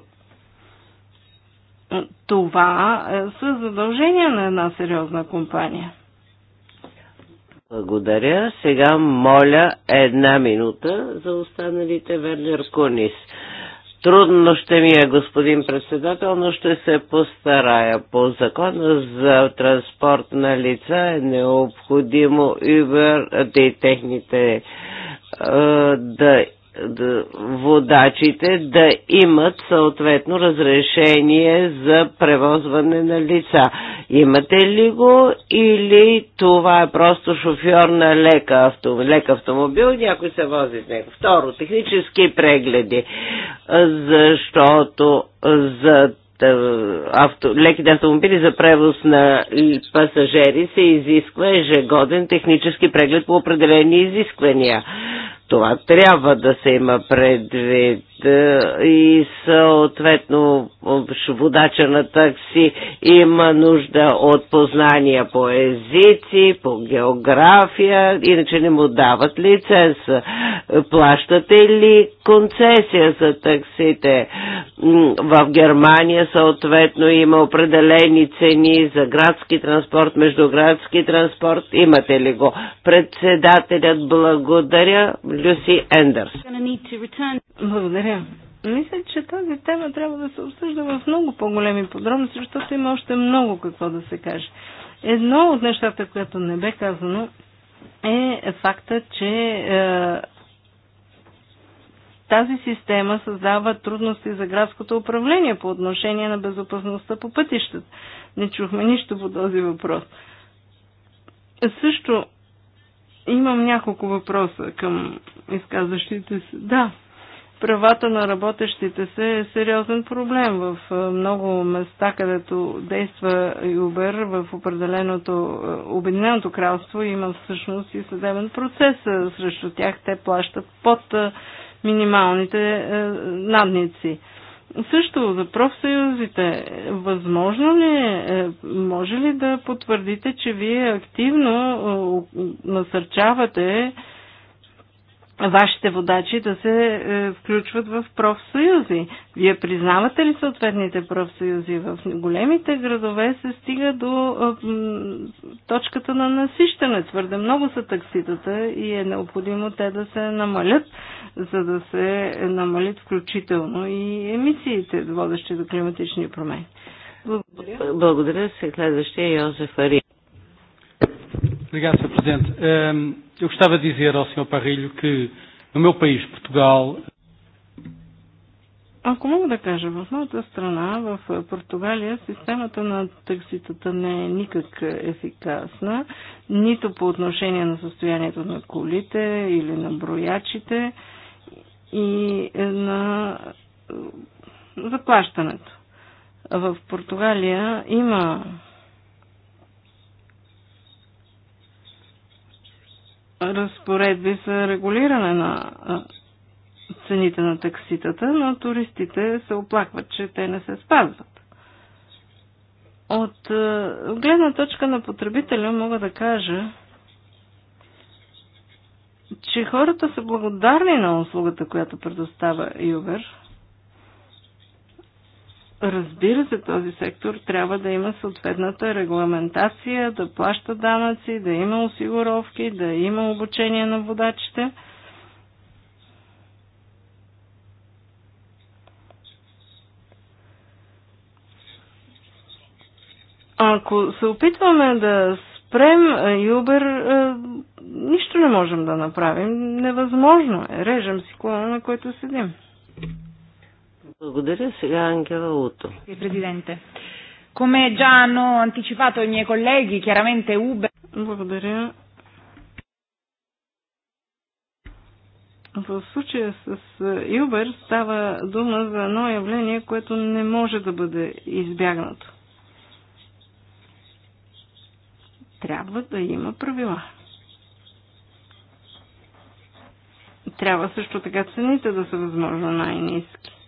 Това е, са задължения на една сериозна компания. Благодаря. Сега моля една минута за останалите Вернер Кунис. Трудно ще ми е, господин председател, но ще се постарая. По закона за транспорт на лица е необходимо Uber и техните да водачите да имат съответно разрешение за превозване на лица. Имате ли го или това е просто шофьор на лека авто, лек автомобил и някой се вози с него? Второ, технически прегледи, защото за авто, леките автомобили за превоз на пасажери се изисква ежегоден технически преглед по определени изисквания. Това трябва да се има предвид. Е, и съответно водача на такси има нужда от познания по езици, по география, иначе не му дават лиценз. Плащате ли концесия за таксите? В Германия съответно има определени цени за градски транспорт, междуградски транспорт. Имате ли го? Председателят благодаря Люси Ендерс. Благодаря благодаря. Мисля, че тази тема трябва да се обсъжда в много по-големи подробности, защото има още много какво да се каже. Едно от нещата, което не бе казано, е факта, че е, тази система създава трудности за градското управление по отношение на безопасността по пътищата. Не чухме нищо по този въпрос. Също имам няколко въпроса към изказващите се. Да, правата на работещите се е сериозен проблем в е, много места, където действа Юбер в определеното е, Обединеното кралство има всъщност и съдебен процес е, срещу тях. Те плащат под минималните надници. Също за профсъюзите, възможно ли е, може ли да потвърдите, че вие активно насърчавате вашите водачи да се е, включват в профсъюзи. Вие признавате ли съответните профсъюзи? В големите градове се стига до е, точката на насищане. Твърде много са такситата и е необходимо те да се намалят, за да се намалят включително и емисиите, водещи до климатични промени. Благодаря. Благодаря. Следващия е Йозеф Ари. Obrigado, Sr. Presidente. Ehm, eu gostava de dizer ao Sr. Parrilho que no meu país, Portugal. Ако мога да кажа, в моята страна, в Португалия, системата на такситата не е никак ефикасна, нито по отношение на състоянието на колите или на броячите и на е, заплащането. В Португалия има разпоредби за регулиране на цените на такситата, но туристите се оплакват, че те не се спазват. От гледна точка на потребителя мога да кажа, че хората са благодарни на услугата, която предоставя Uber – Разбира се, този сектор трябва да има съответната регламентация, да плаща данъци, да има осигуровки, да има обучение на водачите. Ако се опитваме да спрем Юбер, нищо не можем да направим. Невъзможно е. Режем си клона, на който седим. Благодаря сега Ангела Уто. Е, президенте. Come già hanno anticipato i miei colleghi, chiaramente Uber. Благодаря. В случая с Uber става дума за едно явление, което не може да бъде избягнато. Трябва да има правила. Трябва също така цените да са възможно най-низки.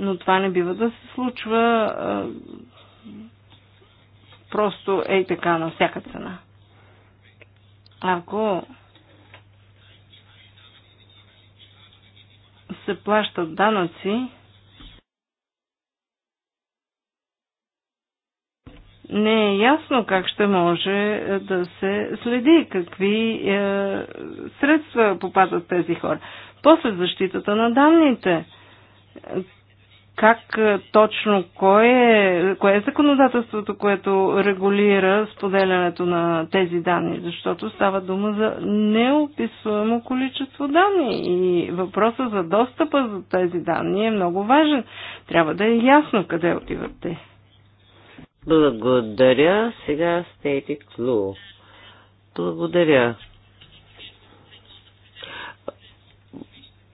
Но това не бива да се случва а, просто ей така на всяка цена. Ако се плащат данъци, не е ясно как ще може да се следи какви е, средства попадат тези хора. После защитата на данните как е, точно кое е, кое е законодателството, което регулира споделянето на тези данни, защото става дума за неописуемо количество данни и въпроса за достъпа за тези данни е много важен. Трябва да е ясно къде отиват те. Благодаря. Сега Стейти Клу. Благодаря.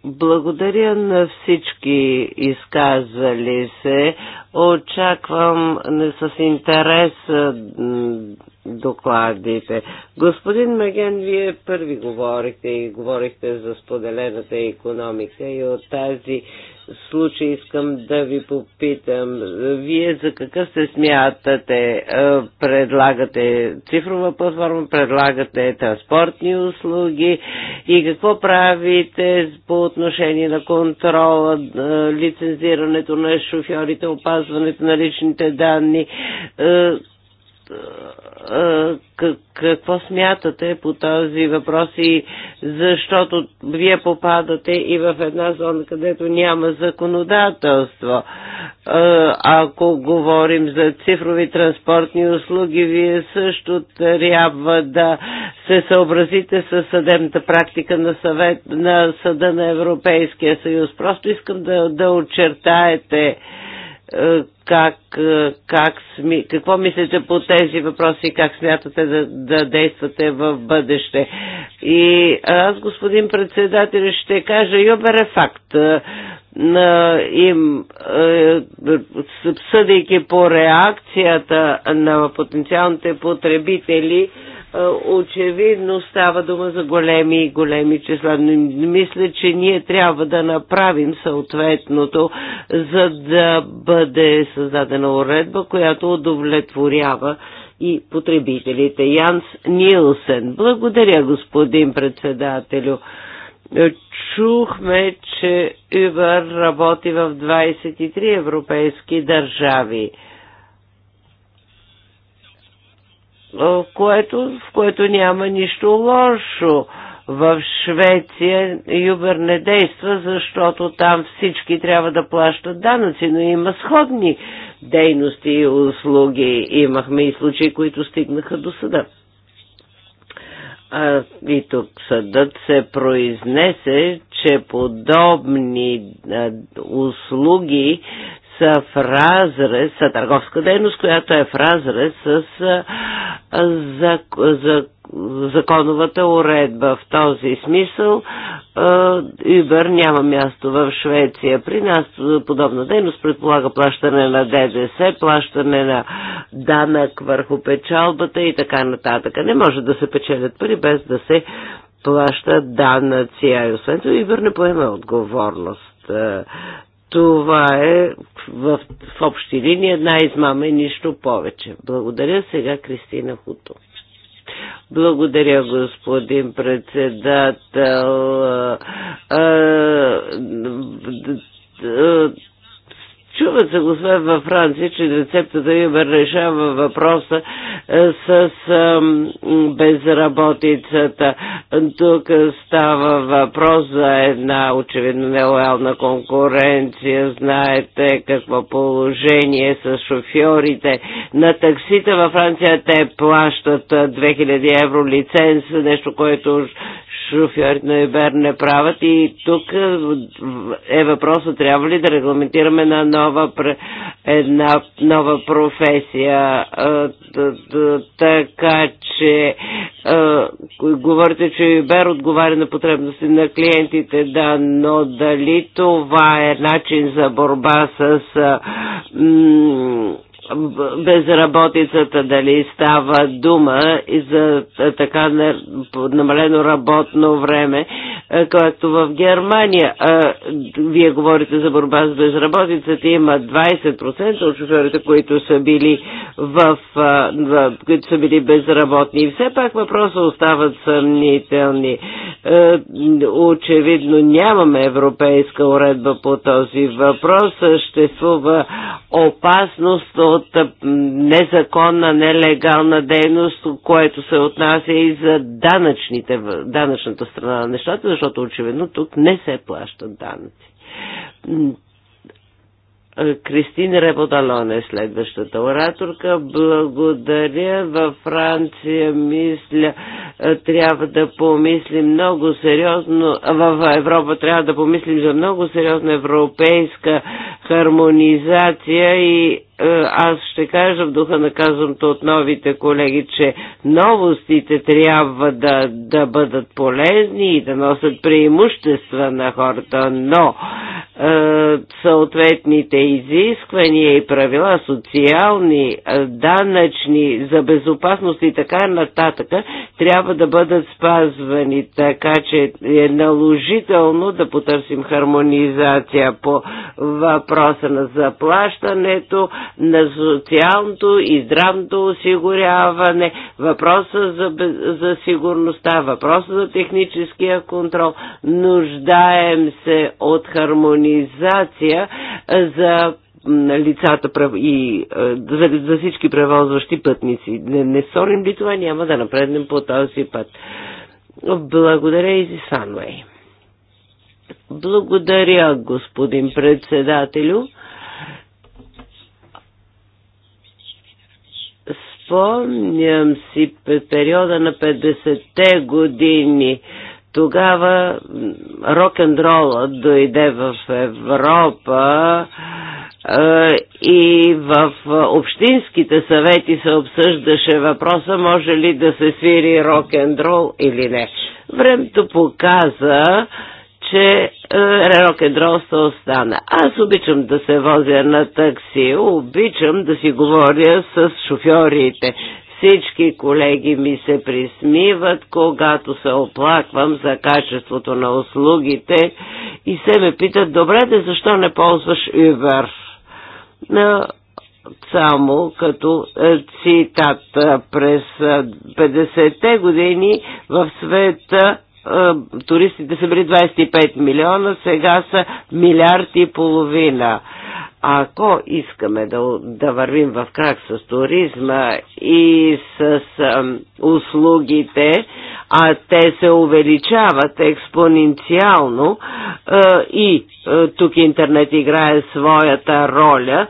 Благодаря на всички изказали се. Очаквам с интерес докладите. Господин Маген, вие първи говорихте и говорихте за споделената економика и от тази случай искам да ви попитам. Вие за какъв се смятате? Е, предлагате цифрова платформа, предлагате транспортни услуги и какво правите по отношение на контрола, е, лицензирането на шофьорите, опазването на личните данни? Е, е, какво смятате по този въпрос и защото вие попадате и в една зона, където няма законодателство. Е, ако говорим за цифрови транспортни услуги, вие също трябва да се съобразите с съдебната практика на, съвет, на Съда на Европейския съюз. Просто искам да, да очертаете е, как, е, как сми, какво мислите по тези въпроси и как смятате да, да действате в бъдеще. И аз, господин председател, ще кажа, и обере факт. На е, им, съдейки по реакцията на потенциалните потребители, е, очевидно става дума за големи и големи числа. Мисля, че ние трябва да направим съответното, за да бъде създадена уредба, която удовлетворява и потребителите. Янс Нилсен. Благодаря, господин председателю. Е, чухме, че Uber работи в 23 европейски държави. което, в което няма нищо лошо. В Швеция Юбер не действа, защото там всички трябва да плащат данъци, но има сходни дейности и услуги. Имахме и случаи, които стигнаха до съда. А, и тук съдът се произнесе, че подобни а, услуги са в разрез, са търговска дейност, която е в разрез с за, за, законовата уредба. В този смисъл Uber няма място в Швеция. При нас подобна дейност предполага плащане на ДДС, плащане на данък върху печалбата и така нататък. Не може да се печелят пари без да се плаща данъци. А освен това Uber не поема отговорност това е в, в общи линии една измама и нищо повече. Благодаря сега Кристина Хуто. Благодаря, господин председател. А, а, Чува се, освен във Франция, че рецептата им решава въпроса е, с безработицата. Тук става въпрос за една очевидно нелоялна конкуренция. Знаете какво положение с шофьорите на таксите във Франция. Те плащат 2000 е, евро лиценз, нещо, което шофьорите на Ибер не правят. И тук е въпросът, трябва ли да регламентираме на но нова, една нова професия. Така че говорите, че Юбер отговаря на потребности на клиентите, да, но дали това е начин за борба с безработицата, дали става дума и за е, така намалено работно време, е, както в Германия. Е, вие говорите за борба с безработицата, има 20% от шофьорите, които са били в, в които са били безработни. И все пак въпроса остават съмнителни. Очевидно нямаме европейска уредба по този въпрос. Съществува опасност от незаконна, нелегална дейност, което се отнася и за данъчните, данъчната страна на нещата, защото очевидно тук не се плащат данъци. Кристин Ребодалон е следващата ораторка. Благодаря. Във Франция, мисля, е, трябва да помислим много сериозно, в Европа трябва да помислим за много сериозна европейска хармонизация и е, аз ще кажа в духа на казаното от новите колеги, че новостите трябва да, да бъдат полезни и да носят преимущества на хората, но е, съответните изисквания и правила, социални, е, данъчни, за безопасност и така нататък, трябва да бъдат спазвани, така че е наложително да потърсим хармонизация по въпроса на заплащането, на социалното и здравното осигуряване, въпроса за, за сигурността, въпроса за техническия контрол. Нуждаем се от хармонизация за лицата и за, за всички превозващи пътници. Не, не сорим ли това, няма да напреднем по този път. Благодаря и за Санвей. Благодаря, господин председателю. Спомням си периода на 50-те години. Тогава рок н дойде в Европа и в общинските съвети се обсъждаше въпроса може ли да се свири рок-н-рол или не. Времето показа, че рок е рол се остана. Аз обичам да се возя на такси, обичам да си говоря с шофьорите. Всички колеги ми се присмиват, когато се оплаквам за качеството на услугите и се ме питат, добре, де, защо не ползваш Uber? Е, само като е, цитат е, през 50-те години в света е, туристите са били 25 милиона, сега са милиарди и половина. Ако искаме да, да вървим в крак с туризма и с а, услугите, а те се увеличават експоненциално а, е, и а, е, тук интернет играе своята роля,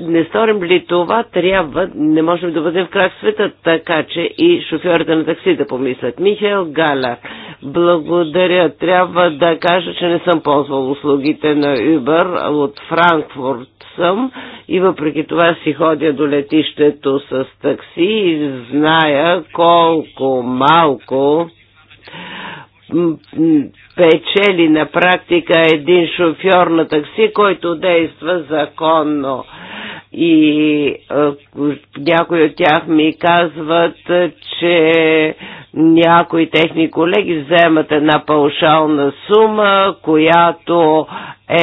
не сторим ли това, трябва, не можем да бъдем в крак света, така че и шофьорите на такси да помислят. Михаил Галер, благодаря. Трябва да кажа, че не съм ползвал услугите на Uber от Франкфурт съм и въпреки това си ходя до летището с такси и зная колко малко печели на практика един шофьор на такси, който действа законно и някои от тях ми казват, че някои техни колеги вземат една паушална сума, която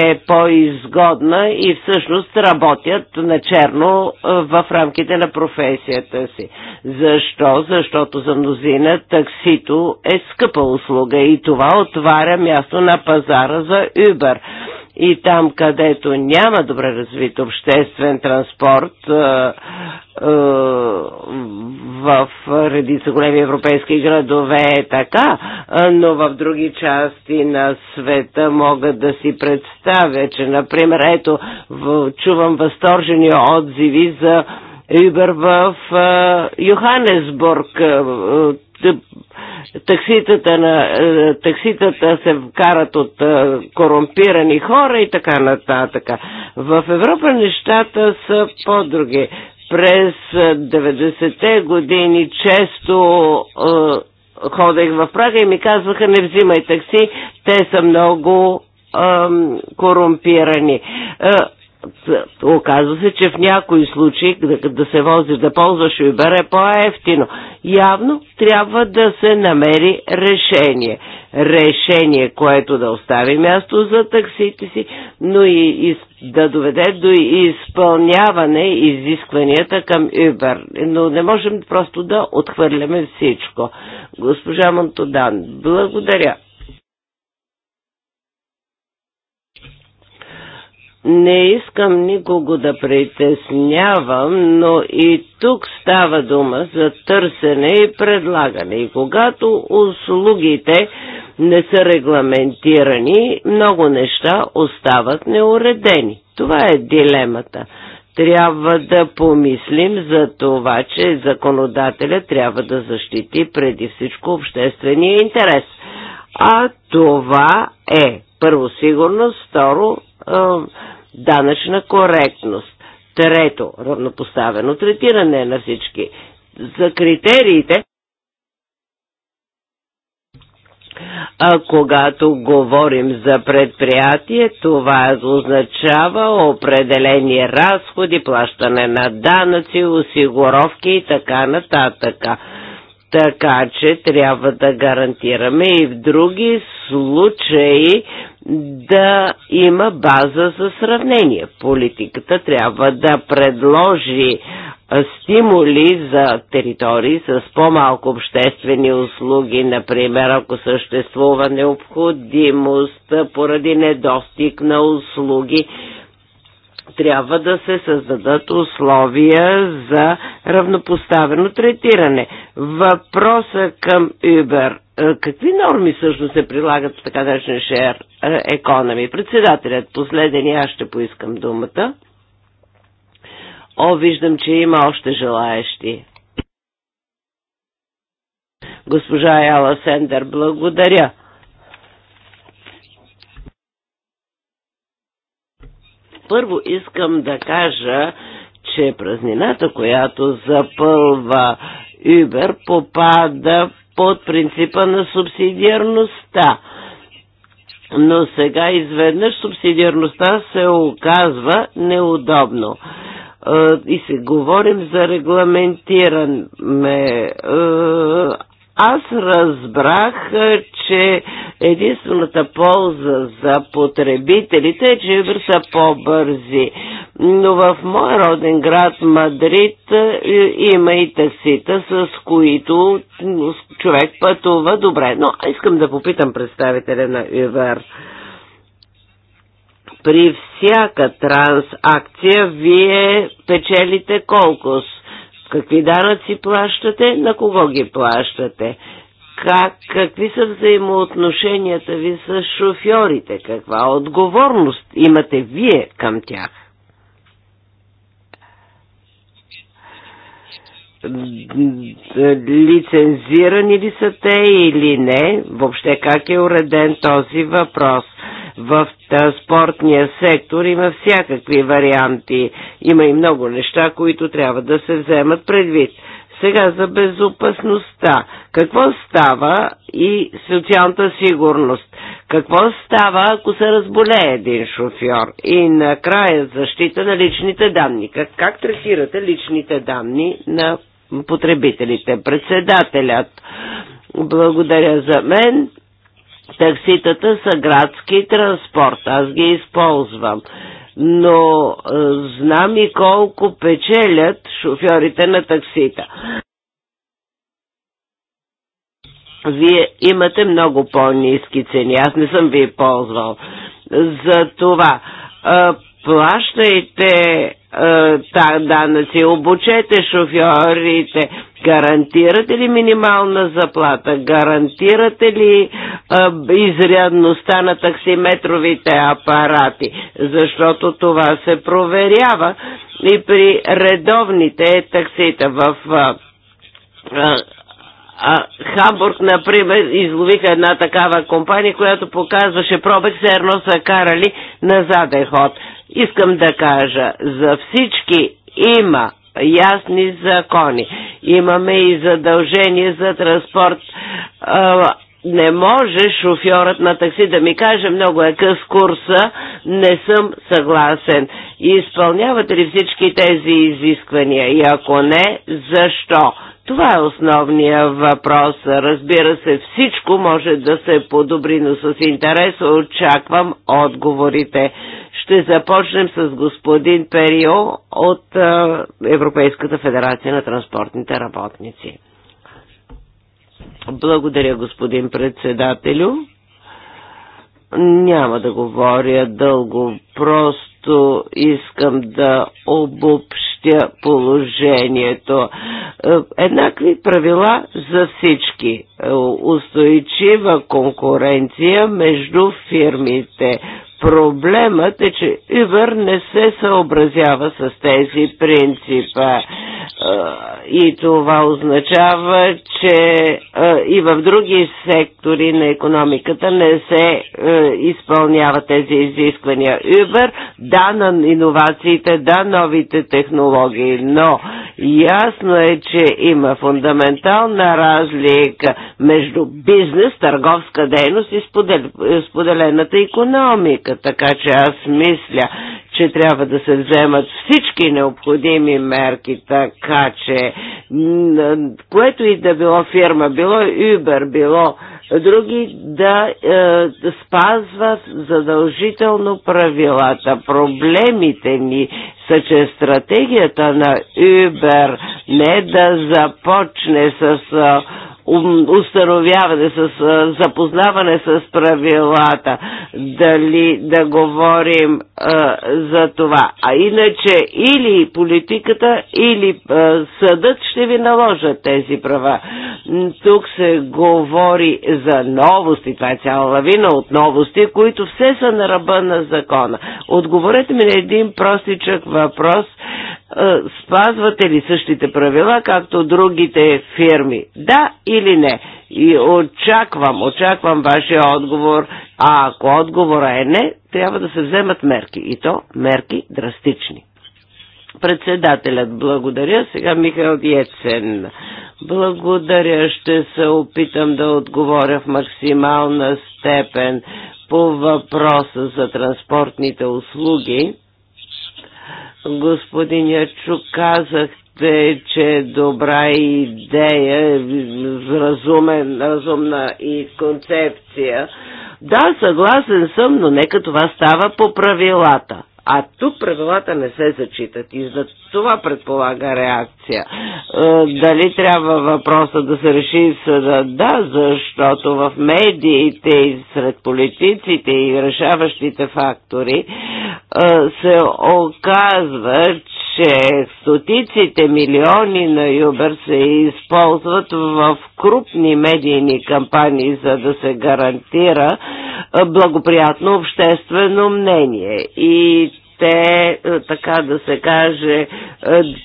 е по-изгодна и всъщност работят на черно в рамките на професията си. Защо? Защото за мнозина таксито е скъпа услуга и това отваря място на пазара за Uber. И там, където няма добре развит обществен транспорт, в редица големи европейски градове е така, но в други части на света могат да си представя, че, например, ето, чувам възторжени отзиви за Uber в Йоханесбург такситата, на, е, такситата се вкарат от е, корумпирани хора и така нататък. В Европа нещата са по-други. През 90-те е, години често ходех в Прага и ми казваха не взимай такси, те са много корумпирани. Оказва се, че в някои случаи да, да се возиш, да ползваш Uber е по-ефтино. Явно трябва да се намери решение. Решение, което да остави място за таксите си, но и, и да доведе до изпълняване изискванията към Uber. Но не можем просто да отхвърляме всичко. Госпожа Монтодан, благодаря. Не искам никого да притеснявам, но и тук става дума за търсене и предлагане. И когато услугите не са регламентирани, много неща остават неуредени. Това е дилемата. Трябва да помислим за това, че законодателя трябва да защити преди всичко обществения интерес. А това е първо сигурност, второ данъчна коректност. Трето, равнопоставено третиране на всички. За критериите, а когато говорим за предприятие, това означава определени разходи, плащане на данъци, осигуровки и така нататък. Така че трябва да гарантираме и в други случай да има база за сравнение. Политиката трябва да предложи стимули за територии с по-малко обществени услуги, например, ако съществува необходимост поради недостиг на услуги трябва да се създадат условия за равнопоставено третиране. Въпроса към Uber. Е, какви норми всъщност се прилагат в така наречен шер економи? Председателят, последен аз ще поискам думата. О, виждам, че има още желаещи. Госпожа Яла Сендер, благодаря. първо искам да кажа, че празнината, която запълва Uber, попада под принципа на субсидиарността. Но сега изведнъж субсидиарността се оказва неудобно е, и се говорим за регламентиране. Е, аз разбрах, че единствената полза за потребителите е, че са по-бързи. Но в моя роден град Мадрид има и таксита, с които човек пътува добре. Но искам да попитам представителя на Uber при всяка трансакция вие печелите колко? Какви данъци плащате, на кого ги плащате? Как, какви са взаимоотношенията ви с шофьорите? Каква отговорност имате вие към тях? лицензирани ли са те или не, въобще как е уреден този въпрос. В спортния сектор има всякакви варианти, има и много неща, които трябва да се вземат предвид. Сега за безопасността. Какво става и социалната сигурност? Какво става, ако се разболее един шофьор? И накрая защита на личните данни. Как, как третирате личните данни на потребителите. Председателят, благодаря за мен. Такситата са градски транспорт, аз ги използвам. Но е, знам и колко печелят шофьорите на таксита. Вие имате много по-низки цени, аз не съм ви ползвал. За това е, плащайте е, данъци, обучете шофьорите, гарантирате ли минимална заплата, гарантирате ли а, е, изрядността на таксиметровите апарати, защото това се проверява и при редовните таксита в а, е, а, Хамбург, например, изловиха една такава компания, която показваше пробег, все едно са карали на заден ход. Искам да кажа, за всички има ясни закони. Имаме и задължение за транспорт. Не може шофьорът на такси да ми каже, много е къс курса, не съм съгласен. Изпълнявате ли всички тези изисквания? И ако не, защо? Това е основния въпрос. Разбира се, всичко може да се подобри, но с интерес очаквам отговорите. Ще започнем с господин Перио от Европейската федерация на транспортните работници. Благодаря, господин председателю. Няма да говоря дълго, просто просто искам да обобщя положението. Е, еднакви правила за всички. Е, устойчива конкуренция между фирмите. Проблемът е, че Uber не се съобразява с тези принципа. И това означава, че и в други сектори на економиката не се изпълнява тези изисквания. Uber, да на иновациите, да новите технологии, но ясно е, че има фундаментална разлика между бизнес, търговска дейност и споделената економика сметка. Така че аз мисля, че трябва да се вземат всички необходими мерки, така че което и да било фирма, било Uber, било други да е, да спазват задължително правилата. Проблемите ни са, че стратегията на Uber не е да започне с е, установяване, с запознаване с правилата, дали да говорим а, за това. А иначе или политиката, или а, съдът ще ви наложат тези права. Тук се говори за новости, това е цяла лавина от новости, които все са на ръба на закона. Отговорете ми на един простичък въпрос е, спазвате ли същите правила, както другите фирми? Да или не? И очаквам, очаквам вашия отговор, а ако отговора е не, трябва да се вземат мерки. И то мерки драстични. Председателят благодаря. Сега Михаил Ецен. Благодаря. Ще се опитам да отговоря в максимална степен по въпроса за транспортните услуги Господин Ячук, казахте, че е добра идея, разумен, разумна и концепция. Да, съгласен съм, но нека това става по правилата. А тук правилата не се зачитат и за това предполага реакция. Е, дали трябва въпроса да се реши в съда? Да, защото в медиите и сред политиците и решаващите фактори е, се оказва, че стотиците милиони на Юбер се използват в крупни медийни кампании, за да се гарантира благоприятно обществено мнение. И те, така да се каже,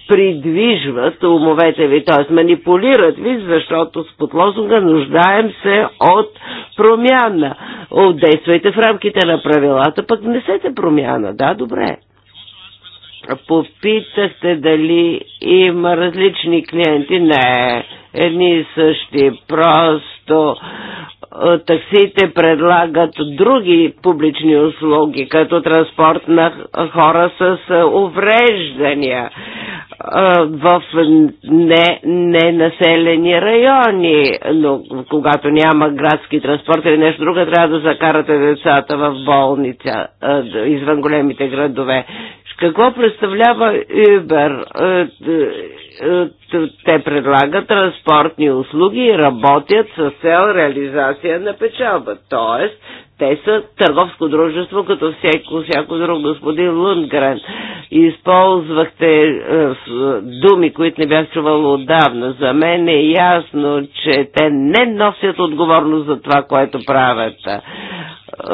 придвижват умовете ви, т.е. манипулират ви, защото с подлозунга нуждаем се от промяна. Действайте в рамките на правилата, пък не сете промяна. Да, добре. Попитахте дали има различни клиенти. Не, едни и същи. Просто таксите предлагат други публични услуги, като транспорт на хора с увреждания в ненаселени не райони, но когато няма градски транспорт или нещо друго, трябва да закарате децата в болница извън големите градове. Какво представлява Uber? Е, е, е, те предлагат транспортни услуги и работят с цел реализация на печалба. Тоест, те са търговско дружество, като всяко, всяко друго. Господин Лундгрен, използвахте е, думи, които не бях чувал отдавна. За мен е ясно, че те не носят отговорност за това, което правят. Е,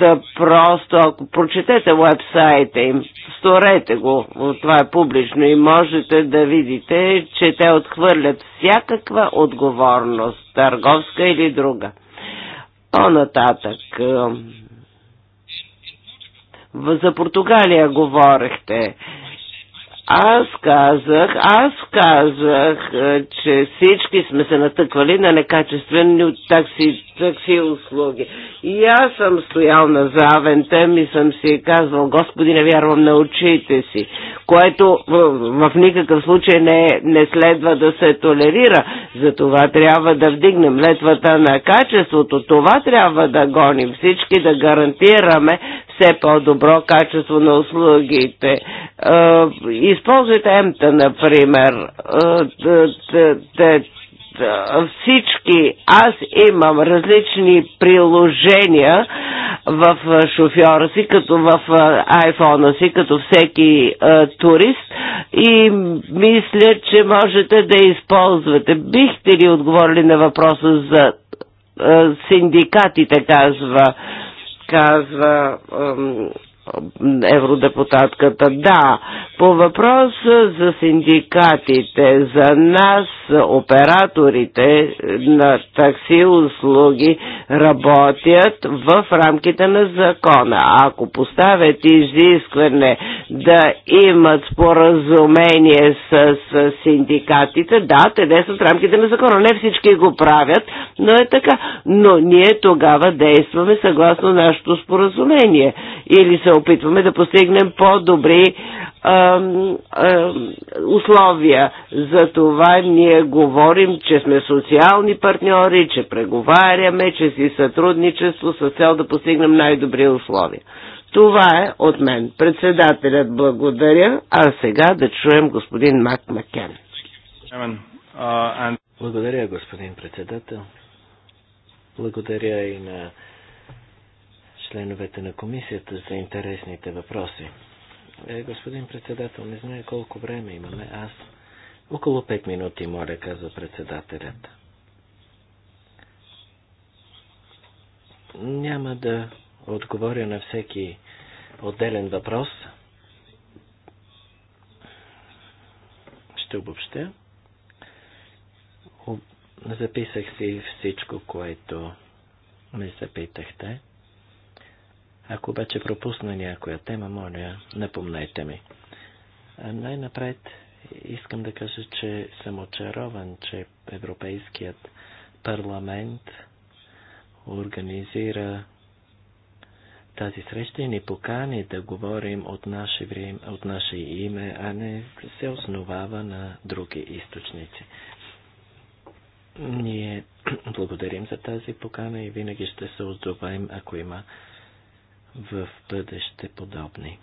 да просто, ако прочетете вебсайта им, сторете го, това е публично и можете да видите, че те отхвърлят всякаква отговорност, търговска или друга. По-нататък, е, за Португалия говорехте аз казах, аз казах, е, че всички сме се натъквали на некачествени такси, такси услуги. И аз съм стоял на тем и съм си казвал, Господи, не вярвам на очите си, което в, в никакъв случай не, не следва да се толерира. Затова трябва да вдигнем летвата на качеството. Това трябва да гоним всички, да гарантираме все по-добро качество на услугите. Използвайте ЕМТА, например всички, аз имам различни приложения в шофьора си, като в iPhone-а си, като всеки турист и мисля, че можете да използвате. Бихте ли отговорили на въпроса за синдикатите, казва казва евродепутатката. Да, по въпроса за синдикатите, за нас, операторите на такси услуги работят в рамките на закона. Ако поставят изискване да имат споразумение с, с синдикатите, да, те действат в рамките на закона. Не всички го правят, но е така. Но ние тогава действаме съгласно нашето споразумение. Или се опитваме да постигнем по-добри условия. За това ние говорим, че сме социални партньори, че преговаряме, че си сътрудничество с цел да постигнем най-добри условия. Това е от мен. Председателят благодаря, а сега да чуем господин Мак Макен. Благодаря, господин председател. Благодаря и на членовете на комисията за интересните въпроси. Е, господин председател, не знае колко време имаме. Аз около 5 минути, моля, каза председателят. Няма да отговоря на всеки отделен въпрос. Ще обобщя. Записах си всичко, което ме запитахте. Ако обаче пропусна някоя тема, моля, напомнете ми. Най-напред искам да кажа, че съм очарован, че Европейският парламент организира тази среща и ни покани да говорим от наше, време, от наше име, а не се основава на други източници. Ние благодарим за тази покана и винаги ще се отзовем, ако има в бъдеще подобни.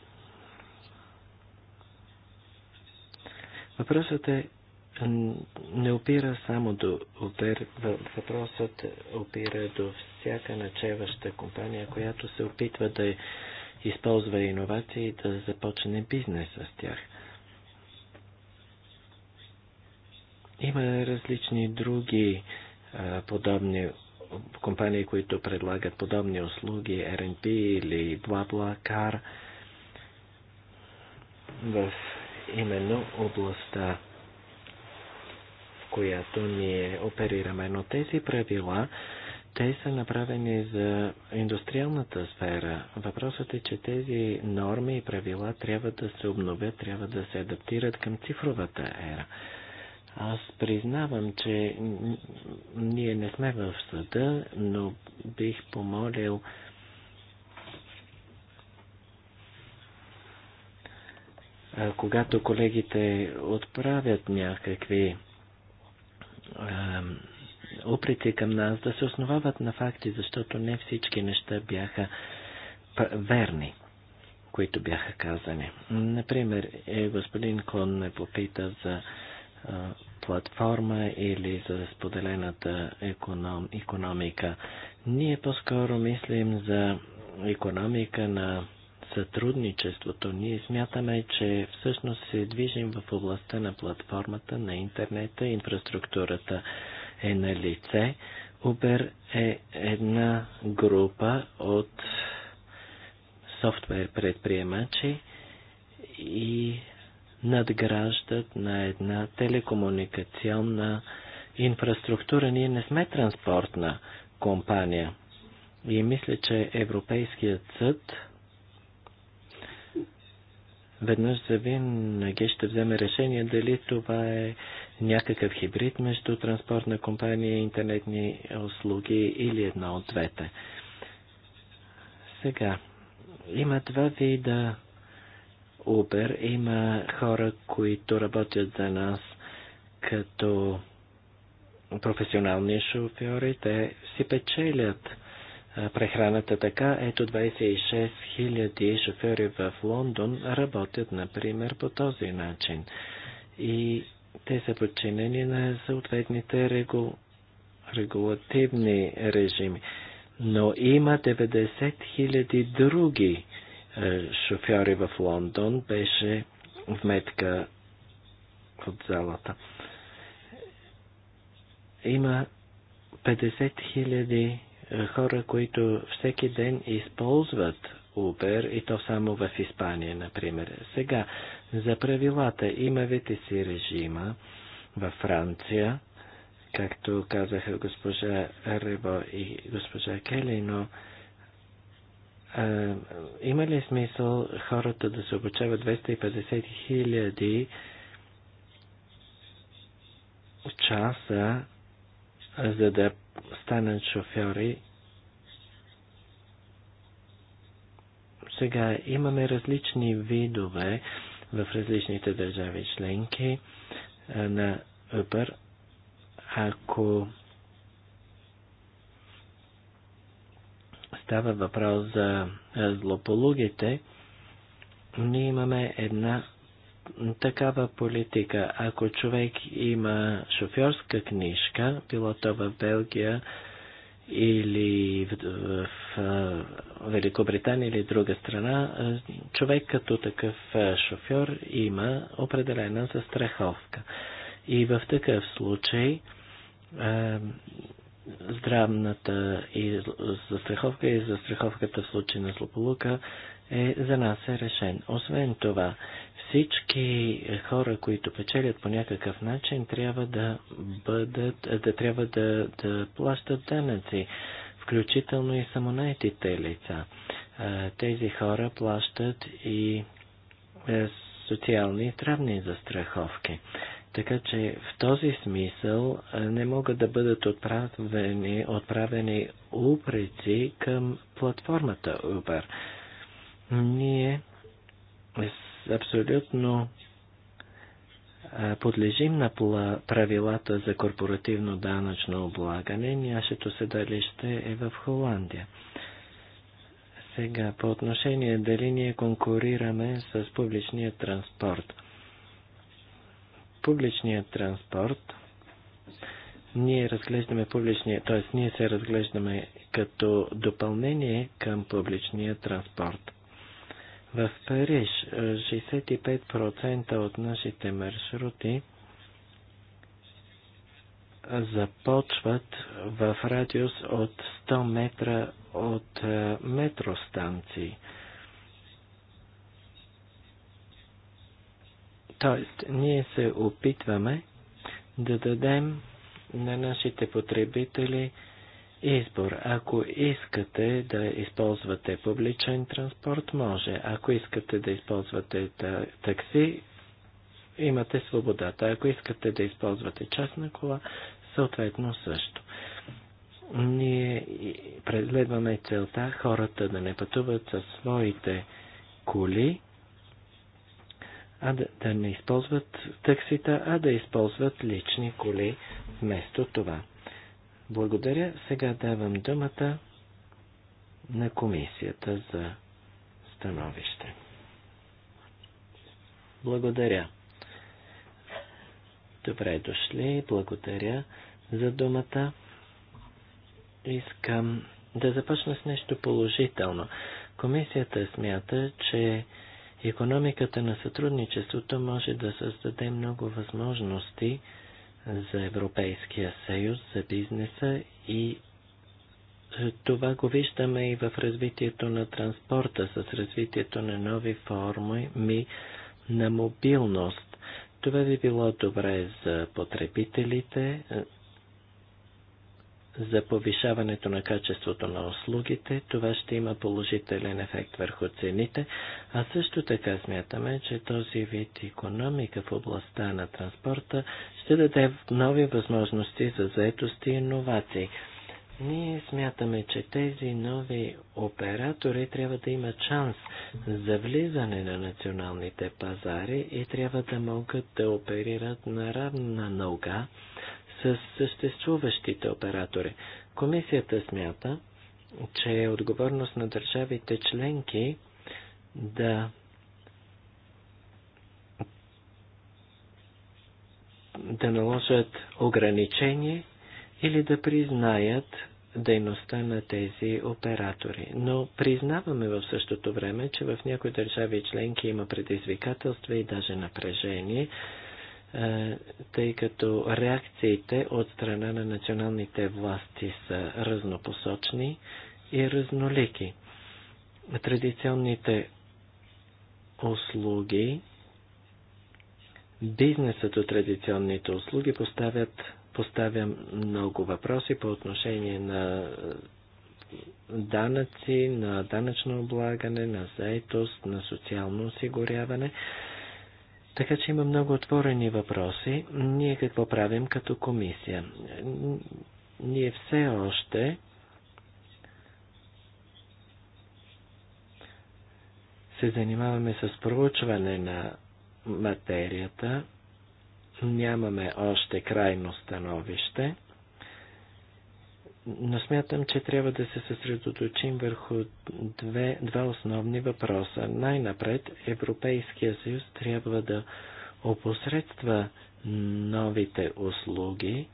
Въпросът е не опира само до опер... въпросът опира до всяка начеваща компания, която се опитва да използва иновации и да започне бизнес с тях. Има различни други а, подобни компании, които предлагат подобни услуги, R&B или BlaBlaCar в именно областта, в която ние оперираме. Но тези правила, те са направени за индустриалната сфера. Въпросът е, че тези норми и правила трябва да се обновят, трябва да се адаптират към цифровата ера. Аз признавам, че ние не сме в съда, но бих помолил когато колегите отправят някакви упреци към нас, да се основават на факти, защото не всички неща бяха верни, които бяха казани. Например, е, господин Кон ме попита за платформа или за споделената економ, економика. Ние по-скоро мислим за економика на сътрудничеството. Ние смятаме, че всъщност се движим в областта на платформата, на интернета, инфраструктурата е на лице. Uber е една група от софтуер предприемачи и надграждат на една телекомуникационна инфраструктура. Ние не сме транспортна компания. И мисля, че Европейският съд веднъж за винаги ще вземе решение дали това е някакъв хибрид между транспортна компания и интернетни услуги или едно от двете. Сега, има два вида Uber. Има хора, които работят за нас като професионални шофьори. Те си печелят прехраната така. Ето 26 000 шофьори в Лондон работят, например, по този начин. И те са подчинени на съответните регу... регулативни режими. Но има 90 000 други е, шофьори в Лондон беше вметка от залата. Има 50 хиляди е, хора, които всеки ден използват Uber и то само в Испания, например. Сега, за правилата, вите си режима във Франция, както казаха госпожа Ребо и госпожа Келино. но има ли смисъл хората да се обучават 250 хиляди часа, за да станат шофьори? Сега имаме различни видове в различните държави членки на Uber. Ако става въпрос за е, злополугите, ние имаме една такава политика. Ако човек има шофьорска книжка, било то в Белгия или в, в, в е, Великобритания или друга страна, е, човек като такъв шофьор има определена застраховка. И в такъв случай здравната и застраховка и застраховката в случай на злополука е, за нас е решен. Освен това, всички хора, които печелят по някакъв начин, трябва да бъдат, да трябва да, да плащат данъци, включително и самонайтите лица. Тези хора плащат и е, социални и здравни застраховки. Така че в този смисъл не могат да бъдат отправени, отправени упреци към платформата Uber. Ние абсолютно подлежим на правилата за корпоративно данъчно облагане. Нашето седалище е в Холандия. Сега, по отношение дали ние конкурираме с публичния транспорт – публичния транспорт, ние разглеждаме публичния, т.е. ние се разглеждаме като допълнение към публичния транспорт. В Париж 65% е, от нашите маршрути започват в радиус от 100 метра от е, метростанции. Тоест, ние се опитваме да дадем на нашите потребители избор. Ако искате да използвате публичен транспорт, може. Ако искате да използвате такси, имате свободата. Ако искате да използвате частна кола, съответно също. Ние преследваме целта хората да не пътуват със своите коли, а да, да не използват таксита, а да използват лични коли вместо това. Благодаря. Сега давам думата на комисията за становище. Благодаря. Добре дошли. Благодаря за думата. Искам да започна с нещо положително. Комисията смята, че Економиката на сътрудничеството може да създаде много възможности за Европейския съюз, за бизнеса и е, това го виждаме и в развитието на транспорта, с развитието на нови форми ми на мобилност. Това би било добре за потребителите, е, за повишаването на качеството на услугите. Това ще има положителен ефект върху цените, а също така смятаме, че този вид економика в областта на транспорта ще даде нови възможности за заетост и иновации. Ние смятаме, че тези нови оператори трябва да имат шанс за влизане на националните пазари и трябва да могат да оперират на равна нога с съществуващите оператори. Комисията смята, че е отговорност на държавите членки да да наложат ограничение или да признаят дейността на тези оператори. Но признаваме в същото време, че в някои държави членки има предизвикателства и даже напрежение е, тъй като реакциите от страна на националните власти са разнопосочни и разнолики. Традиционните услуги, бизнесът от традиционните услуги поставят, поставя много въпроси по отношение на данъци, на данъчно облагане, на заетост, на социално осигуряване. Така че има много отворени въпроси. Ние какво правим като комисия? Ние все още се занимаваме с проучване на материята. Нямаме още крайно становище но смятам, че трябва да се съсредоточим върху две, два основни въпроса. Най-напред Европейския съюз трябва да опосредства новите услуги.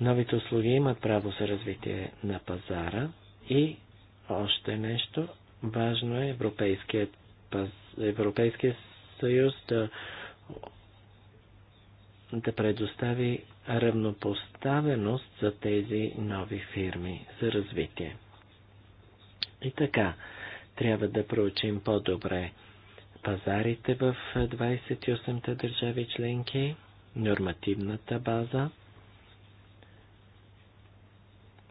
Новите услуги имат право за развитие на пазара и още нещо. Важно е Европейският, паз... Европейския съюз да, да предостави равнопоставеност за тези нови фирми за развитие. И така, трябва да проучим по-добре пазарите в 28-те държави членки, нормативната база.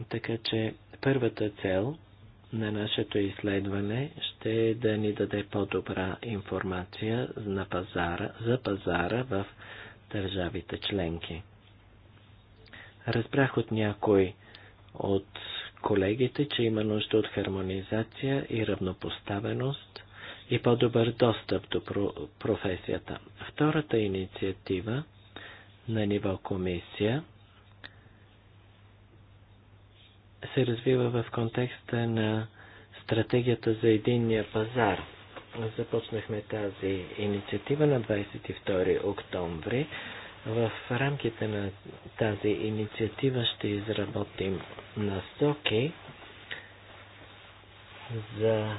Така че първата цел на нашето изследване ще е да ни даде по-добра информация на пазара, за пазара в държавите членки. Разбрах от някой от колегите, че има нужда от хармонизация и равнопоставеност и по-добър достъп до професията. Втората инициатива на ниво комисия се развива в контекста на стратегията за единния пазар. Започнахме тази инициатива на 22 октомври. В рамките на тази инициатива ще изработим насоки за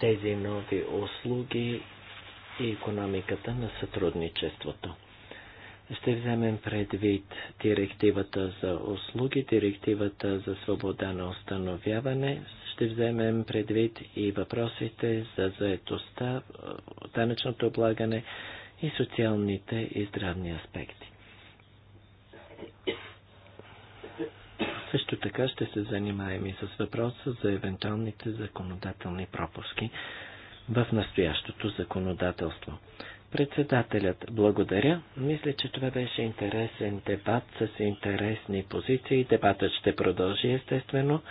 тези нови услуги и економиката на сътрудничеството. Ще вземем предвид директивата за услуги, директивата за свобода на установяване, ще вземем предвид и въпросите за заетостта, данъчното облагане, и социалните и здравни аспекти. Също така ще се занимаем и с въпроса за евентуалните законодателни пропуски в настоящото законодателство. Председателят благодаря. Мисля, че това беше интересен дебат с интересни позиции. Дебатът ще продължи естествено.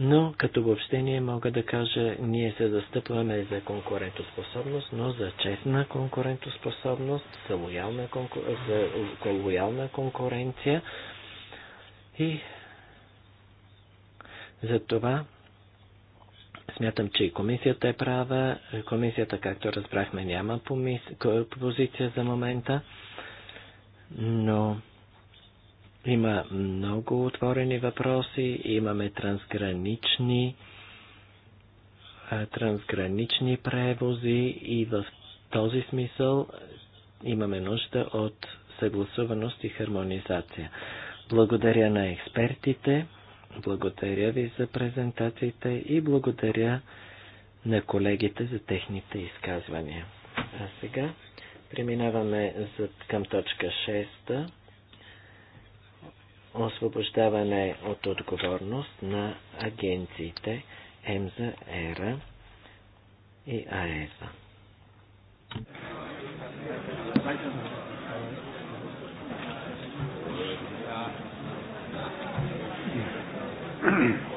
Но като обобщение мога да кажа, ние се застъпваме за конкурентоспособност, но за честна конкурентоспособност, за лоялна, конкур... за лоялна конкуренция и за това смятам, че и комисията е права. Комисията, както разбрахме, няма позиция за момента, но има много отворени въпроси, имаме трансгранични, трансгранични превози и в този смисъл имаме нужда от съгласуваност и хармонизация. Благодаря на експертите, благодаря ви за презентациите и благодаря на колегите за техните изказвания. А сега преминаваме към точка 6 освобождаване от отговорност на агенциите ЕМЗА, ЕРА и АЕСА. Mm-hmm.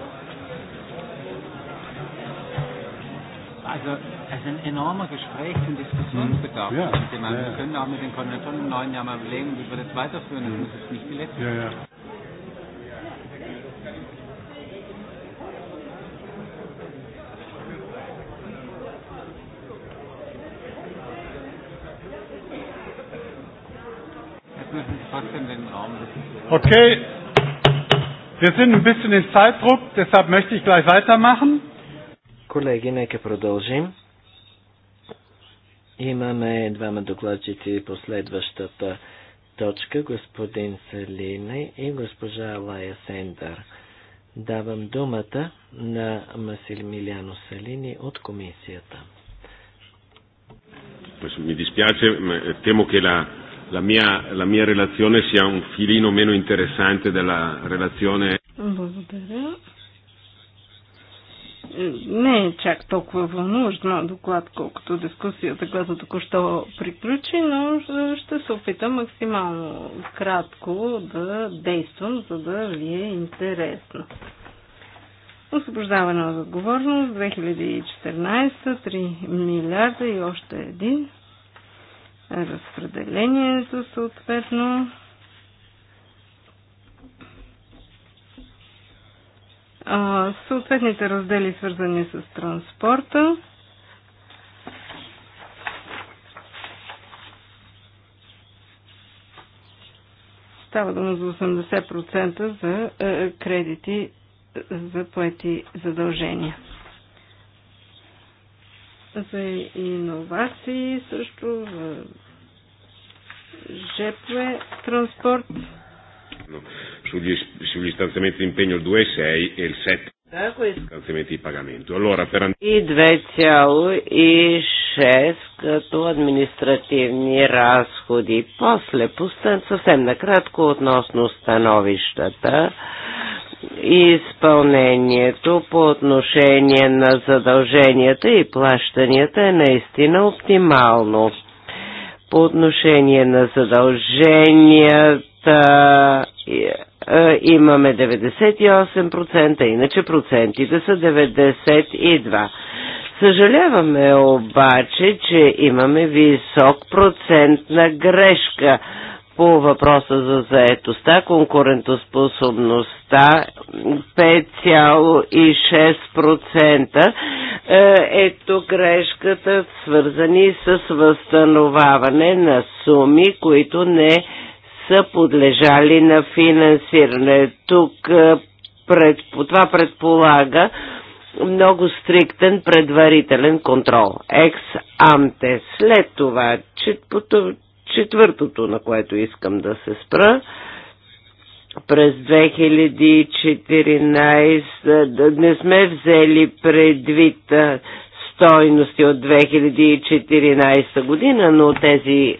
Also es ist ein enormer Gesprächs- und Diskussionsbedarf. Ja. Ich meine, ja, Wir können auch mit den Konventionen im neuen Jahr mal überlegen, wie wir das weiterführen. Das muss jetzt nicht die letzte. Ja, ja. Okay, wir sind ein bisschen in Zeitdruck, deshalb möchte ich gleich weitermachen. Колеги, нека продължим. Имаме двама докладчици по следващата точка, господин Салине и госпожа Алая Сендър. Давам думата на Масилмиляно Салини от комисията. Mi dispiace, eh, temo che la, la, mia, la mia relazione sia un filino meno interessante della relazione. Благодаря не е чак толкова вълнуващ на доклад, колкото дискусията, която току-що приключи, но ще се опитам максимално кратко да действам, за да ви е интересно. Освобождаване от отговорност 2014 3 милиарда и още един. Разпределението съответно а, съответните раздели, свързани с транспорта. Става дума за 80% за е, е, кредити за поети задължения. За иновации също, за жепле транспорт sugli, sugli stanziamenti di impegno il 2,6 e il 7 stanziamenti di pagamento. Allora, per... I 2,6 като rascodi. Posle pustan постън, na kratko odnosno stanovištata и изпълнението по отношение на задълженията и плащанията е наистина оптимално. По отношение на задълженията имаме 98%, иначе процентите са 92%. Съжаляваме обаче, че имаме висок процент на грешка по въпроса за заетостта, конкурентоспособността 5,6% е, ето грешката свързани с възстановаване на суми, които не са подлежали на финансиране. Тук пред, това предполага много стриктен предварителен контрол. Екс Амте, След това четвъртото, на което искам да се спра, през 2014 не сме взели предвид стойности от 2014 година, но тези е,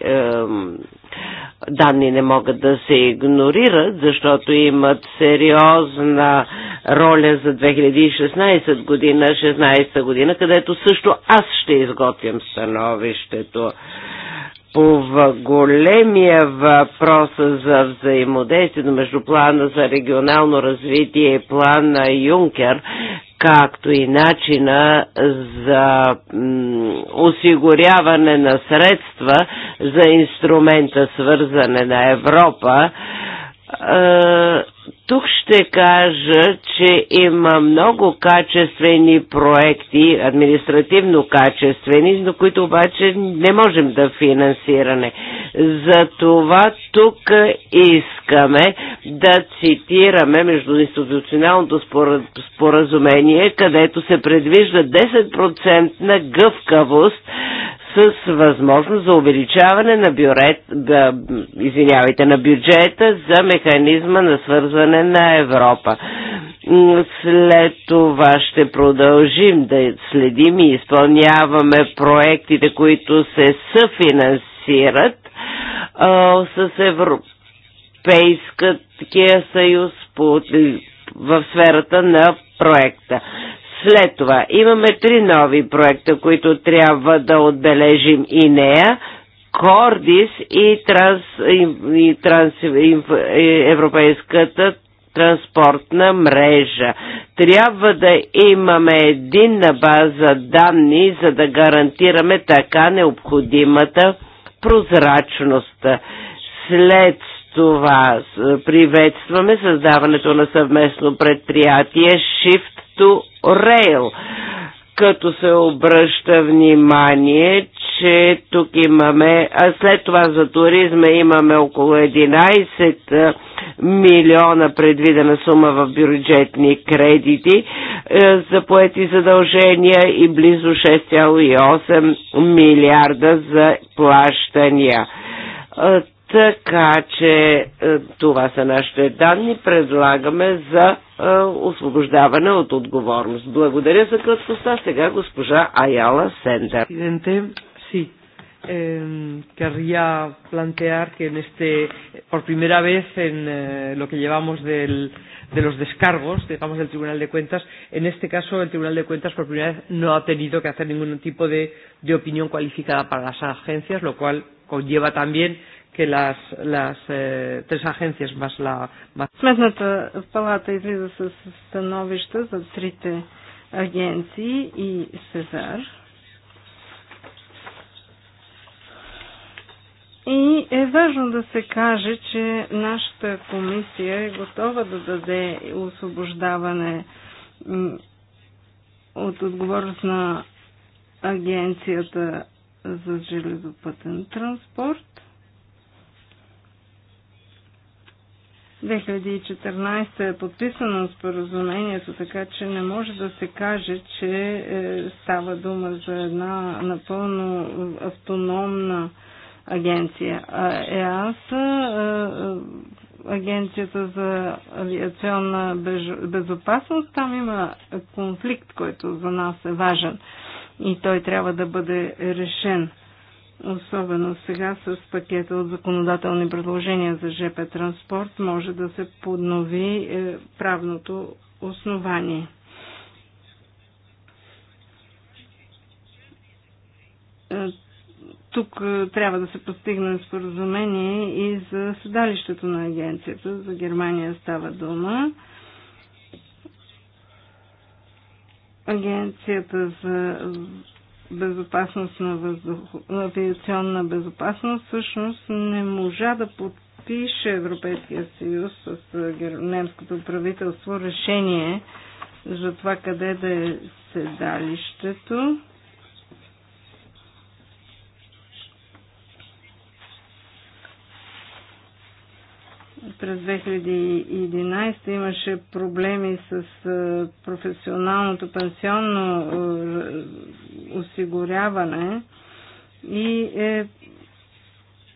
данни не могат да се игнорират, защото имат сериозна роля за 2016 година, 16 година, където също аз ще изготвям становището по големия въпрос за взаимодействието между плана за регионално развитие и плана Юнкер, както и начина за осигуряване на средства за инструмента свързане на Европа, тук ще кажа, че има много качествени проекти, административно качествени, но които обаче не можем да финансираме. Затова тук искаме да цитираме междуинституционалното споразумение, където се предвижда 10% на гъвкавост с възможност за увеличаване на, бюрет, да, извинявайте, на бюджета за механизма на свързване на Европа. След това ще продължим да следим и изпълняваме проектите, които се съфинансират а, с Европейския съюз по, в сферата на проекта. След това имаме три нови проекта, които трябва да отбележим и нея. Кордис и, транс, и, и, транс, и Европейската транспортна мрежа. Трябва да имаме единна база данни, за да гарантираме така необходимата прозрачност. След това приветстваме създаването на съвместно предприятие Shift to рейл, като се обръща внимание, че тук имаме, а след това за туризма имаме около 11 милиона предвидена сума в бюджетни кредити за поети задължения и близо 6,8 милиарда за плащания така че това са нашите данни. Предлагаме за освобождаване от отговорност. Благодаря за краткостта. Сега госпожа Аяла Сендер. Sí. Eh, querría plantear que en este, por primera vez en eh, lo que llevamos del, de los descargos, digamos, del Tribunal de Cuentas, en este caso el Tribunal de Cuentas por primera vez no ha tenido que hacer ningún tipo de, de opinión cualificada para las agencias, lo cual conlleva también que las, las eh, tres agencias más la... Сметната палата излиза с становища за трите агенции и Сезар. И е важно да се каже, че нашата комисия е готова да даде освобождаване от отговорност на агенцията за железопътен транспорт 2014 е подписано споразумението, така че не може да се каже, че е, става дума за една напълно автономна агенция. ЕАС, е, е, агенцията за авиационна безопасност, там има конфликт, който за нас е важен и той трябва да бъде решен особено сега с пакета от законодателни предложения за ЖП транспорт, може да се поднови е, правното основание. Е, тук е, трябва да се постигне споразумение и за седалището на агенцията. За Германия става дума. Агенцията за безопасност на въздух, авиационна безопасност всъщност не можа да подпише Европейския съюз с немското правителство решение за това къде да е седалището. През 2011 имаше проблеми с е, професионалното пенсионно е, осигуряване и е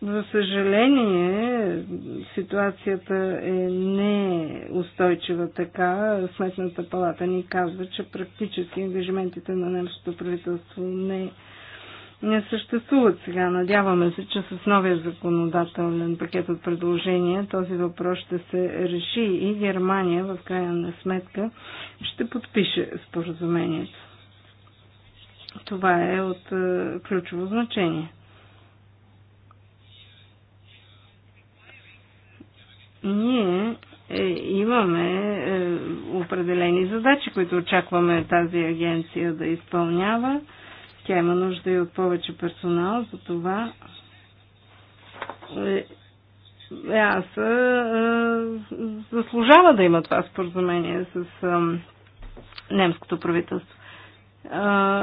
за съжаление, ситуацията е не устойчива така. Сметната палата ни казва, че практически ангажиментите на немското правителство не е не съществуват сега. Надяваме се, че с новия законодателен пакет от предложения този въпрос ще се реши и Германия в крайна сметка ще подпише споразумението. Това е от е, ключово значение. Ние е, имаме е, определени задачи, които очакваме тази агенция да изпълнява тя има нужда и от повече персонал, затова е, е, аз е, заслужава да има това споразумение с немското правителство.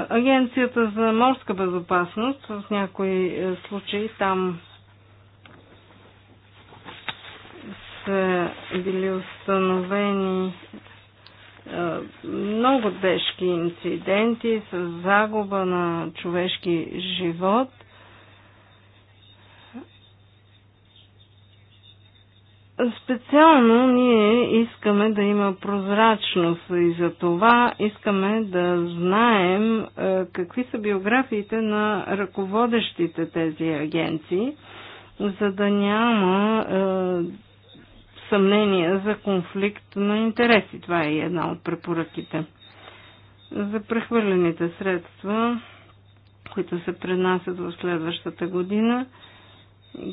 Агенцията за морска безопасност в някои случаи там са били установени е, много тежки инциденти с загуба на човешки живот. Специално ние искаме да има прозрачност и за това искаме да знаем е, какви са биографиите на ръководещите тези агенции, за да няма е, съмнения за конфликт на интереси. Това е една от препоръките. За прехвърлените средства, които се пренасят в следващата година,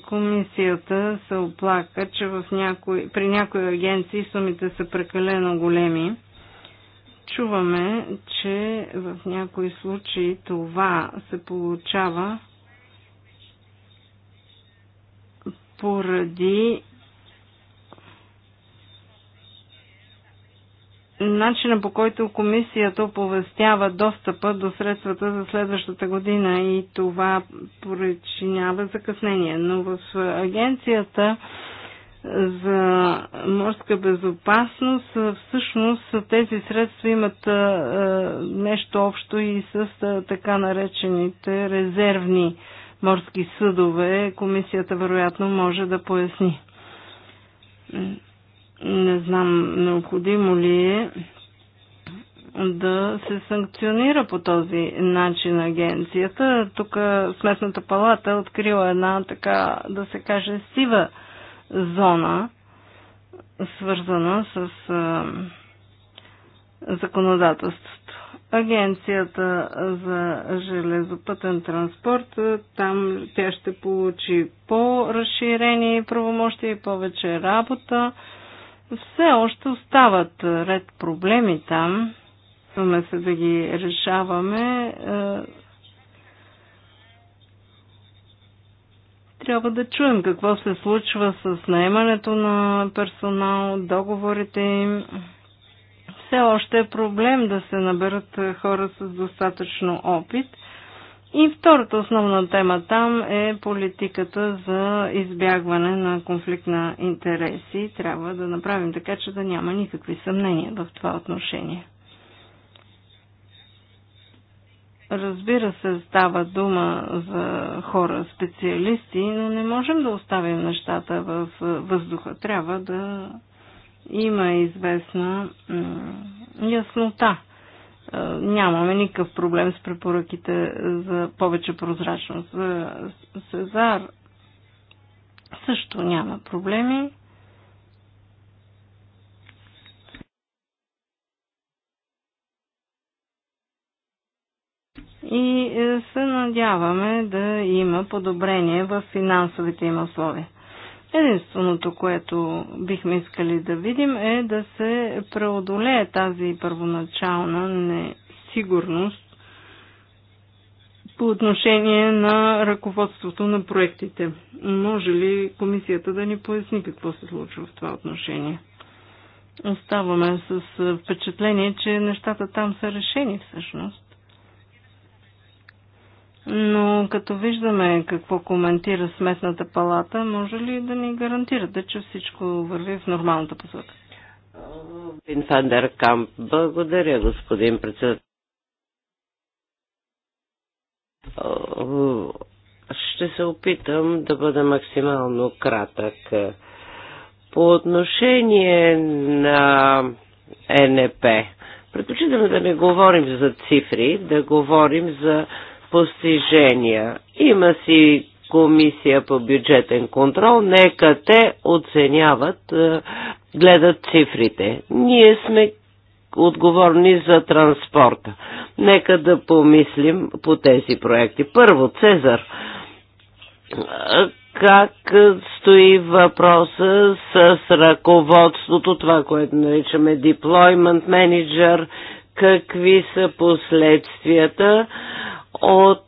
комисията се оплака, че в някой, при някои агенции сумите са прекалено големи. Чуваме, че в някои случаи това се получава поради начина по който комисията оповестява достъпа до средствата за следващата година и това причинява закъснение. Но в агенцията за морска безопасност всъщност тези средства имат нещо общо и с така наречените резервни морски съдове. Комисията вероятно може да поясни. Не знам необходимо ли е да се санкционира по този начин агенцията. Тук Сметната палата е открила една така, да се каже, сива зона, свързана с законодателството. Агенцията за железопътен транспорт, там тя ще получи по-разширени правомощи и повече работа. Все още остават ред проблеми там. Имаме се да ги решаваме. Е, трябва да чуем какво се случва с наемането на персонал, договорите им. Все още е проблем да се наберат хора с достатъчно опит и втората основна тема там е политиката за избягване на конфликт на интереси. Трябва да направим така, че да няма никакви съмнения в това отношение. Разбира се, става дума за хора, специалисти, но не можем да оставим нещата в въздуха. Трябва да има известна яснота е, нямаме никакъв проблем с препоръките за повече прозрачност. За Сезар също няма проблеми. И е, се надяваме да има подобрение в финансовите им условия. Единственото, което бихме искали да видим е да се преодолее тази първоначална несигурност по отношение на ръководството на проектите. Може ли комисията да ни поясни какво се случва в това отношение? Оставаме с впечатление, че нещата там са решени всъщност но като виждаме какво коментира Сметната палата, може ли да ни гарантирате, че всичко върви в нормалната посока? Вин Камп. Благодаря, господин председател. Ще се опитам да бъда максимално кратък. По отношение на НП, предпочитаме да не говорим за цифри, да говорим за постижения. Има си комисия по бюджетен контрол, нека те оценяват, е, гледат цифрите. Ние сме отговорни за транспорта. Нека да помислим по тези проекти. Първо, Цезар. Е, как стои въпроса с ръководството, това, което наричаме deployment manager, какви са последствията от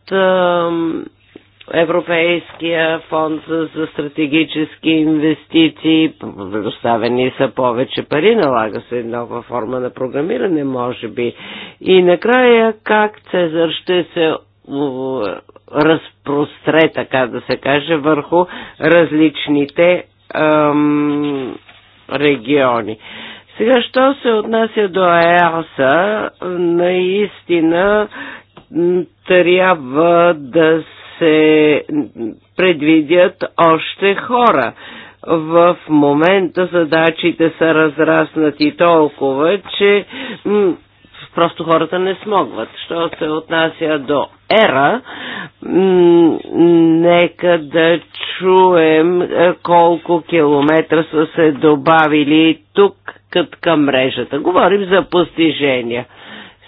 Европейския фонд за стратегически инвестиции, предоставени са повече пари, налага се нова форма на програмиране, може би. И накрая как Цезар ще се разпростре, така да се каже, върху различните ам, региони. Сега, що се отнася до ЕАСА, наистина трябва да се предвидят още хора. В момента задачите са разраснати толкова, че просто хората не смогват. Що се отнася до ера, нека да чуем е, колко километра са се добавили тук кът към мрежата. Говорим за постижения.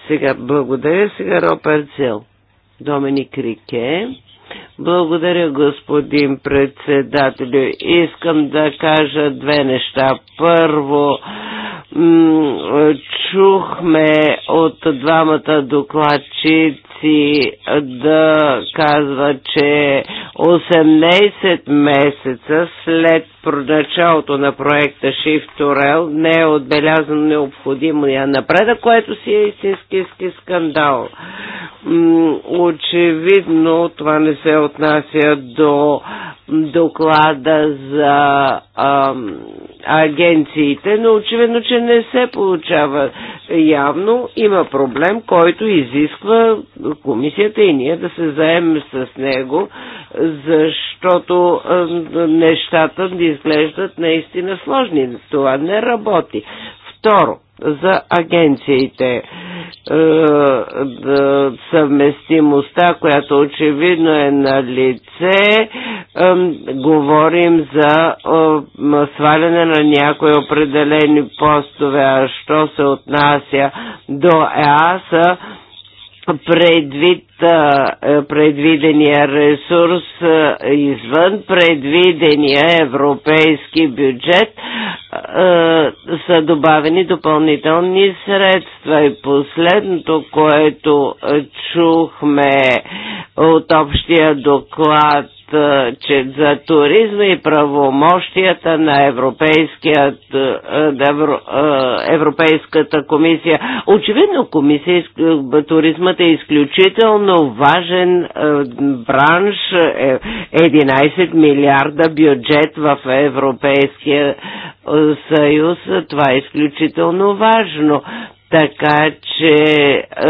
Сега, благодаря сега Ропер Домени Доминик Рике. Благодаря, господин председателю. Искам да кажа две неща. Първо, чухме от двамата докладчици си да казва, че 18 месеца след началото на проекта Shift Rail не е отбелязан необходимия напредък, което си е истински скандал. Очевидно това не се отнася до доклада за ам, агенциите, но очевидно, че не се получава явно. Има проблем, който изисква комисията и ние да се заемем с него, защото нещата изглеждат наистина сложни. Това не работи. Второ, за агенциите. Е, съвместимостта, която очевидно е на лице, говорим за сваляне на някои определени постове, а що се отнася до ЕАСА, предвид е, предвидения ресурс извън предвидения европейски бюджет са добавени допълнителни средства. И последното, което чухме от общия доклад че за туризма и правомощията на Европейският, Европейската комисия. Очевидно, комисия, туризмът е изключително важен бранш, 11 е, милиарда бюджет в Европейския съюз, това е изключително важно. Така че е, е,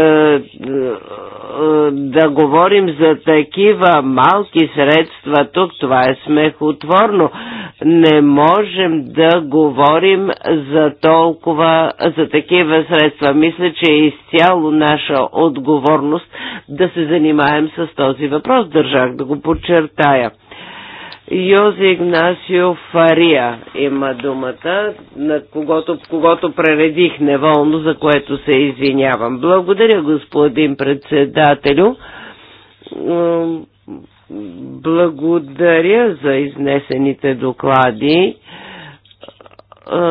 да говорим за такива малки средства тук, това е смехотворно. Не можем да говорим за толкова, за такива средства. Мисля, че е изцяло наша отговорност да се занимаем с този въпрос. Държах да го подчертая. Йози Игнасио Фария има думата, на когото, когото прередих неволно, за което се извинявам. Благодаря, господин председателю. Благодаря за изнесените доклади.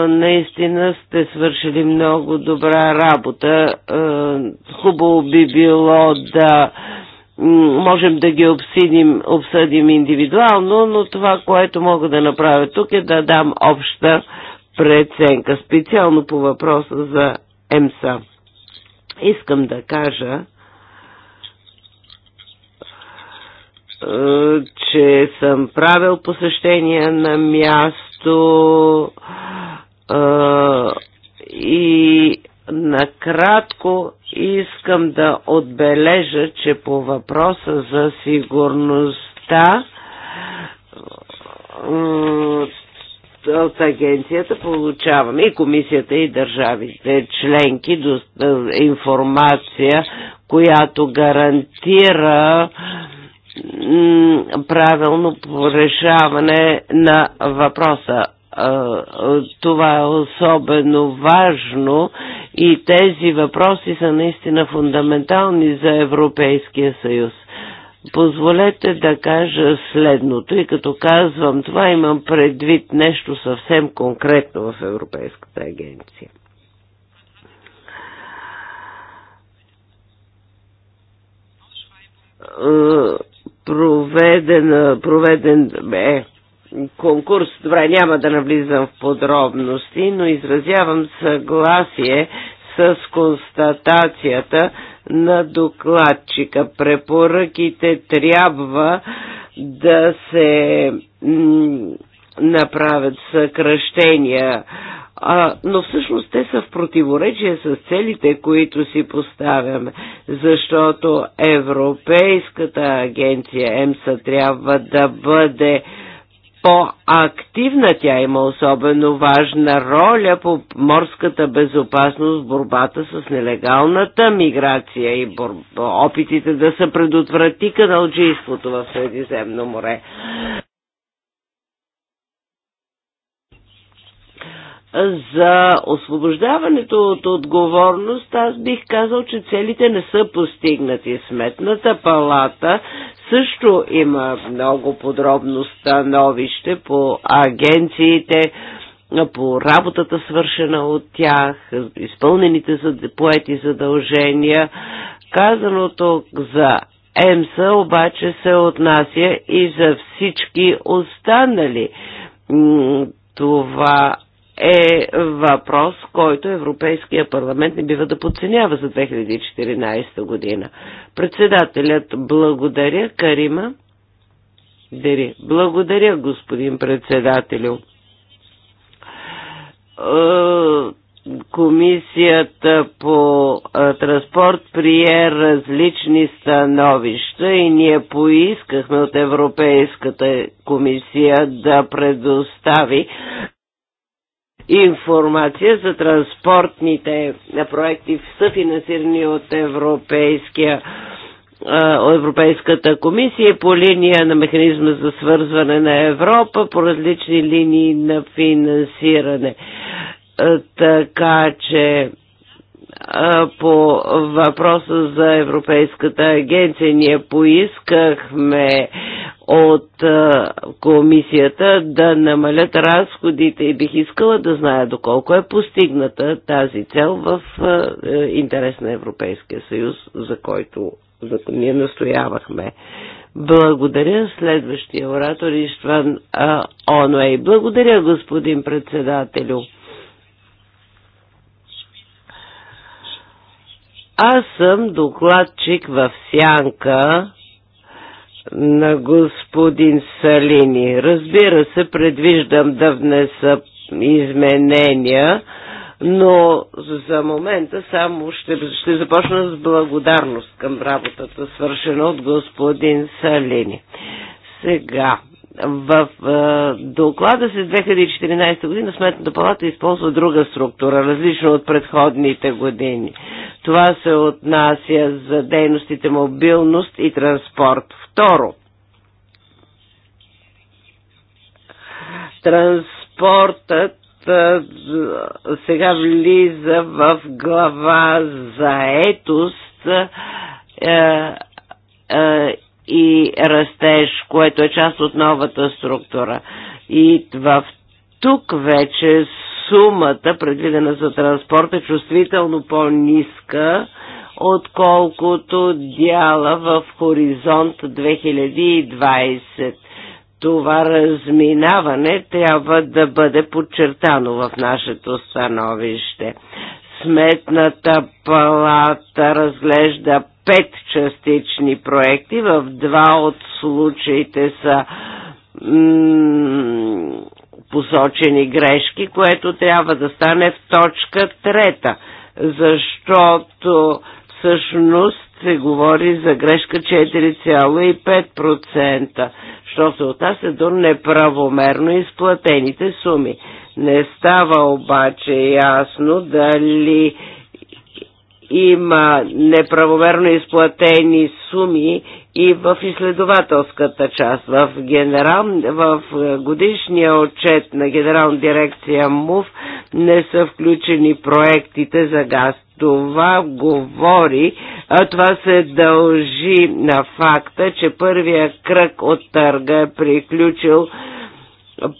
Наистина сте свършили много добра работа. Хубаво би било да можем да ги обсъдим, обсъдим индивидуално, но това, което мога да направя тук е да дам обща преценка, специално по въпроса за МСА. Искам да кажа, е, че съм правил посещения на място е, и Накратко искам да отбележа, че по въпроса за сигурността от агенцията получаваме и комисията и държавите членки до е, информация, която гарантира правилно решаване на въпроса това е особено важно и тези въпроси са наистина фундаментални за Европейския съюз. Позволете да кажа следното и като казвам това имам предвид нещо съвсем конкретно в Европейската агенция. Проведен, проведен е конкурс. Добре, няма да навлизам в подробности, но изразявам съгласие с констатацията на докладчика. Препоръките трябва да се направят съкръщения, а, но всъщност те са в противоречие с целите, които си поставяме, защото Европейската агенция ЕМСА трябва да бъде по-активна. Тя има особено важна роля по морската безопасност, борбата с нелегалната миграция и опитите да се предотврати каналджийството в Средиземно море. За освобождаването от отговорност аз бих казал, че целите не са постигнати. Сметната палата също има много подробно становище по агенциите, по работата свършена от тях, изпълнените поети задължения. Казаното за ЕМСА обаче се отнася и за всички останали. Това е въпрос, който Европейския парламент не бива да подценява за 2014 година. Председателят благодаря Карима. Дери. Благодаря, господин председателю. Е, комисията по е, транспорт прие различни становища и ние поискахме от Европейската комисия да предостави информация за транспортните проекти, съфинансирани от Европейския Европейската комисия по линия на механизма за свързване на Европа по различни линии на финансиране. Така че по въпроса за Европейската агенция. Ние поискахме от комисията да намалят разходите и бих искала да зная доколко е постигната тази цел в е, интерес на Европейския съюз, за който за ние настоявахме. Благодаря. Следващия оратор е Иштван Онуей. Благодаря, господин председателю. Аз съм докладчик в Сянка на господин Салини. Разбира се, предвиждам да внеса изменения, но за момента само ще, ще започна с благодарност към работата, свършена от господин Салини. Сега, в а, доклада си 2014 година Сметната палата използва друга структура, различна от предходните години. Това се отнася за дейностите мобилност и транспорт. Второ, транспортът сега влиза в глава за етост а, и растеж, което е част от новата структура. И в тук вече сумата, предвидена за транспорт, е чувствително по-ниска, отколкото дяла в хоризонт 2020. Това разминаване трябва да бъде подчертано в нашето становище. Сметната палата разглежда пет частични проекти. В два от случаите са посочени грешки, което трябва да стане в точка трета, защото всъщност се говори за грешка 4,5%, що се отнася до неправомерно изплатените суми. Не става обаче ясно дали има неправомерно изплатени суми и в изследователската част. В, генерал, в годишния отчет на генерална дирекция МУВ не са включени проектите за газ. Това говори, а това се дължи на факта, че първия кръг от търга е приключил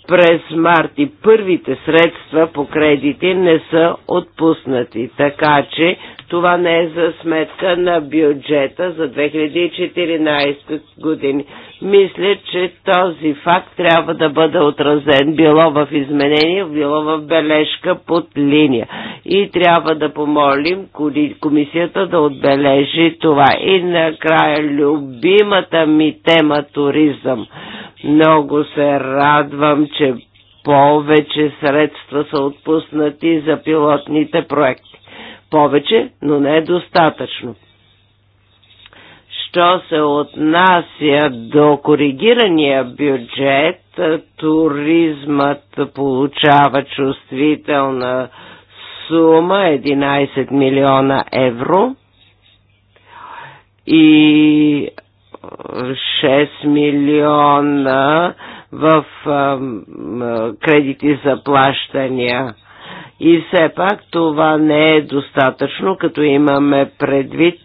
през март и първите средства по кредити не са отпуснати, така че това не е за сметка на бюджета за 2014 години. Мисля, че този факт трябва да бъде отразен било в изменение, било в бележка под линия. И трябва да помолим комисията да отбележи това. И накрая любимата ми тема туризъм. Много се радва радвам, че повече средства са отпуснати за пилотните проекти. Повече, но не е достатъчно. Що се отнася до коригирания бюджет, туризмът получава чувствителна сума 11 милиона евро и 6 милиона в а, кредити за плащания. И все пак това не е достатъчно, като имаме предвид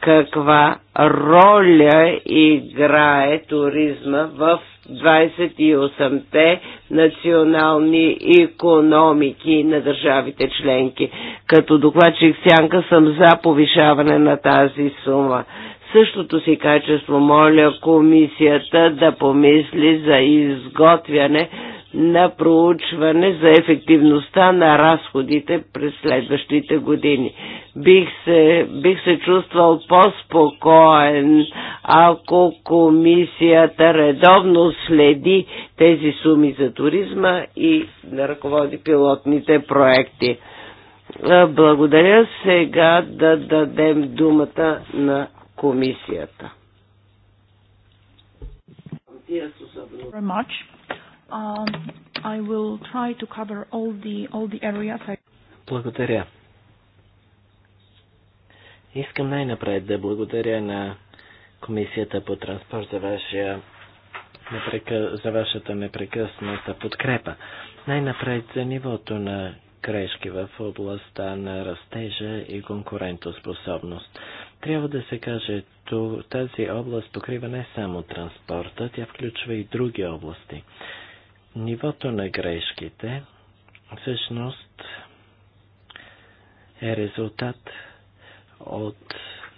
каква роля играе туризма в 28-те национални економики на държавите членки. Като докладчик сянка съм за повишаване на тази сума същото си качество моля комисията да помисли за изготвяне на проучване за ефективността на разходите през следващите години. Бих се, бих се чувствал по-спокоен, ако комисията редовно следи тези суми за туризма и ръководи пилотните проекти. Благодаря сега да дадем думата на комисията. Благодаря. Искам най-напред да благодаря на Комисията по транспорт за, вашия, за вашата непрекъсната подкрепа. Най-напред за нивото на грешки в областта на растежа и конкурентоспособност. Трябва да се каже, то тази област покрива не само транспорта, тя включва и други области. Нивото на грешките всъщност е резултат от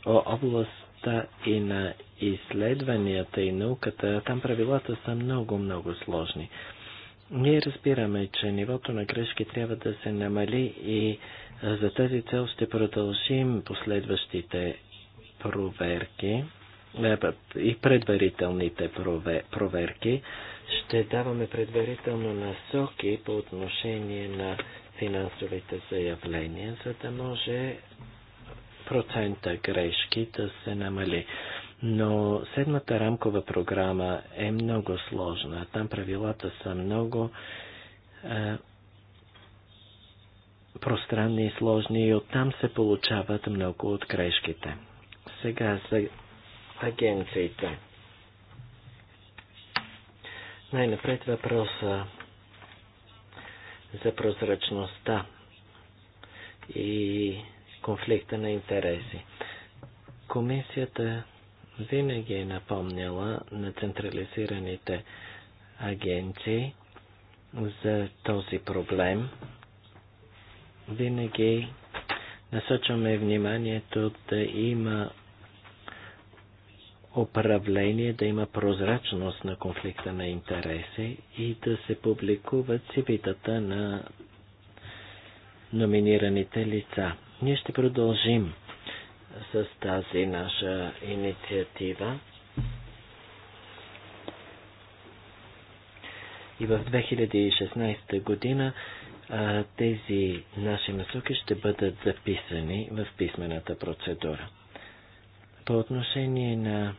областта и на изследванията и науката. Там правилата са много-много сложни. Ние разбираме, че нивото на грешки трябва да се намали и за тази цел ще продължим последващите проверки е, и предварителните проверки ще даваме предварително насоки по отношение на финансовите заявления, за да може процента грешки да се намали. Но седмата рамкова програма е много сложна. Там правилата са много е, пространни и сложни и оттам се получават много от грешките. Сега за агенциите. Най-напред въпроса за прозрачността и конфликта на интереси. Комисията винаги е напомняла на централизираните агенции за този проблем. Винаги насочваме вниманието да има управление, да има прозрачност на конфликта на интереси и да се публикуват сивитата на номинираните лица. Ние ще продължим с тази наша инициатива. И в 2016 година а, тези наши насоки ще бъдат записани в писмената процедура. По отношение на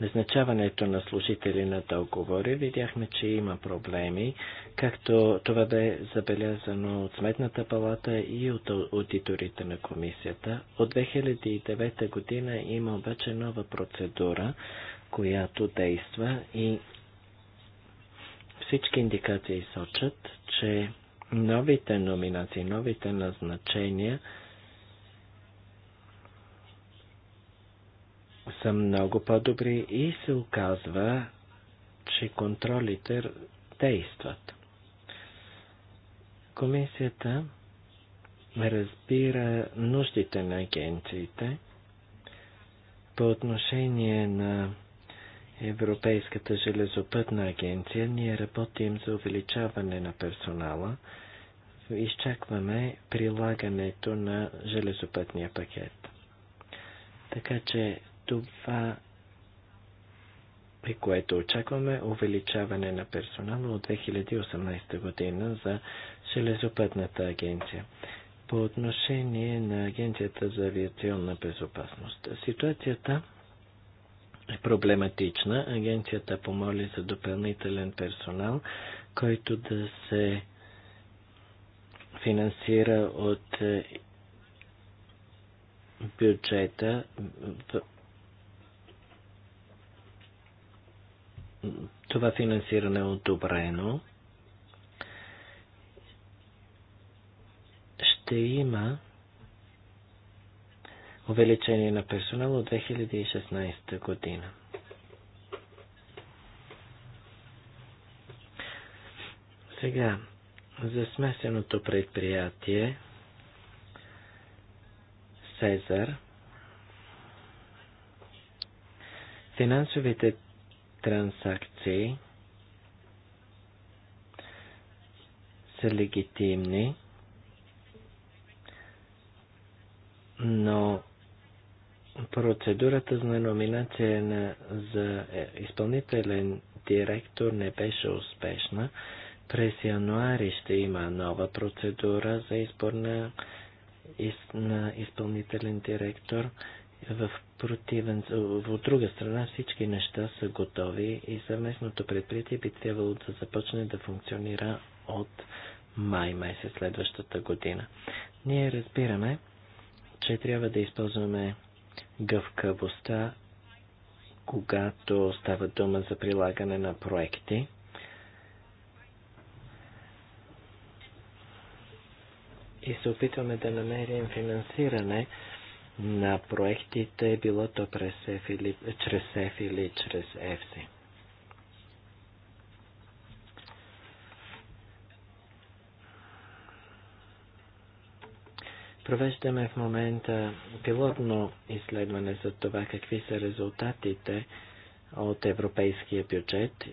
назначаването на служители на договори, видяхме, че има проблеми, както това бе забелязано от Сметната палата и от аудиторите на комисията. От 2009 година има обаче нова процедура, която действа и всички индикации сочат, че новите номинации, новите назначения – са много по-добри и се оказва, че контролите действат. Комисията разбира нуждите на агенциите по отношение на Европейската железопътна агенция. Ние работим за увеличаване на персонала. Изчакваме прилагането на железопътния пакет. Така че това при което очакваме увеличаване на персонала от 2018 година за Железопътната агенция. По отношение на Агенцията за авиационна безопасност. Ситуацията е проблематична. Агенцията помоли за допълнителен персонал, който да се финансира от бюджета това финансиране е одобрено, ще има увеличение на персонал от 2016 година. Сега, за смесеното предприятие Сезар, финансовите транзакции са легитимни, но процедурата за номинация на, за е, изпълнителен директор не беше успешна. През януари ще има нова процедура за избор на, из, на изпълнителен директор. В противен, от друга страна всички неща са готови и съвместното предприятие би трябвало да започне да функционира от май месец следващата година. Ние разбираме, че трябва да използваме гъвкавостта, когато става дума за прилагане на проекти. И се опитваме да намерим финансиране на проектите, било то през ЕФ или, чрез ЕФ или чрез ЕФСИ. Провеждаме в момента пилотно изследване за това какви са резултатите от европейския бюджет.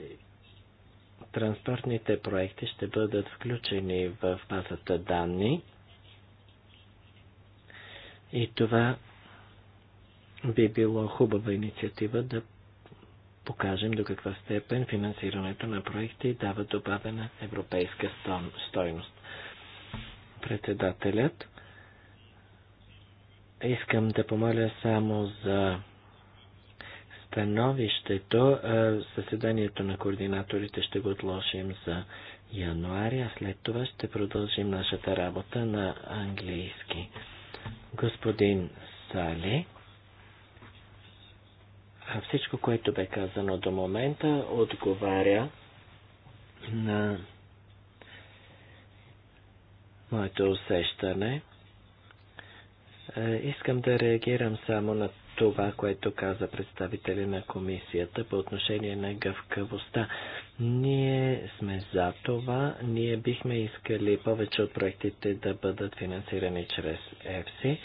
Транспортните проекти ще бъдат включени в базата данни. И това би било хубава инициатива да покажем до каква степен финансирането на проекти дава добавена европейска стойност. Председателят искам да помоля само за становището. Съседанието на координаторите ще го отложим за януари, а след това ще продължим нашата работа на английски господин Сали. всичко, което бе казано до момента, отговаря на моето усещане. Е, искам да реагирам само на това, което каза представители на комисията по отношение на гъвкавостта. Ние сме за това. Ние бихме искали повече от проектите да бъдат финансирани чрез ЕФСИ,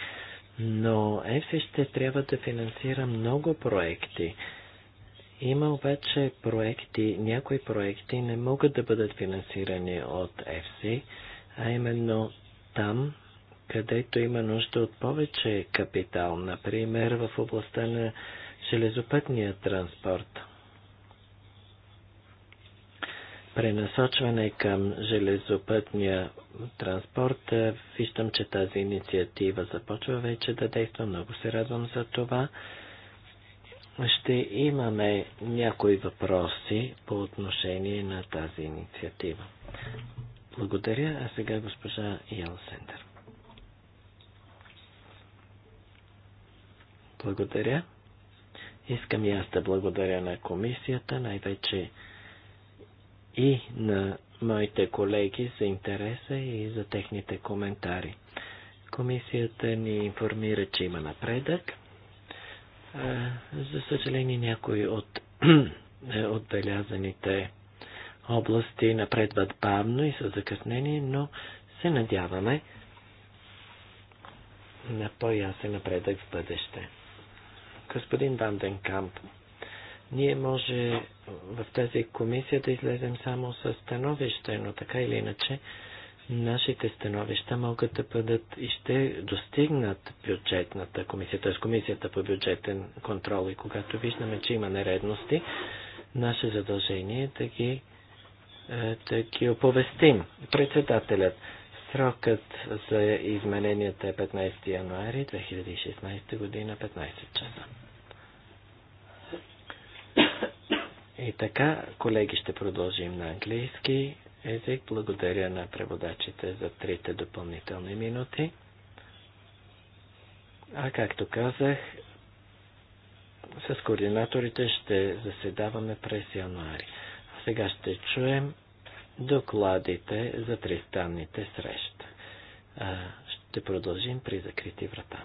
но ЕФСИ ще трябва да финансира много проекти. Има обаче проекти, някои проекти не могат да бъдат финансирани от ЕФСИ, а именно там където има нужда от повече капитал, например в областта на железопътния транспорт. Пренасочване към железопътния транспорт. Е, виждам, че тази инициатива започва вече да действа. Много се радвам за това. Ще имаме някои въпроси по отношение на тази инициатива. Благодаря, а сега госпожа Йелсендър. Благодаря. Искам и аз да благодаря на комисията, най-вече и на моите колеги за интереса и за техните коментари. Комисията ни информира, че има напредък. За съжаление, някои от отбелязаните области напредват бавно и са закъснени, но се надяваме на по-ясен напредък в бъдеще. Господин Ванден Камп, ние може в тази комисия да излезем само с становище, но така или иначе нашите становища могат да бъдат и ще достигнат бюджетната комисия, т.е. комисията по бюджетен контрол и когато виждаме, че има нередности, наше задължение е да ги, е, да ги оповестим. Председателят Срокът за измененията е 15 януари 2016 година, 15 часа. И така, колеги, ще продължим на английски език. Благодаря на преводачите за трите допълнителни минути. А както казах, с координаторите ще заседаваме през януари. Сега ще чуем докладите за тристранните срещи. Ще продължим при закрити врата.